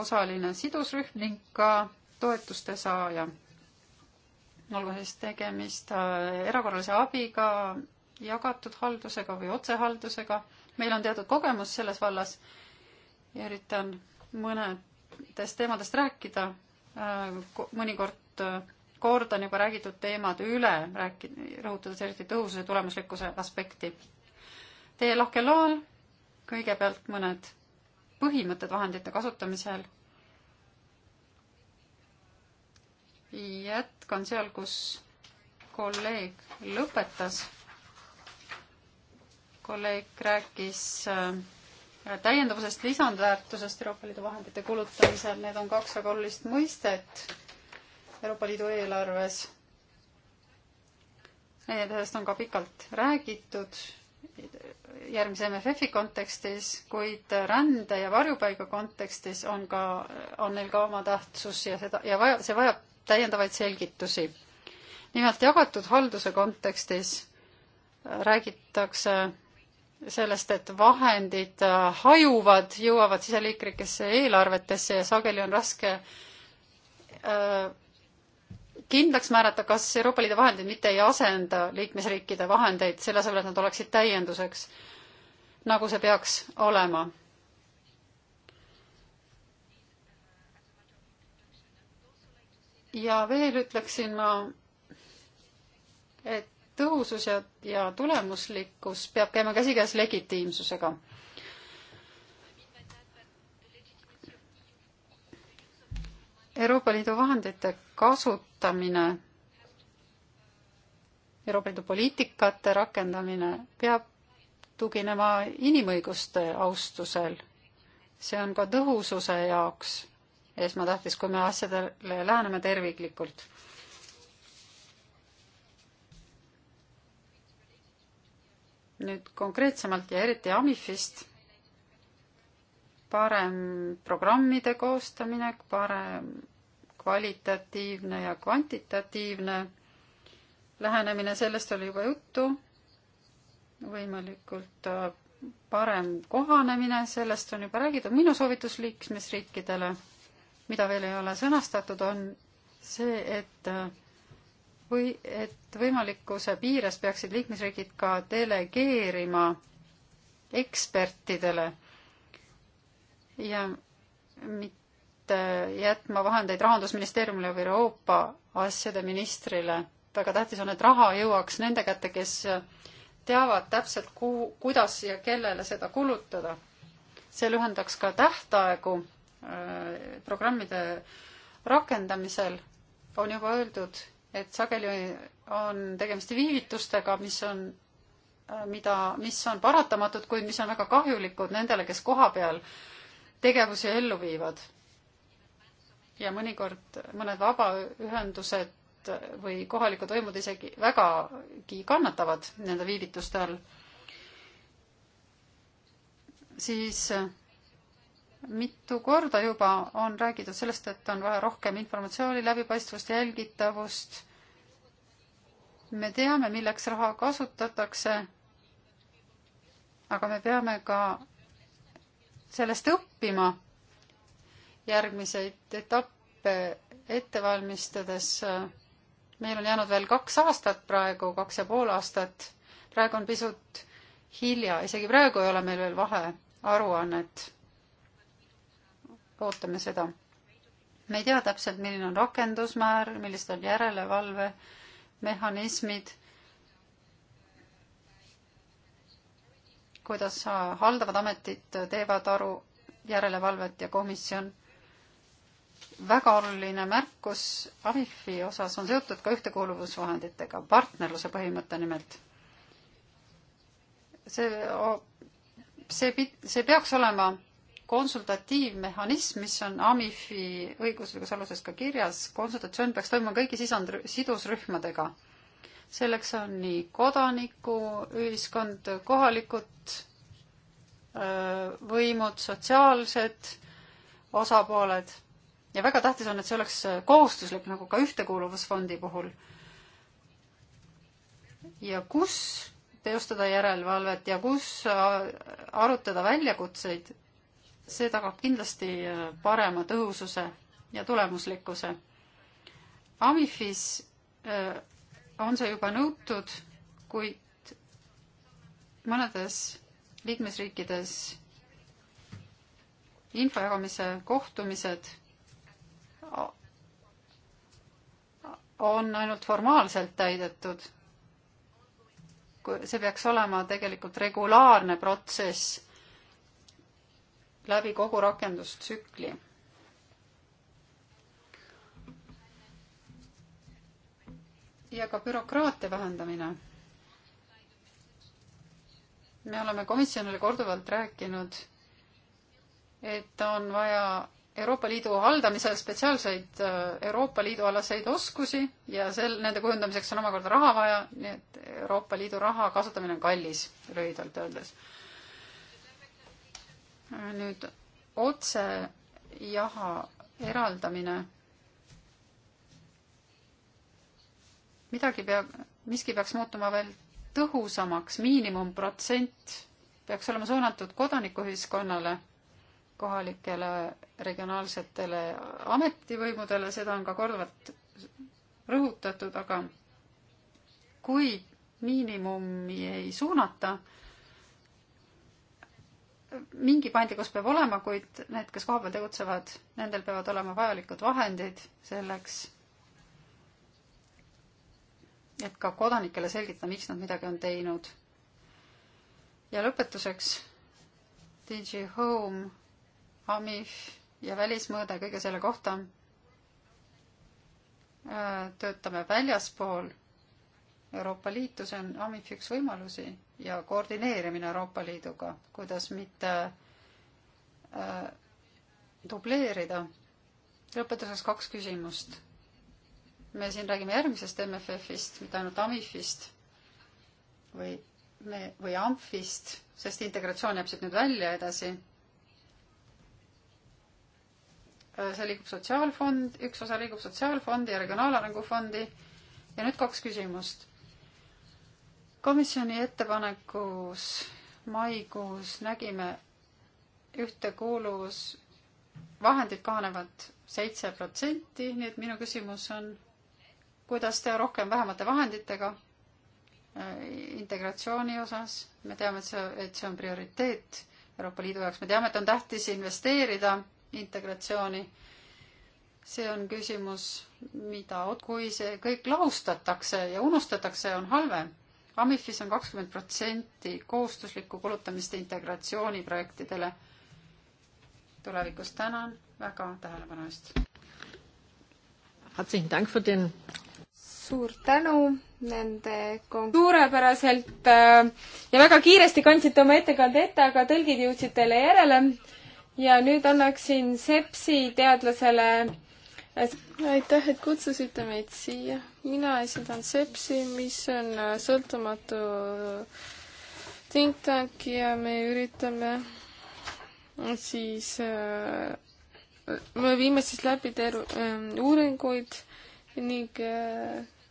osaline sidusrühm ning ka toetuste saaja. olgu siis tegemist äh, erakorralise abiga, jagatud haldusega või otsehaldusega. meil on teatud kogemus selles vallas ja üritan mõnedest teemadest rääkida Äh, mõnikord äh, kordan juba räägitud teemad üle, rääki-, rõhutades eriti tõhususe tulemuslikkuse aspekti. Teie lahkel loal kõigepealt mõned põhimõtted vahendite kasutamisel. jätkan seal, kus kolleeg lõpetas. kolleeg rääkis äh, täiendavusest, lisandväärtusest Euroopa Liidu vahendite kulutamisel, need on kaks väga olulist mõistet Euroopa Liidu eelarves. Nendest on ka pikalt räägitud järgmise MFF-i kontekstis, kuid rände ja varjupaiga kontekstis on ka, on neil ka oma tähtsus ja seda ja vaja, see vajab täiendavaid selgitusi. nimelt jagatud halduse kontekstis räägitakse sellest, et vahendid äh, hajuvad, jõuavad siseliiklikesse eelarvetesse ja sageli on raske äh, kindlaks määrata, kas Euroopa Liidu vahendid mitte ei asenda liikmesriikide vahendeid, selle asemel, et nad oleksid täienduseks, nagu see peaks olema. ja veel ütleksin ma, et tõhusus ja, ja tulemuslikkus peab käima käsikäes legitiimsusega. Euroopa Liidu vahendite kasutamine, Euroopa Liidu poliitikate rakendamine peab tuginema inimõiguste austusel. see on ka tõhususe jaoks esmatähtis, kui me asjadele läheneme terviklikult nüüd konkreetsemalt ja eriti Amifist, parem programmide koostamine, parem kvalitatiivne ja kvantitatiivne lähenemine, sellest oli juba juttu, võimalikult äh, parem kohanemine, sellest on juba räägitud, minu soovitus liikmesriikidele, mida veel ei ole sõnastatud, on see, et äh, või et võimalikkuse piires peaksid liikmesriigid ka delegeerima ekspertidele ja mitte jätma vahendeid Rahandusministeeriumile või Euroopa asjade ministrile. väga tähtis on, et raha jõuaks nende kätte, kes teavad täpselt, kuhu, kuidas ja kellele seda kulutada. see lühendaks ka tähtaegu äh, programmide rakendamisel, on juba öeldud et sageli on tegemist viivitustega, mis on, äh, mida, mis on paratamatud, kuid mis on väga kahjulikud nendele, kes kohapeal tegevusi ellu viivad. ja mõnikord mõned vabaühendused või kohalikud võimud isegi vägagi kannatavad nende viivituste all. siis äh, mitu korda juba on räägitud sellest, et on vaja rohkem informatsiooni, läbipaistvust, jälgitavust. me teame, milleks raha kasutatakse. aga me peame ka sellest õppima järgmiseid etappe ette valmistades. meil on jäänud veel kaks aastat praegu, kaks ja pool aastat. praegu on pisut hilja, isegi praegu ei ole meil veel vahearuannet ootame seda. me ei tea täpselt, milline on rakendusmäär, millised on järelevalvemehhanismid, kuidas haldavad ametid teevad aru järelevalvet ja komisjon. väga oluline märkus Avifi osas on seotud ka ühtekuuluvusvahenditega, partnerluse põhimõte nimelt. see, see, see peaks olema konsultatiivmehhanism, mis on AMIF-i õiguslikus aluses ka kirjas, konsultatsioon peaks toimuma kõigi sisand-, sidusrühmadega. selleks on nii kodanikuühiskond, kohalikud võimud, sotsiaalsed osapooled ja väga tähtis on, et see oleks kohustuslik, nagu ka Ühtekuuluvusfondi puhul. ja kus teostada järelevalvet ja kus arutada väljakutseid see tagab kindlasti äh, parema tõhususe ja tulemuslikkuse. Amifis äh, on see juba nõutud, kuid mõnedes liikmesriikides info jagamise kohtumised on ainult formaalselt täidetud. see peaks olema tegelikult regulaarne protsess läbi kogu rakendustsükli. ja ka bürokraatia vähendamine. me oleme komisjonile korduvalt rääkinud, et on vaja Euroopa Liidu haldamisel spetsiaalseid äh, Euroopa Liidu alaseid oskusi ja sel, nende kujundamiseks on omakorda raha vaja, nii et Euroopa Liidu raha kasutamine on kallis, lühidalt öeldes nüüd otse jaha eraldamine. midagi peab, miski peaks muutuma veel tõhusamaks, miinimumprotsent peaks olema suunatud kodanikuühiskonnale, kohalikele regionaalsetele ametivõimudele, seda on ka korduvalt rõhutatud, aga kui miinimumi ei suunata, mingi paindlikkus peab olema, kuid need, kes kohapeal tegutsevad, nendel peavad olema vajalikud vahendid selleks, et ka kodanikele selgitada, miks nad midagi on teinud. ja lõpetuseks DJ Home, Amif ja välismõõde kõige selle kohta töötame väljaspool Euroopa Liitu, see on Amifi üks võimalusi ja koordineerimine Euroopa Liiduga, kuidas mitte äh, dubleerida. lõpetuseks kaks küsimust. me siin räägime järgmisest MFF-ist, mitte ainult Amifist või me, või Amfist, sest integratsioon jääb siit nüüd välja edasi äh, see liigub sotsiaalfond, üks osa liigub sotsiaalfondi ja regionaalarengu fondi. ja nüüd kaks küsimust komisjoni ettepanekus maikuus nägime ühtekuuluvus, vahendid kahanevad seitse protsenti, nii et minu küsimus on, kuidas teha rohkem vähemate vahenditega äh, integratsiooni osas, me teame, et see, et see on prioriteet Euroopa Liidu jaoks, me teame, et on tähtis investeerida integratsiooni. see on küsimus, mida, kui see kõik lahustatakse ja unustatakse, on halvem Amifis on kakskümmend protsenti kohustuslikku kulutamist integratsiooniprojektidele. tulevikus tänan väga tähelepanu eest. suur tänu nende suurepäraselt äh, ja väga kiiresti kandsite oma ettekande ette, aga tõlgid jõudsid teile järele. ja nüüd annaksin sepsi teadlasele. aitäh, et kutsusite meid siia mina esindan Sepsi, mis on äh, sõltumatu äh, think tank ja me üritame äh, siis, me viime siis läbi ter-, uuringuid ning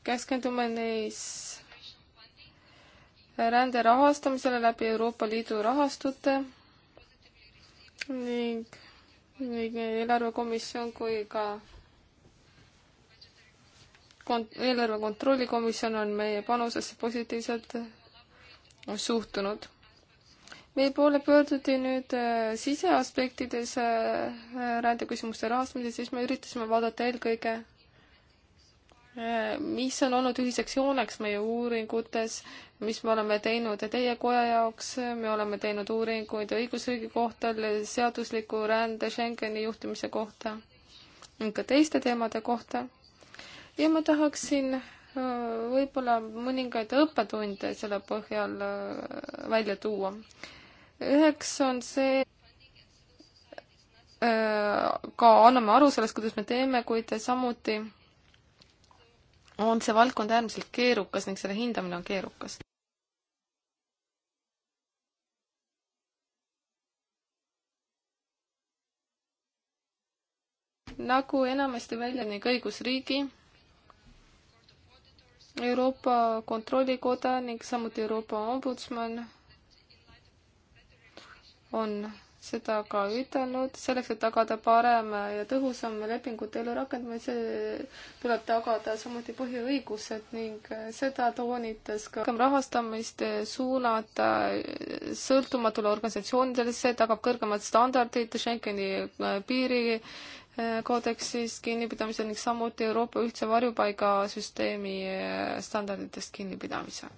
keskendume neis rände rahastamisele läbi Euroopa Liidu rahastute ning, ning eelarvekomisjon kui ka kont-, eelarve kontrollikomisjon on meie panusesse positiivselt äh, suhtunud. meie poole pöörduti nüüd äh, siseaspektides äh, rändeküsimuste rahastamisel, siis me üritasime vaadata eelkõige, mis on olnud ühiseks jooneks meie uuringutes, mis me oleme teinud teie koja jaoks, me oleme teinud uuringuid õigusriigi kohta, seadusliku rände Schengeni juhtimise kohta ning ka teiste teemade kohta ja ma tahaksin äh, võib-olla mõningaid õppetunde selle põhjal äh, välja tuua. üheks on see, äh, ka anname aru sellest, kuidas me teeme, kuid te samuti on see valdkond äärmiselt keerukas ning selle hindamine on keerukas. nagu enamasti välja ning õigusriigi Euroopa Kontrollikoda ning samuti Euroopa Ombudsman on seda ka ütelnud, selleks, et tagada parem ja tõhusam lepingute ellurakendamine, see tuleb tagada samuti põhiõigused ning seda toonitas ka rahastamist suunata sõltumatule organisatsioonidele, see tagab kõrgemad standardid Schengeni äh, piiri äh, koodeksis kinnipidamisel ning samuti Euroopa ühtse varjupaigasüsteemi äh, standarditest kinnipidamise.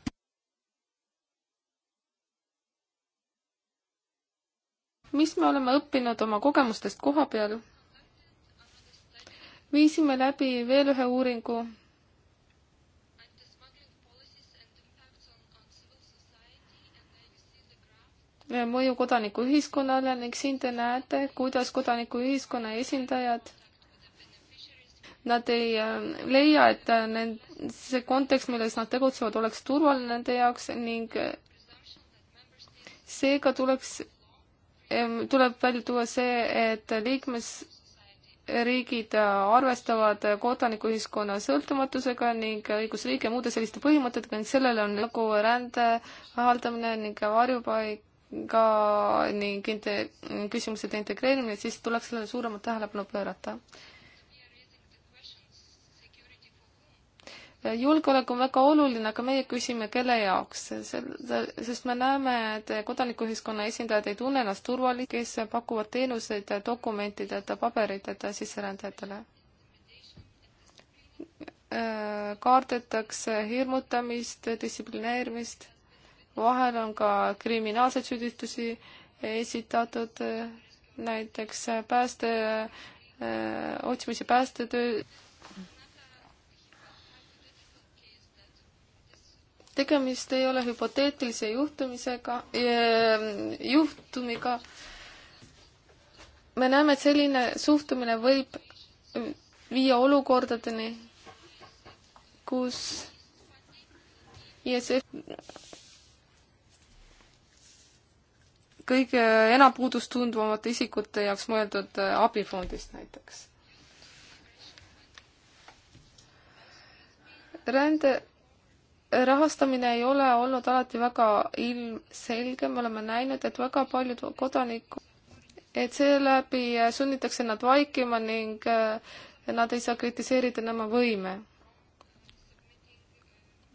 mis me oleme õppinud oma kogemustest koha peal? viisime läbi veel ühe uuringu mõju kodanikuühiskonnale ning siin te näete, kuidas kodanikuühiskonna esindajad Nad ei äh, leia, et äh, need, see kontekst, milles nad tegutsevad, oleks turvaline nende jaoks ning äh, seega tuleks tuleb välja tuua see, et liikmesriigid arvestavad kodanikuühiskonna sõltumatusega ning õigusriigi ja muude selliste põhimõtetega ning sellele on nagu rände haldamine ning varjupaiga ning inte-, küsimused integreerimine, siis tuleks sellele suuremat tähelepanu pöörata julgeolek on väga oluline, aga meie küsime, kelle jaoks, sest me näeme, et kodanikuühiskonna esindajad ei tunne ennast turvaliselt, kes pakuvad teenuseid dokumentideta, paberiteta sisserändajatele. Äh, kaardetakse hirmutamist, distsiplineerimist, vahel on ka kriminaalseid süüdistusi esitatud, äh, näiteks pääste, äh, otsimis- ja päästetöö tegemist ei ole hüpoteetilise juhtumisega, eh, juhtumiga. me näeme, et selline suhtumine võib viia olukordadeni, kus ISF kõige enam puudust tundvamate isikute jaoks mõeldud eh, abifondist näiteks. rände rahastamine ei ole olnud alati väga ilmselge, me oleme näinud, et väga paljud kodanikud, et seeläbi sunnitakse nad vaikima ning äh, nad ei saa kritiseerida enam võime.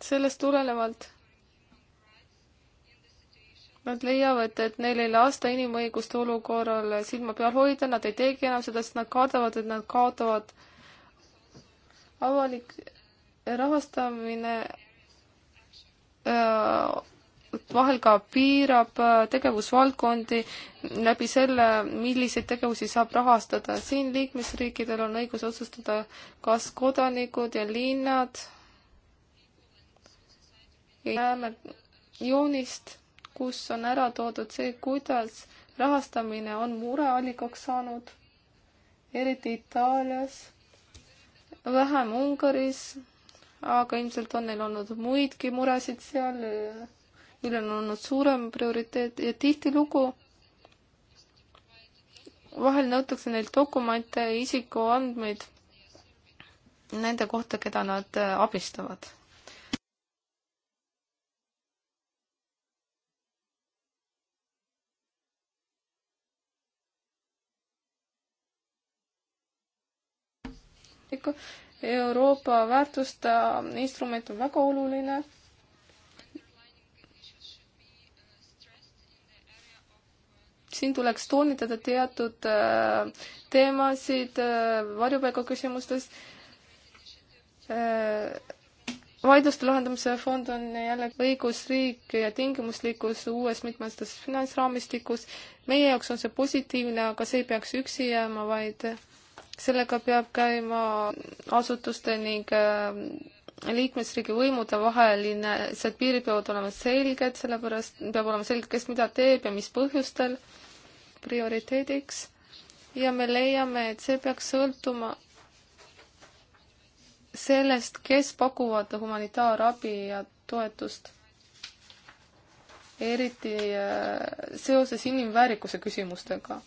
sellest tulenevalt nad leiavad, et neil ei lasta inimõiguste olukorral silma peal hoida, nad ei teegi enam seda, sest nad kardavad, et nad kaotavad avalik rahastamine Äh, vahel ka piirab äh, tegevusvaldkondi läbi selle, milliseid tegevusi saab rahastada. siin liikmesriikidel on õigus otsustada, kas kodanikud ja linnad näeme joonist, kus on ära toodud see, kuidas rahastamine on mureallikaks saanud, eriti Itaalias, vähem Ungaris aga ilmselt on neil olnud muidki muresid seal, millel on olnud suurem prioriteet ja tihtilugu vahel nõutakse neilt dokumente, isikuandmeid nende kohta, keda nad äh, abistavad. ikka Euroopa väärtuste instrument on väga oluline. siin tuleks toonitada teatud äh, teemasid äh, varjupaiga küsimustes äh, vaidluste lahendamise fond on jällegi õigusriik ja tingimuslikkus uues mitmestes finantsraamistikus. meie jaoks on see positiivne, aga see ei peaks üksi jääma, vaid sellega peab käima asutuste ning äh, liikmesriigi võimude vaheline, see piirid peavad olema selged, sellepärast peab olema selge, kes mida teeb ja mis põhjustel prioriteediks. ja me leiame, et see peaks sõltuma sellest, kes pakuvad humanitaarabi ja toetust. eriti äh, seoses inimväärikuse küsimustega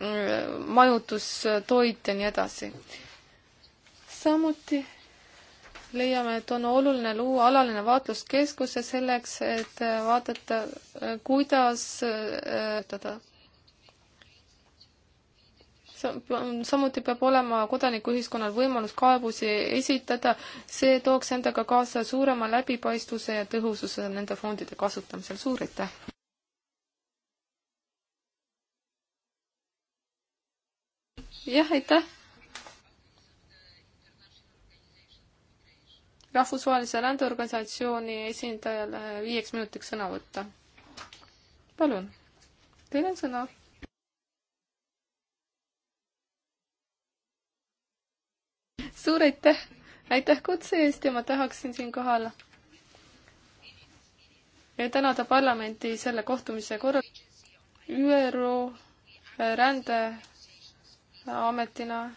Mm, majutus, toit ja nii edasi. samuti leiame, et on oluline luua alaline vaatluskeskus ja selleks, et vaadata, kuidas äh, teda samuti peab olema kodanikuühiskonnal võimalus kaebusi esitada, see tooks endaga kaasa suurema läbipaistvuse ja tõhususe nende fondide kasutamisel, suur aitäh! jah, aitäh. rahvusvahelise rändeorganisatsiooni esindajale viieks minutiks sõna võtta. palun, teil on sõna suur aitäh, aitäh kutse eest ja ma tahaksin siinkohal tänada parlamenti selle kohtumise korral. ÜRO rände ametina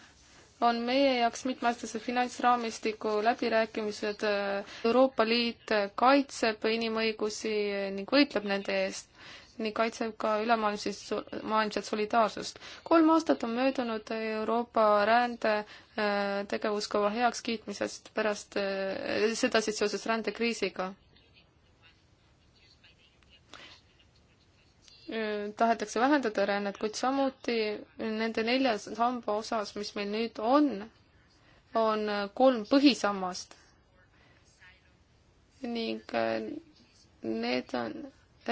on meie jaoks mitmeaastase finantsraamistiku läbirääkimised. Äh, Euroopa Liit äh, kaitseb inimõigusi äh, ning võitleb nende eest ning kaitseb ka ülemaailmset, maailmset solidaarsust. kolm aastat on möödunud Euroopa rände tegevuskava heakskiitmisest pärast, seda siis seoses rändekriisiga. tahetakse vähendada rännet, kuid samuti nende nelja samba osas, mis meil nüüd on, on kolm põhisammast. ning äh, need on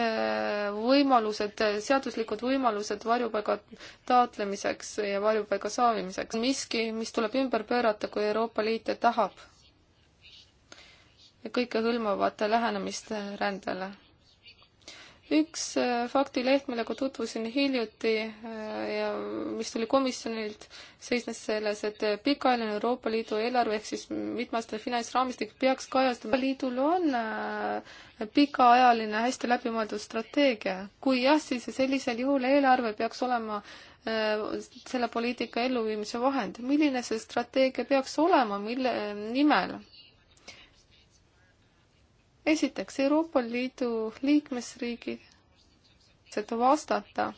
äh, võimalused, seaduslikud võimalused varjupaiga taotlemiseks ja varjupaiga saamiseks. miski, mis tuleb ümber pöörata, kui Euroopa Liit tahab kõikehõlmavat lähenemist rändele üks äh, faktileht, millega tutvusin hiljuti äh, ja mis tuli komisjonilt, seisnes selles, et äh, pikaajaline Euroopa Liidu eelarve ehk siis mitmeaastane finantsraamistik peaks kajastama, liidul on pikaajaline hästi läbimõeldud strateegia. kui jah, siis sellisel juhul eelarve peaks olema selle poliitika elluviimise vahend. milline see strateegia peaks olema, mille nimel? esiteks, Euroopa Liidu liikmesriigid, et vastata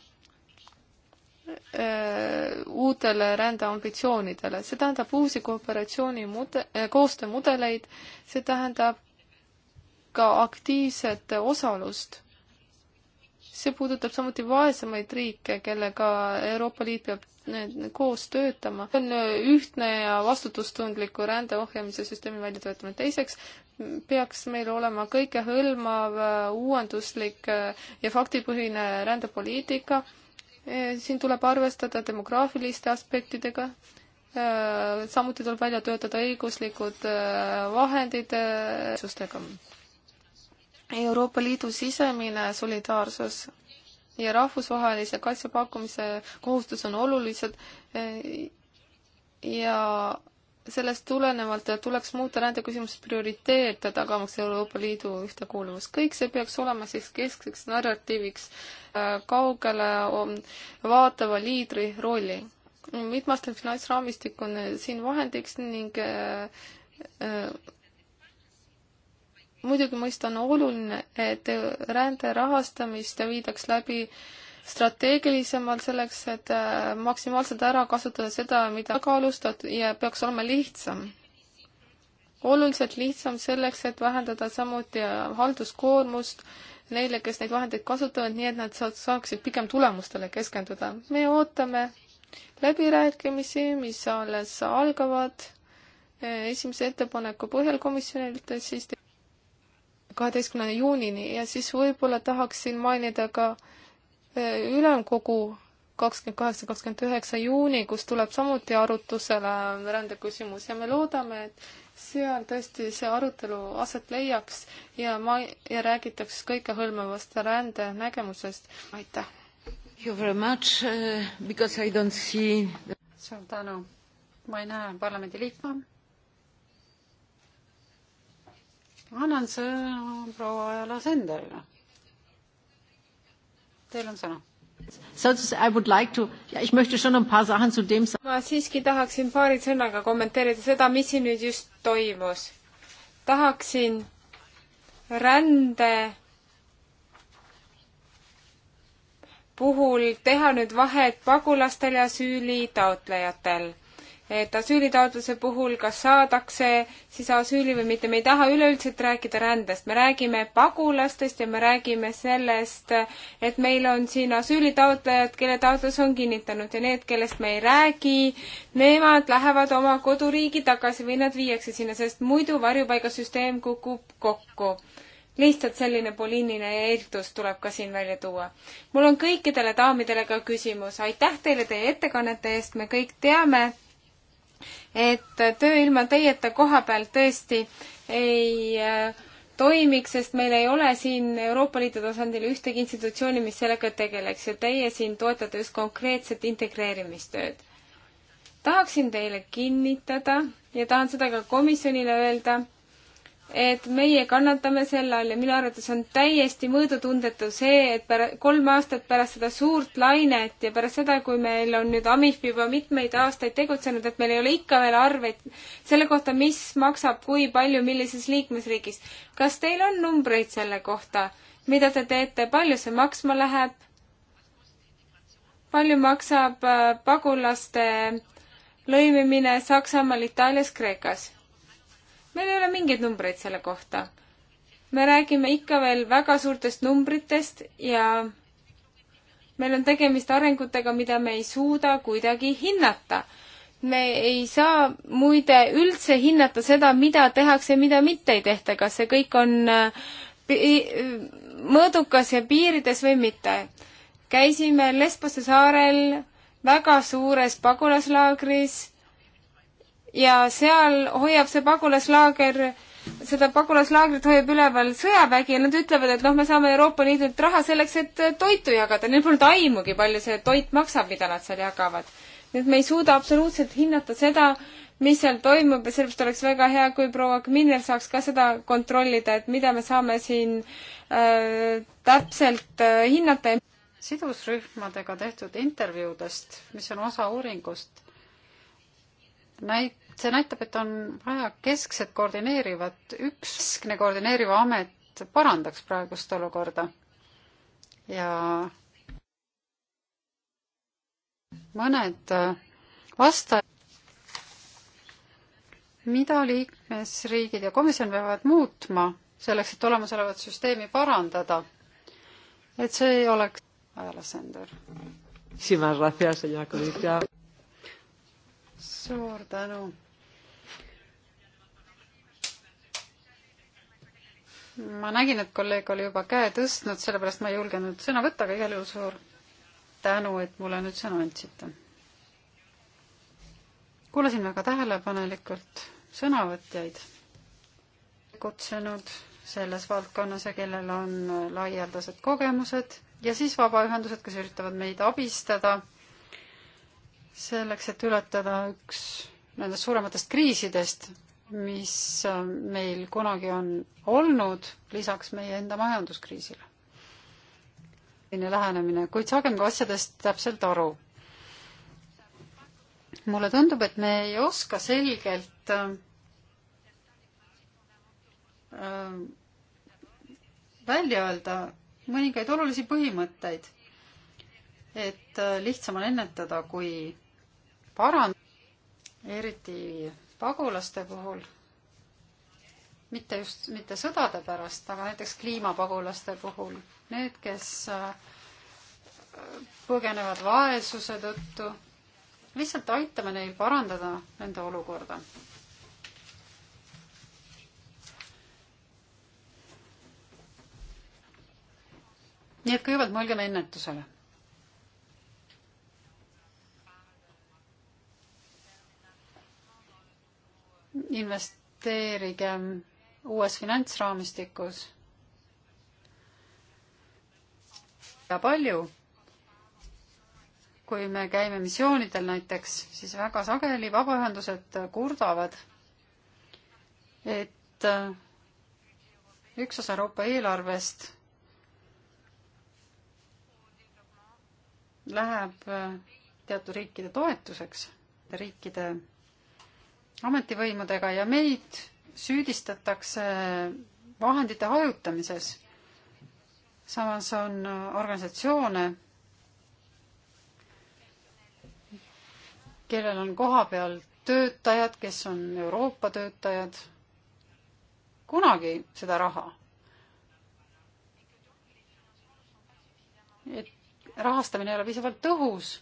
äh, uutele rändeambitsioonidele, see tähendab uusi kooperatsiooni mude-, äh, koostöömudeleid, see tähendab ka aktiivset osalust see puudutab samuti vaesemaid riike, kellega Euroopa Liit peab koos töötama. on äh, ühtne ja vastutustundliku rände ohjamise süsteemi välja töötama. teiseks peaks meil olema kõikehõlmav, äh, uuenduslik äh, ja faktipõhine rändepoliitika. siin tuleb arvestada demograafiliste aspektidega samuti tuleb välja töötada õiguslikud vahendid otsustega. Euroopa Liidu sisemine solidaarsus ja rahvusvahelise kaitse pakkumise kohustus on olulised eh, ja sellest tulenevalt tuleks muuta rändeküsimust prioriteete, tagamaks Euroopa Liidu ühtekuuluvus. kõik see peaks olema siis keskseks narratiiviks eh, kaugele vaatava liidri rolli. mitmestel finantsraamistik on eh, siin vahendiks ning muidugi mõista on oluline, et rände rahastamist viidaks läbi strateegilisemalt selleks, et äh, maksimaalselt ära kasutada seda, mida tasakaalustatud ja peaks olema lihtsam. oluliselt lihtsam selleks, et vähendada samuti äh, halduskoormust neile, kes neid vahendeid kasutavad, nii et nad saaksid pigem tulemustele keskenduda. me ootame läbirääkimisi, mis alles algavad äh, esimese ettepaneku põhjal komisjonilt, siis te kaheteistkümnenda juunini ja siis võib-olla tahaksin mainida ka eh, ülemkogu kakskümmend kaheksa, kakskümmend üheksa juuni, kus tuleb samuti arutusele rändeküsimus ja me loodame, et seal tõesti see arutelu aset leiaks ja ma, ja räägitaks kõikehõlmavast rände nägemusest. aitäh! Eh, suur tänu! ma ei näe parlamendiliikme annan sõna proua Ajala Senderile. Teil on sõna. Like to... yeah, ma siiski tahaksin paari sõnaga kommenteerida seda, mis siin nüüd just toimus. tahaksin rände puhul teha nüüd vahet pagulastel ja süülitaotlejatel et asüülitaotluse puhul kas saadakse siis asüüli või mitte, me ei taha üleüldiselt rääkida rändest, me räägime pagulastest ja me räägime sellest, et meil on siin asüülitaotlejad, kelle taotlus on kinnitanud ja need, kellest me ei räägi, nemad lähevad oma koduriigi tagasi või nad viiakse sinna, sest muidu varjupaigasüsteem kukub kokku lihtsalt selline poliiniline eeldus tuleb ka siin välja tuua. mul on kõikidele daamidele ka küsimus, aitäh teile teie ettekannete eest, me kõik teame, et töö ilma teieta koha peal tõesti ei äh, toimiks, sest meil ei ole siin Euroopa Liidu tasandil ühtegi institutsiooni, mis sellega tegeleks ja teie siin toetate just konkreetset integreerimistööd. tahaksin teile kinnitada ja tahan seda ka komisjonile öelda, et meie kannatame selle all ja minu arvates on täiesti mõõdutundetu see, et pära-, kolm aastat pärast seda suurt lainet ja pärast seda, kui meil on nüüd Amif juba mitmeid aastaid tegutsenud, et meil ei ole ikka veel arveid selle kohta, mis maksab, kui palju, millises liikmesriigis. kas teil on numbreid selle kohta, mida te teete, palju see maksma läheb? palju maksab äh, pagulaste lõimimine Saksamaal, Itaalias, Kreekas? meil ei ole mingeid numbreid selle kohta. me räägime ikka veel väga suurtest numbritest ja meil on tegemist arengutega, mida me ei suuda kuidagi hinnata. me ei saa muide üldse hinnata seda, mida tehakse ja mida mitte ei tehta, kas see kõik on äh, mõõdukas ja piirides või mitte. käisime Lesbose saarel väga suures pagulaslaagris ja seal hoiab see pagulaslaager seda pagulaslaagrit hoiab üleval sõjavägi ja nad ütlevad, et noh, me saame Euroopa Liidult raha selleks, et äh, toitu jagada, neil polnud aimugi, palju see toit maksab, mida nad seal jagavad. nii et me ei suuda absoluutselt hinnata seda, mis seal toimub ja sellepärast oleks väga hea, kui proua Kminer saaks ka seda kontrollida, et mida me saame siin äh, täpselt äh, hinnata. sidusrühmadega tehtud intervjuudest, mis on osa uuringust, näit-, see näitab, et on vaja keskset koordineerivat, üks keskne koordineeriv amet parandaks praegust olukorda. ja mõned äh, vasta-, mida liikmesriigid ja komisjon peavad muutma selleks, et olemasolevat süsteemi parandada, et see ei oleks ajalasender. suur tänu ma nägin, et kolleeg oli juba käe tõstnud, sellepärast ma ei julgenud sõna võtta, aga igal juhul suur tänu, et mulle nüüd sõna andsite. kuulasin väga tähelepanelikult sõnavõtjaid, kutsunud selles valdkonnas ja kellel on laialdased kogemused ja siis vabaühendused, kes üritavad meid abistada selleks, et ületada üks nendest suurematest kriisidest, mis äh, meil kunagi on olnud, lisaks meie enda majanduskriisile. selline lähenemine, kuid saagem ka asjadest täpselt aru. mulle tundub, et me ei oska selgelt äh, äh välja öelda mõningaid olulisi põhimõtteid, et äh, lihtsam on ennetada kui parandada, eriti pagulaste puhul, mitte just, mitte sõdade pärast, aga näiteks kliimapagulaste puhul, need, kes äh, põgenevad vaesuse tõttu, lihtsalt aitame neil parandada nende olukorda. nii et kõigepealt mõelgem ennetusele investeerigem uues finantsraamistikus. ja palju. kui me käime missioonidel näiteks, siis väga sageli vabaühendused kurdavad, et äh, üks osa Euroopa eelarvest läheb äh, teatud riikide toetuseks, riikide ametivõimudega ja meid süüdistatakse vahendite hajutamises. samas on organisatsioone, kellel on kohapeal töötajad, kes on Euroopa töötajad, kunagi seda raha. et rahastamine ei ole piisavalt tõhus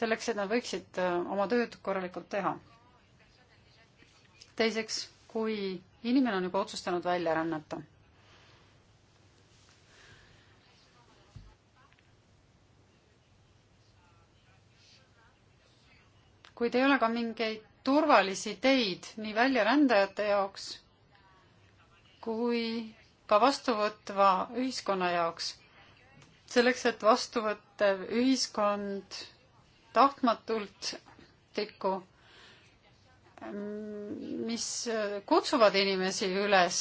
selleks, et nad võiksid äh, oma tööd korralikult teha teiseks, kui inimene on juba otsustanud välja rännata. kuid ei ole ka mingeid turvalisi teid nii väljarändajate jaoks kui ka vastuvõtva ühiskonna jaoks. selleks, et vastuvõttev ühiskond tahtmatult tikku Ehm, mis äh, kutsuvad inimesi üles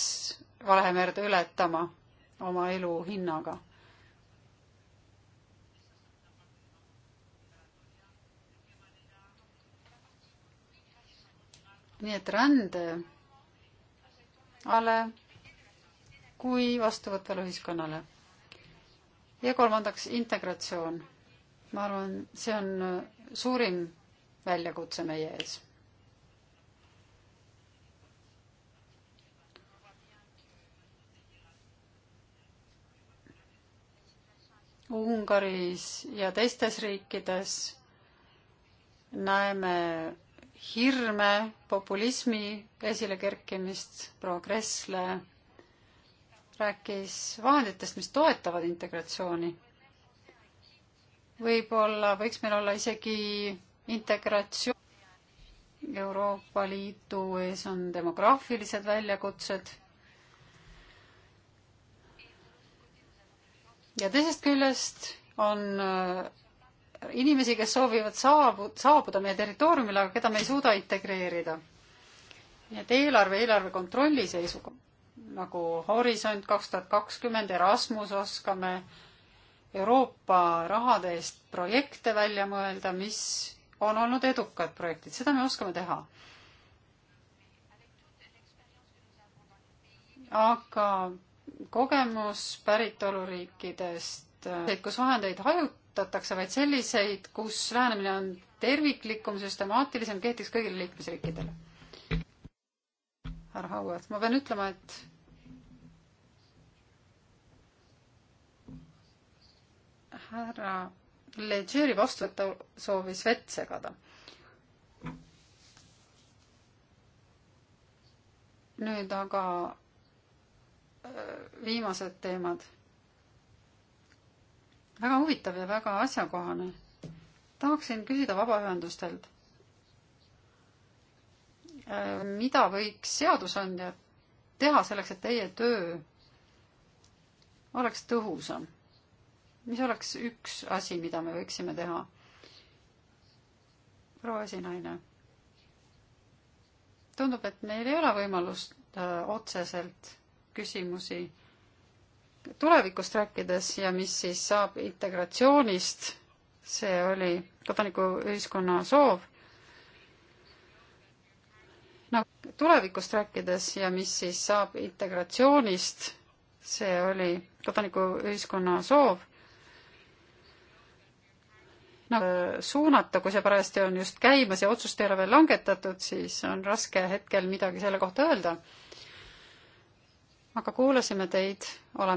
Valhemerd ületama oma elu hinnaga. nii et rände ale kui vastuvõtvale ühiskonnale. ja kolmandaks integratsioon. ma arvan, see on äh, suurim väljakutse meie ees Ungaris ja teistes riikides näeme hirme, populismi esilekerkimist, proua Kressle rääkis vahenditest, mis toetavad integratsiooni. võib-olla võiks meil olla isegi integratsioon. Euroopa Liidu ees on demograafilised väljakutsed ja teisest küljest on äh, inimesi, kes soovivad saabu-, saabuda meie territooriumile, aga keda me ei suuda integreerida. nii et eelarve, eelarve kontrolli seisuga nagu Horisont kaks tuhat kakskümmend, Erasmus oskame Euroopa rahade eest projekte välja mõelda, mis on olnud edukad projektid, seda me oskame teha. aga kogemus päritoluriikidest, kus vahendeid hajutatakse, vaid selliseid, kus lähenemine on terviklikum, süstemaatilisem, kehtiks kõigile liikmesriikidele. härra Hauard, ma pean ütlema, et härra Ledžeri vastuvõtta soovis vett segada. nüüd aga viimased teemad. väga huvitav ja väga asjakohane. tahaksin küsida vabaühendustelt, äh, mida võiks seadusandja teha selleks, et teie töö oleks tõhusam? mis oleks üks asi, mida me võiksime teha? proua esinaine. tundub, et meil ei ole võimalust öö, äh, otseselt küsimusi tulevikust rääkides ja mis siis saab integratsioonist, see oli kodanikuühiskonna soov. no tulevikust rääkides ja mis siis saab integratsioonist, see oli kodanikuühiskonna soov no, suunata, kui see parajasti on just käimas ja otsust ei ole veel langetatud, siis on raske hetkel midagi selle kohta öelda aga kuulasime teid, oleme